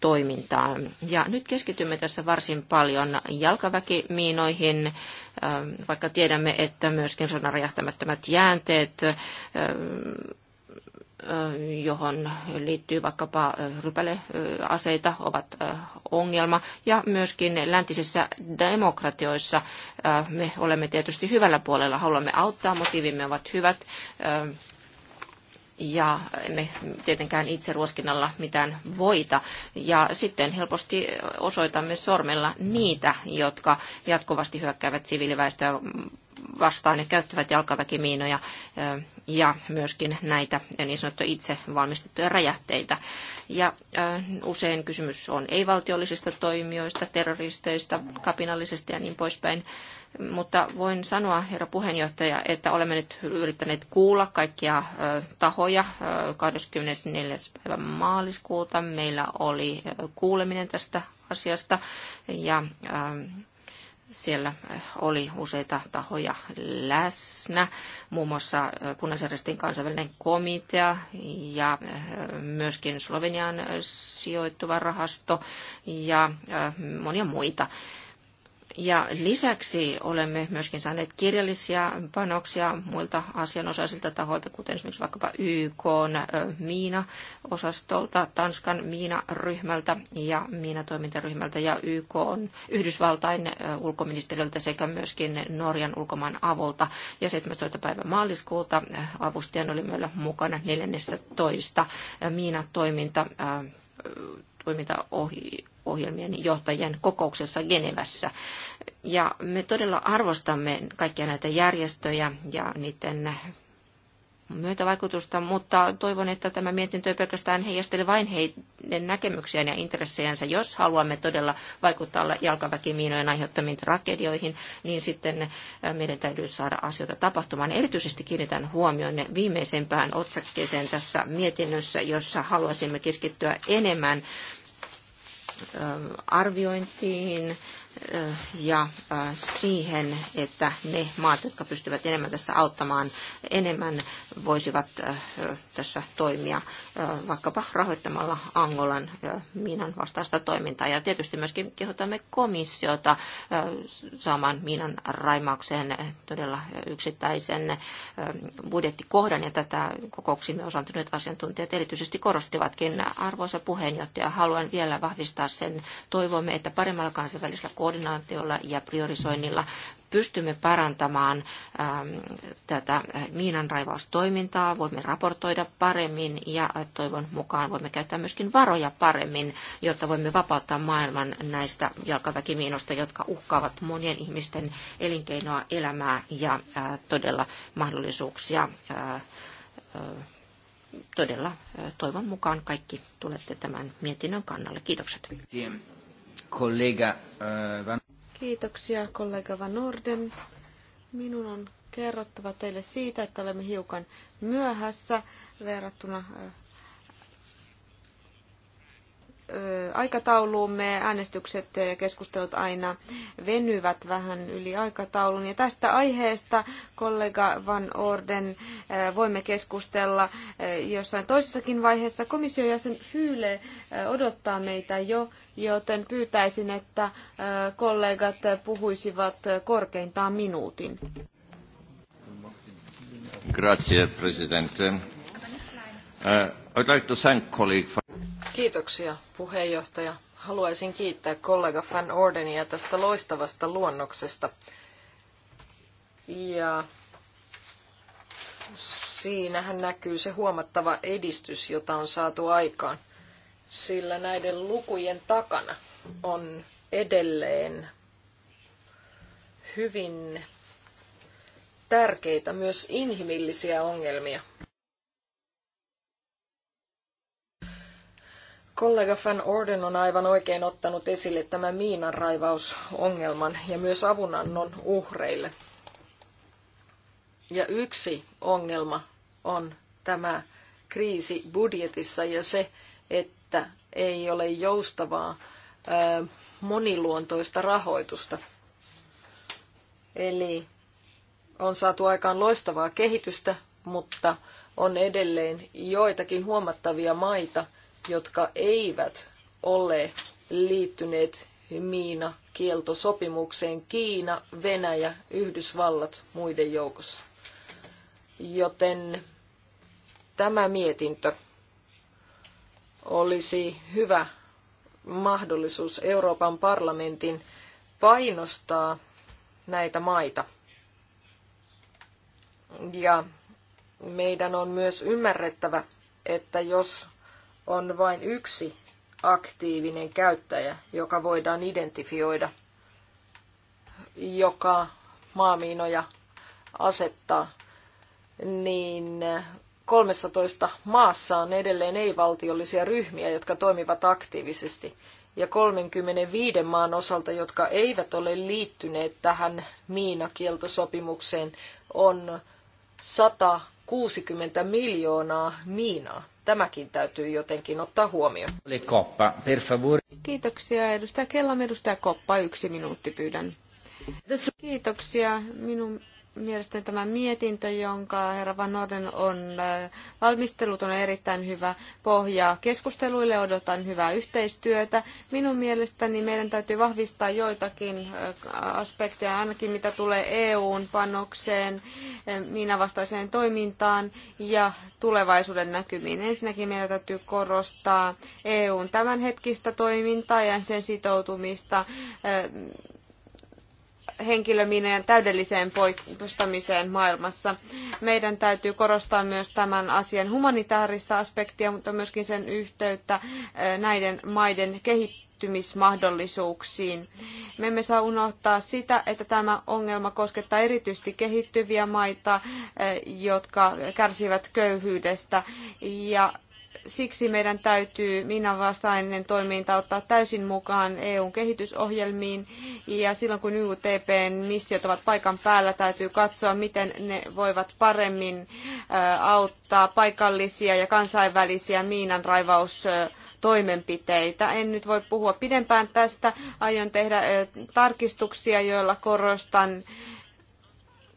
[SPEAKER 5] toimintaa Ja nyt keskitymme tässä varsin paljon jalkaväkimiinoihin, ähm, vaikka tiedämme, että myöskin sodan räjähtämättömät jäänteet äh, äh, johon liittyy vaikkapa äh, rypäleaseita, ovat ongelma. Ja myöskin läntisissä demokratioissa me olemme tietysti hyvällä puolella, haluamme auttaa, motiivimme ovat hyvät, ja emme tietenkään itse ruoskinnalla mitään voita. Ja sitten helposti osoitamme sormella niitä, jotka jatkuvasti hyökkäävät siviiliväestöä vastaan ja käyttävät jalkaväkimiinoja ja myöskin näitä niin sanottuja itse valmistettuja räjähteitä. Ja usein kysymys on ei-valtiollisista toimijoista, terroristeista, kapinallisista ja niin poispäin. Mutta voin sanoa, herra puheenjohtaja, että olemme nyt yrittäneet kuulla kaikkia tahoja. 24. päivä maaliskuuta meillä oli kuuleminen tästä asiasta ja ähm, siellä oli useita tahoja läsnä, muun muassa Punaisen ristin kansainvälinen komitea ja myöskin Slovenian sijoittuva rahasto ja monia muita. Ja lisäksi olemme myöskin saaneet kirjallisia panoksia muilta asianosaisilta tahoilta, kuten esimerkiksi vaikkapa YK Miina-osastolta, Tanskan Miina-ryhmältä ja Miina-toimintaryhmältä ja YK Yhdysvaltain ulkoministeriöltä sekä myöskin Norjan ulkomaan avulta. Ja 17. päivä maaliskuuta avustajan oli meillä mukana 14. Miina-toiminta ohi ohjelmien johtajien kokouksessa Genevässä. Ja me todella arvostamme kaikkia näitä järjestöjä ja niiden myötävaikutusta, mutta toivon, että tämä mietintö ei pelkästään heijastele vain heidän näkemyksiään ja intressejänsä. Jos haluamme todella vaikuttaa jalkaväkimiinojen aiheuttamiin tragedioihin, niin sitten äh, meidän täytyy saada asioita tapahtumaan. Erityisesti kiinnitän huomioon viimeisempään otsakkeeseen tässä mietinnössä, jossa haluaisimme keskittyä enemmän Ähm, arviointiin ja siihen, että ne maat, jotka pystyvät enemmän tässä auttamaan, enemmän voisivat tässä toimia vaikkapa rahoittamalla Angolan miinan vastaista toimintaa. Ja tietysti myöskin kehotamme komissiota saamaan miinan raimaukseen todella yksittäisen budjettikohdan, ja tätä kokouksimme osantuneet asiantuntijat erityisesti korostivatkin. Arvoisa puheenjohtaja, haluan vielä vahvistaa sen, toivomme, että paremmalla kansainvälisellä koordinaatiolla ja priorisoinnilla pystymme parantamaan ähm, tätä miinanraivaustoimintaa, voimme raportoida paremmin ja toivon mukaan voimme käyttää myöskin varoja paremmin, jotta voimme vapauttaa maailman näistä jalkaväkimiinoista, jotka uhkaavat monien ihmisten elinkeinoa, elämää ja äh, todella mahdollisuuksia. Äh, äh, todella äh, toivon mukaan kaikki tulette tämän mietinnön kannalle. Kiitokset
[SPEAKER 3] kollega eh, Van... Kiitoksia kollega Van Norden. Minun on kerrottava teille siitä, että olemme hiukan myöhässä verrattuna eh, aikatauluumme. Äänestykset ja keskustelut aina venyvät vähän yli aikataulun. Ja tästä aiheesta kollega Van Orden voimme keskustella jossain toisessakin vaiheessa. Komission jäsen Fyyle odottaa meitä jo, joten pyytäisin, että kollegat puhuisivat korkeintaan
[SPEAKER 2] minuutin.
[SPEAKER 4] Grazie, Presidente. Uh, I'd like to thank colleague for
[SPEAKER 2] Kiitoksia puheenjohtaja. Haluaisin kiittää kollega Van Ordenia tästä loistavasta luonnoksesta. Ja siinähän näkyy se huomattava edistys, jota on saatu aikaan. Sillä näiden lukujen takana on edelleen hyvin tärkeitä myös inhimillisiä ongelmia. Kollega Van Orden on aivan oikein ottanut esille tämän miinanraivausongelman ja myös avunannon uhreille. Ja yksi ongelma on tämä kriisi budjetissa ja se, että ei ole joustavaa moniluontoista rahoitusta. Eli on saatu aikaan loistavaa kehitystä, mutta on edelleen joitakin huomattavia maita, jotka eivät ole liittyneet Miina kieltosopimukseen Kiina, Venäjä, Yhdysvallat muiden joukossa. Joten tämä mietintö olisi hyvä mahdollisuus Euroopan parlamentin painostaa näitä maita. Ja meidän on myös ymmärrettävä, että jos on vain yksi aktiivinen käyttäjä, joka voidaan identifioida, joka maamiinoja asettaa, niin 13 maassa on edelleen ei-valtiollisia ryhmiä, jotka toimivat aktiivisesti. Ja 35 maan osalta, jotka eivät ole liittyneet tähän miinakieltosopimukseen, on 160 miljoonaa miinaa tämäkin täytyy jotenkin ottaa huomioon.
[SPEAKER 4] Koppa, per favore.
[SPEAKER 2] Kiitoksia edustaja Kellam, edustaja Koppa, yksi minuutti pyydän. Kiitoksia.
[SPEAKER 3] Minun mielestäni tämä mietintö, jonka herra Van Norden on äh, valmistellut, on erittäin hyvä pohja keskusteluille. Odotan hyvää yhteistyötä. Minun mielestäni meidän täytyy vahvistaa joitakin äh, aspekteja, ainakin mitä tulee EUn panokseen, äh, miinavastaiseen toimintaan ja tulevaisuuden näkymiin. Ensinnäkin meidän täytyy korostaa EUn tämänhetkistä toimintaa ja sen sitoutumista henkilöminen täydelliseen poistamiseen maailmassa. Meidän täytyy korostaa myös tämän asian humanitaarista aspektia, mutta myöskin sen yhteyttä näiden maiden kehittymismahdollisuuksiin. Me emme saa unohtaa sitä, että tämä ongelma koskettaa erityisesti kehittyviä maita, jotka kärsivät köyhyydestä ja siksi meidän täytyy minan vastainen toiminta ottaa täysin mukaan EUn kehitysohjelmiin ja silloin kun YUTPn missiot ovat paikan päällä, täytyy katsoa, miten ne voivat paremmin auttaa paikallisia ja kansainvälisiä miinan raivaus toimenpiteitä. En nyt voi puhua pidempään tästä. Aion tehdä tarkistuksia, joilla korostan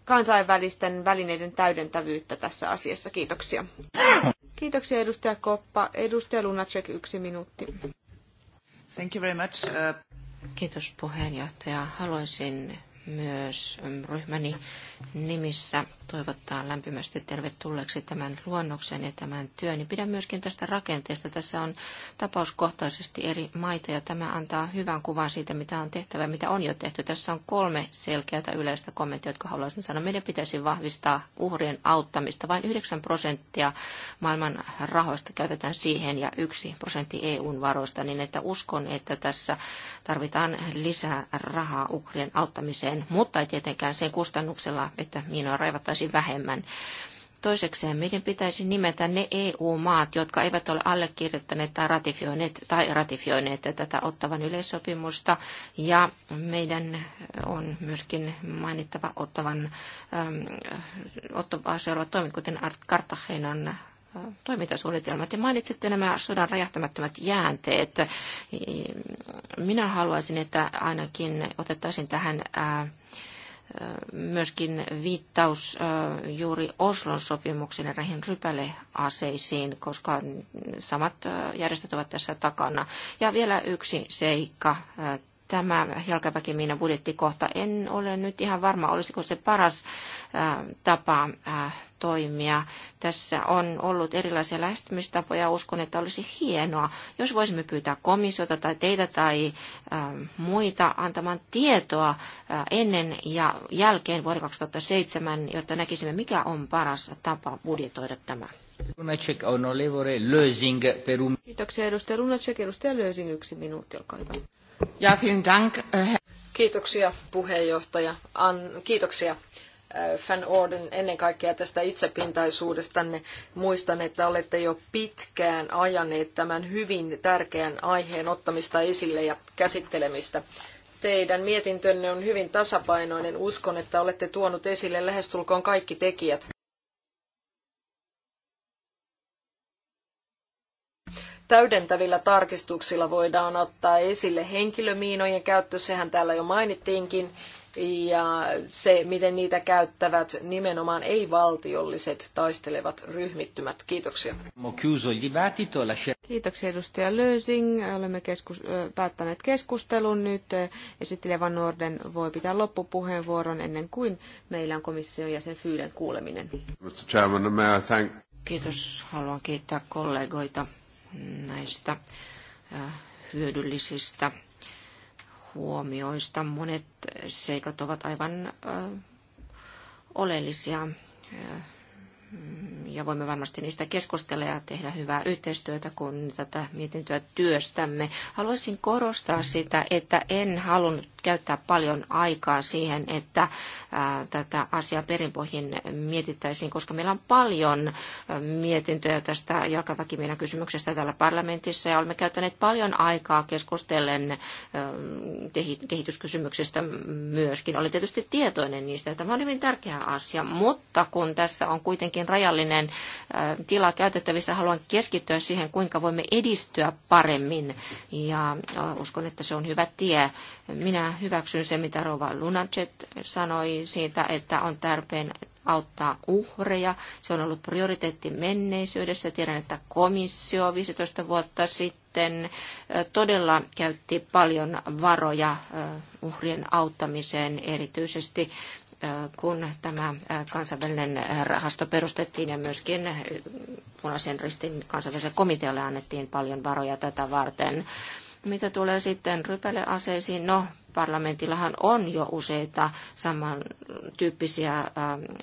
[SPEAKER 3] kansainvälisten välineiden täydentävyyttä tässä asiassa. Kiitoksia. Kiitoksia edustaja Koppa. Edustaja Lunacek, yksi minuutti.
[SPEAKER 5] Thank you very much. Uh, Kiitos puheenjohtaja. Haluaisin myös ryhmäni nimissä toivottaa lämpimästi tervetulleeksi tämän luonnoksen ja tämän työn. Niin pidän myöskin tästä rakenteesta. Tässä on tapauskohtaisesti eri maita ja tämä antaa hyvän kuvan siitä, mitä on tehtävä ja mitä on jo tehty. Tässä on kolme selkeää yleistä kommenttia, jotka haluaisin sanoa. Meidän pitäisi vahvistaa uhrien auttamista. Vain 9 prosenttia maailman rahoista käytetään siihen ja 1 prosentti EUn varoista, niin että uskon, että tässä tarvitaan lisää rahaa uhrien auttamiseen, mutta ei tietenkään sen kustannuksella, että minua raivattaisiin tosi vähemmän. Toisekseen meidän pitäisi nimetä ne EU-maat, jotka eivät ole allekirjoittaneet tai ratifioineet, tai ratifioineet tätä ottavan yleissopimusta. Ja meidän on myöskin mainittava ottavan, ähm, ottavaa seuraavat toimet, kuten Kartagenan äh, toimintasuunnitelmat. Ja mainitsitte nämä sodan räjähtämättömät jäänteet. Äh, minä haluaisin, että ainakin otettaisiin tähän äh, myöskin viittaus juuri Oslon sopimuksen näihin rypäleaseisiin, koska samat järjestöt ovat tässä takana. Ja vielä yksi seikka tämä jalkaväkimiina budjettikohta. En ole nyt ihan varma, olisiko se paras tapa toimia. Tässä on ollut erilaisia lähestymistapoja. Uskon, että olisi hienoa, jos voisimme pyytää komissiota tai teitä tai muita antamaan tietoa ennen ja jälkeen vuoden 2007, jotta näkisimme, mikä on paras tapa budjetoida tämä.
[SPEAKER 4] Lunacek on Lösing per un...
[SPEAKER 5] Kiitoksia edustaja Lunacek. Edustaja Lösing, yksi minuutti,
[SPEAKER 3] olkaa hyvä. Ja, vielen dank. Äh,
[SPEAKER 2] kiitoksia puheenjohtaja. kiitoksia äh, Van Orden ennen kaikkea tästä itsepintaisuudestanne. Muistan, että olette jo pitkään ajaneet tämän hyvin tärkeän aiheen ottamista esille ja käsittelemistä. Teidän mietintönne on hyvin tasapainoinen. Uskon, että olette tuonut esille lähestulkoon kaikki tekijät. täydentävillä tarkistuksilla voidaan ottaa esille henkilömiinojen käyttö, sehän täällä jo mainittiinkin, ja se, miten niitä käyttävät nimenomaan ei-valtiolliset taistelevat ryhmittymät. Kiitoksia.
[SPEAKER 3] Kiitoksia edustaja Lösing. Olemme keskus- päättäneet keskustelun nyt. Esittelevä Norden voi pitää loppupuheenvuoron ennen
[SPEAKER 5] kuin meillä on komission jäsen Fyyden kuuleminen.
[SPEAKER 4] Mr. Chairman,
[SPEAKER 5] Kiitos. Haluan kiittää kollegoita näistä hyödyllisistä huomioista. Monet seikat ovat aivan oleellisia ja voimme varmasti niistä keskustella ja tehdä hyvää yhteistyötä, kun tätä mietintöä työstämme. Haluaisin korostaa sitä, että en halunnut käyttää paljon aikaa siihen, että tätä asiaa perinpohjin mietittäisiin, koska meillä on paljon mietintöjä tästä jalkaväkimiinan kysymyksestä täällä parlamentissa ja olemme käyttäneet paljon aikaa keskustellen kehityskysymyksistä myöskin. Olen tietysti tietoinen niistä, että tämä on hyvin tärkeä asia, mutta kun tässä on kuitenkin kuitenkin rajallinen äh, tila käytettävissä. Haluan keskittyä siihen, kuinka voimme edistyä paremmin. Ja äh, uskon, että se on hyvä tie. Minä hyväksyn se, mitä Rova Lunacet sanoi siitä, että on tarpeen auttaa uhreja. Se on ollut prioriteetti menneisyydessä. Tiedän, että komissio 15 vuotta sitten äh, todella käytti paljon varoja uhrien auttamiseen, erityisesti kun tämä kansainvälinen rahasto perustettiin ja myöskin punaisen ristin kansainväliselle komitealle annettiin paljon varoja tätä varten mitä tulee sitten rypäleaseisiin? No, parlamentillahan on jo useita samantyyppisiä ähm,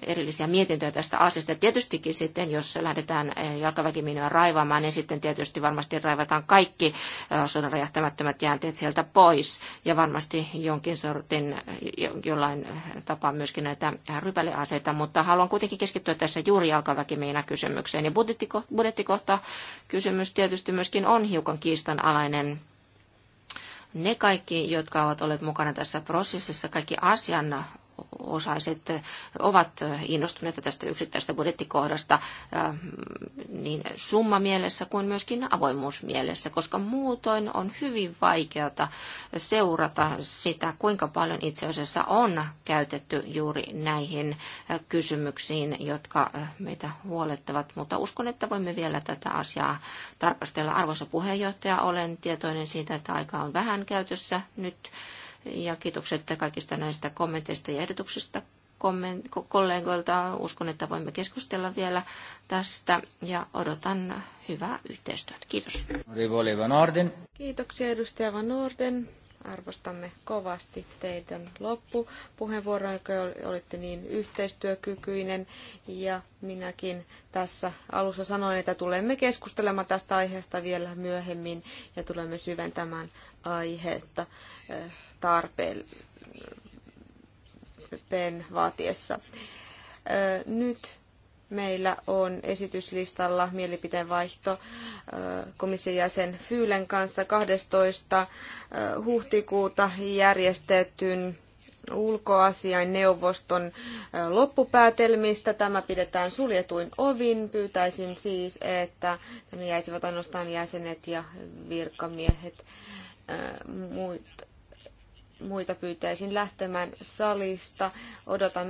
[SPEAKER 5] erillisiä mietintöjä tästä asiasta. Tietystikin sitten, jos lähdetään äh, jalkaväkiminoja raivaamaan, niin sitten tietysti varmasti raivataan kaikki äh, sodan räjähtämättömät jäänteet sieltä pois. Ja varmasti jonkin sortin, äh, jollain tapaa myöskin näitä rypäleaseita, mutta haluan kuitenkin keskittyä tässä juuri jalkaväkimiina kysymykseen. Ja budjettikohta, budjettikohta kysymys tietysti myöskin on hiukan kiistanalainen ne kaikki, jotka ovat olleet mukana tässä prosessissa, kaikki asian osaiset ovat innostuneita tästä yksittäisestä budjettikohdasta ähm, niin summa mielessä kuin myöskin avoimuus mielessä, koska muutoin on hyvin vaikeata seurata sitä, kuinka paljon itse asiassa on käytetty juuri näihin äh, kysymyksiin, jotka äh, meitä huolettavat, mutta uskon, että voimme vielä tätä asiaa tarkastella. Arvoisa puheenjohtaja, olen tietoinen siitä, että aika on vähän käytössä nyt ja kiitokset kaikista näistä kommenteista ja ehdotuksista kollegoilta. Uskon, että voimme keskustella vielä tästä ja odotan hyvää yhteistyötä. Kiitos. Kiitoksia
[SPEAKER 3] edustaja Van Orden. Arvostamme kovasti teidän loppupuheenvuoroja, kun olitte niin yhteistyökykyinen. Ja minäkin tässä alussa sanoin, että tulemme keskustelemaan tästä aiheesta vielä myöhemmin ja tulemme syventämään aihetta eh, tarpeen vaatiessa. Nyt meillä on esityslistalla mielipiteen vaihto komission jäsen Fyylen kanssa 12. huhtikuuta järjestetyn ulkoasiain neuvoston loppupäätelmistä. Tämä pidetään suljetuin ovin. Pyytäisin siis, että tänne jäisivät ainoastaan jäsenet ja virkamiehet.
[SPEAKER 2] Muut muita pyytäisin lähtemään salista. odotan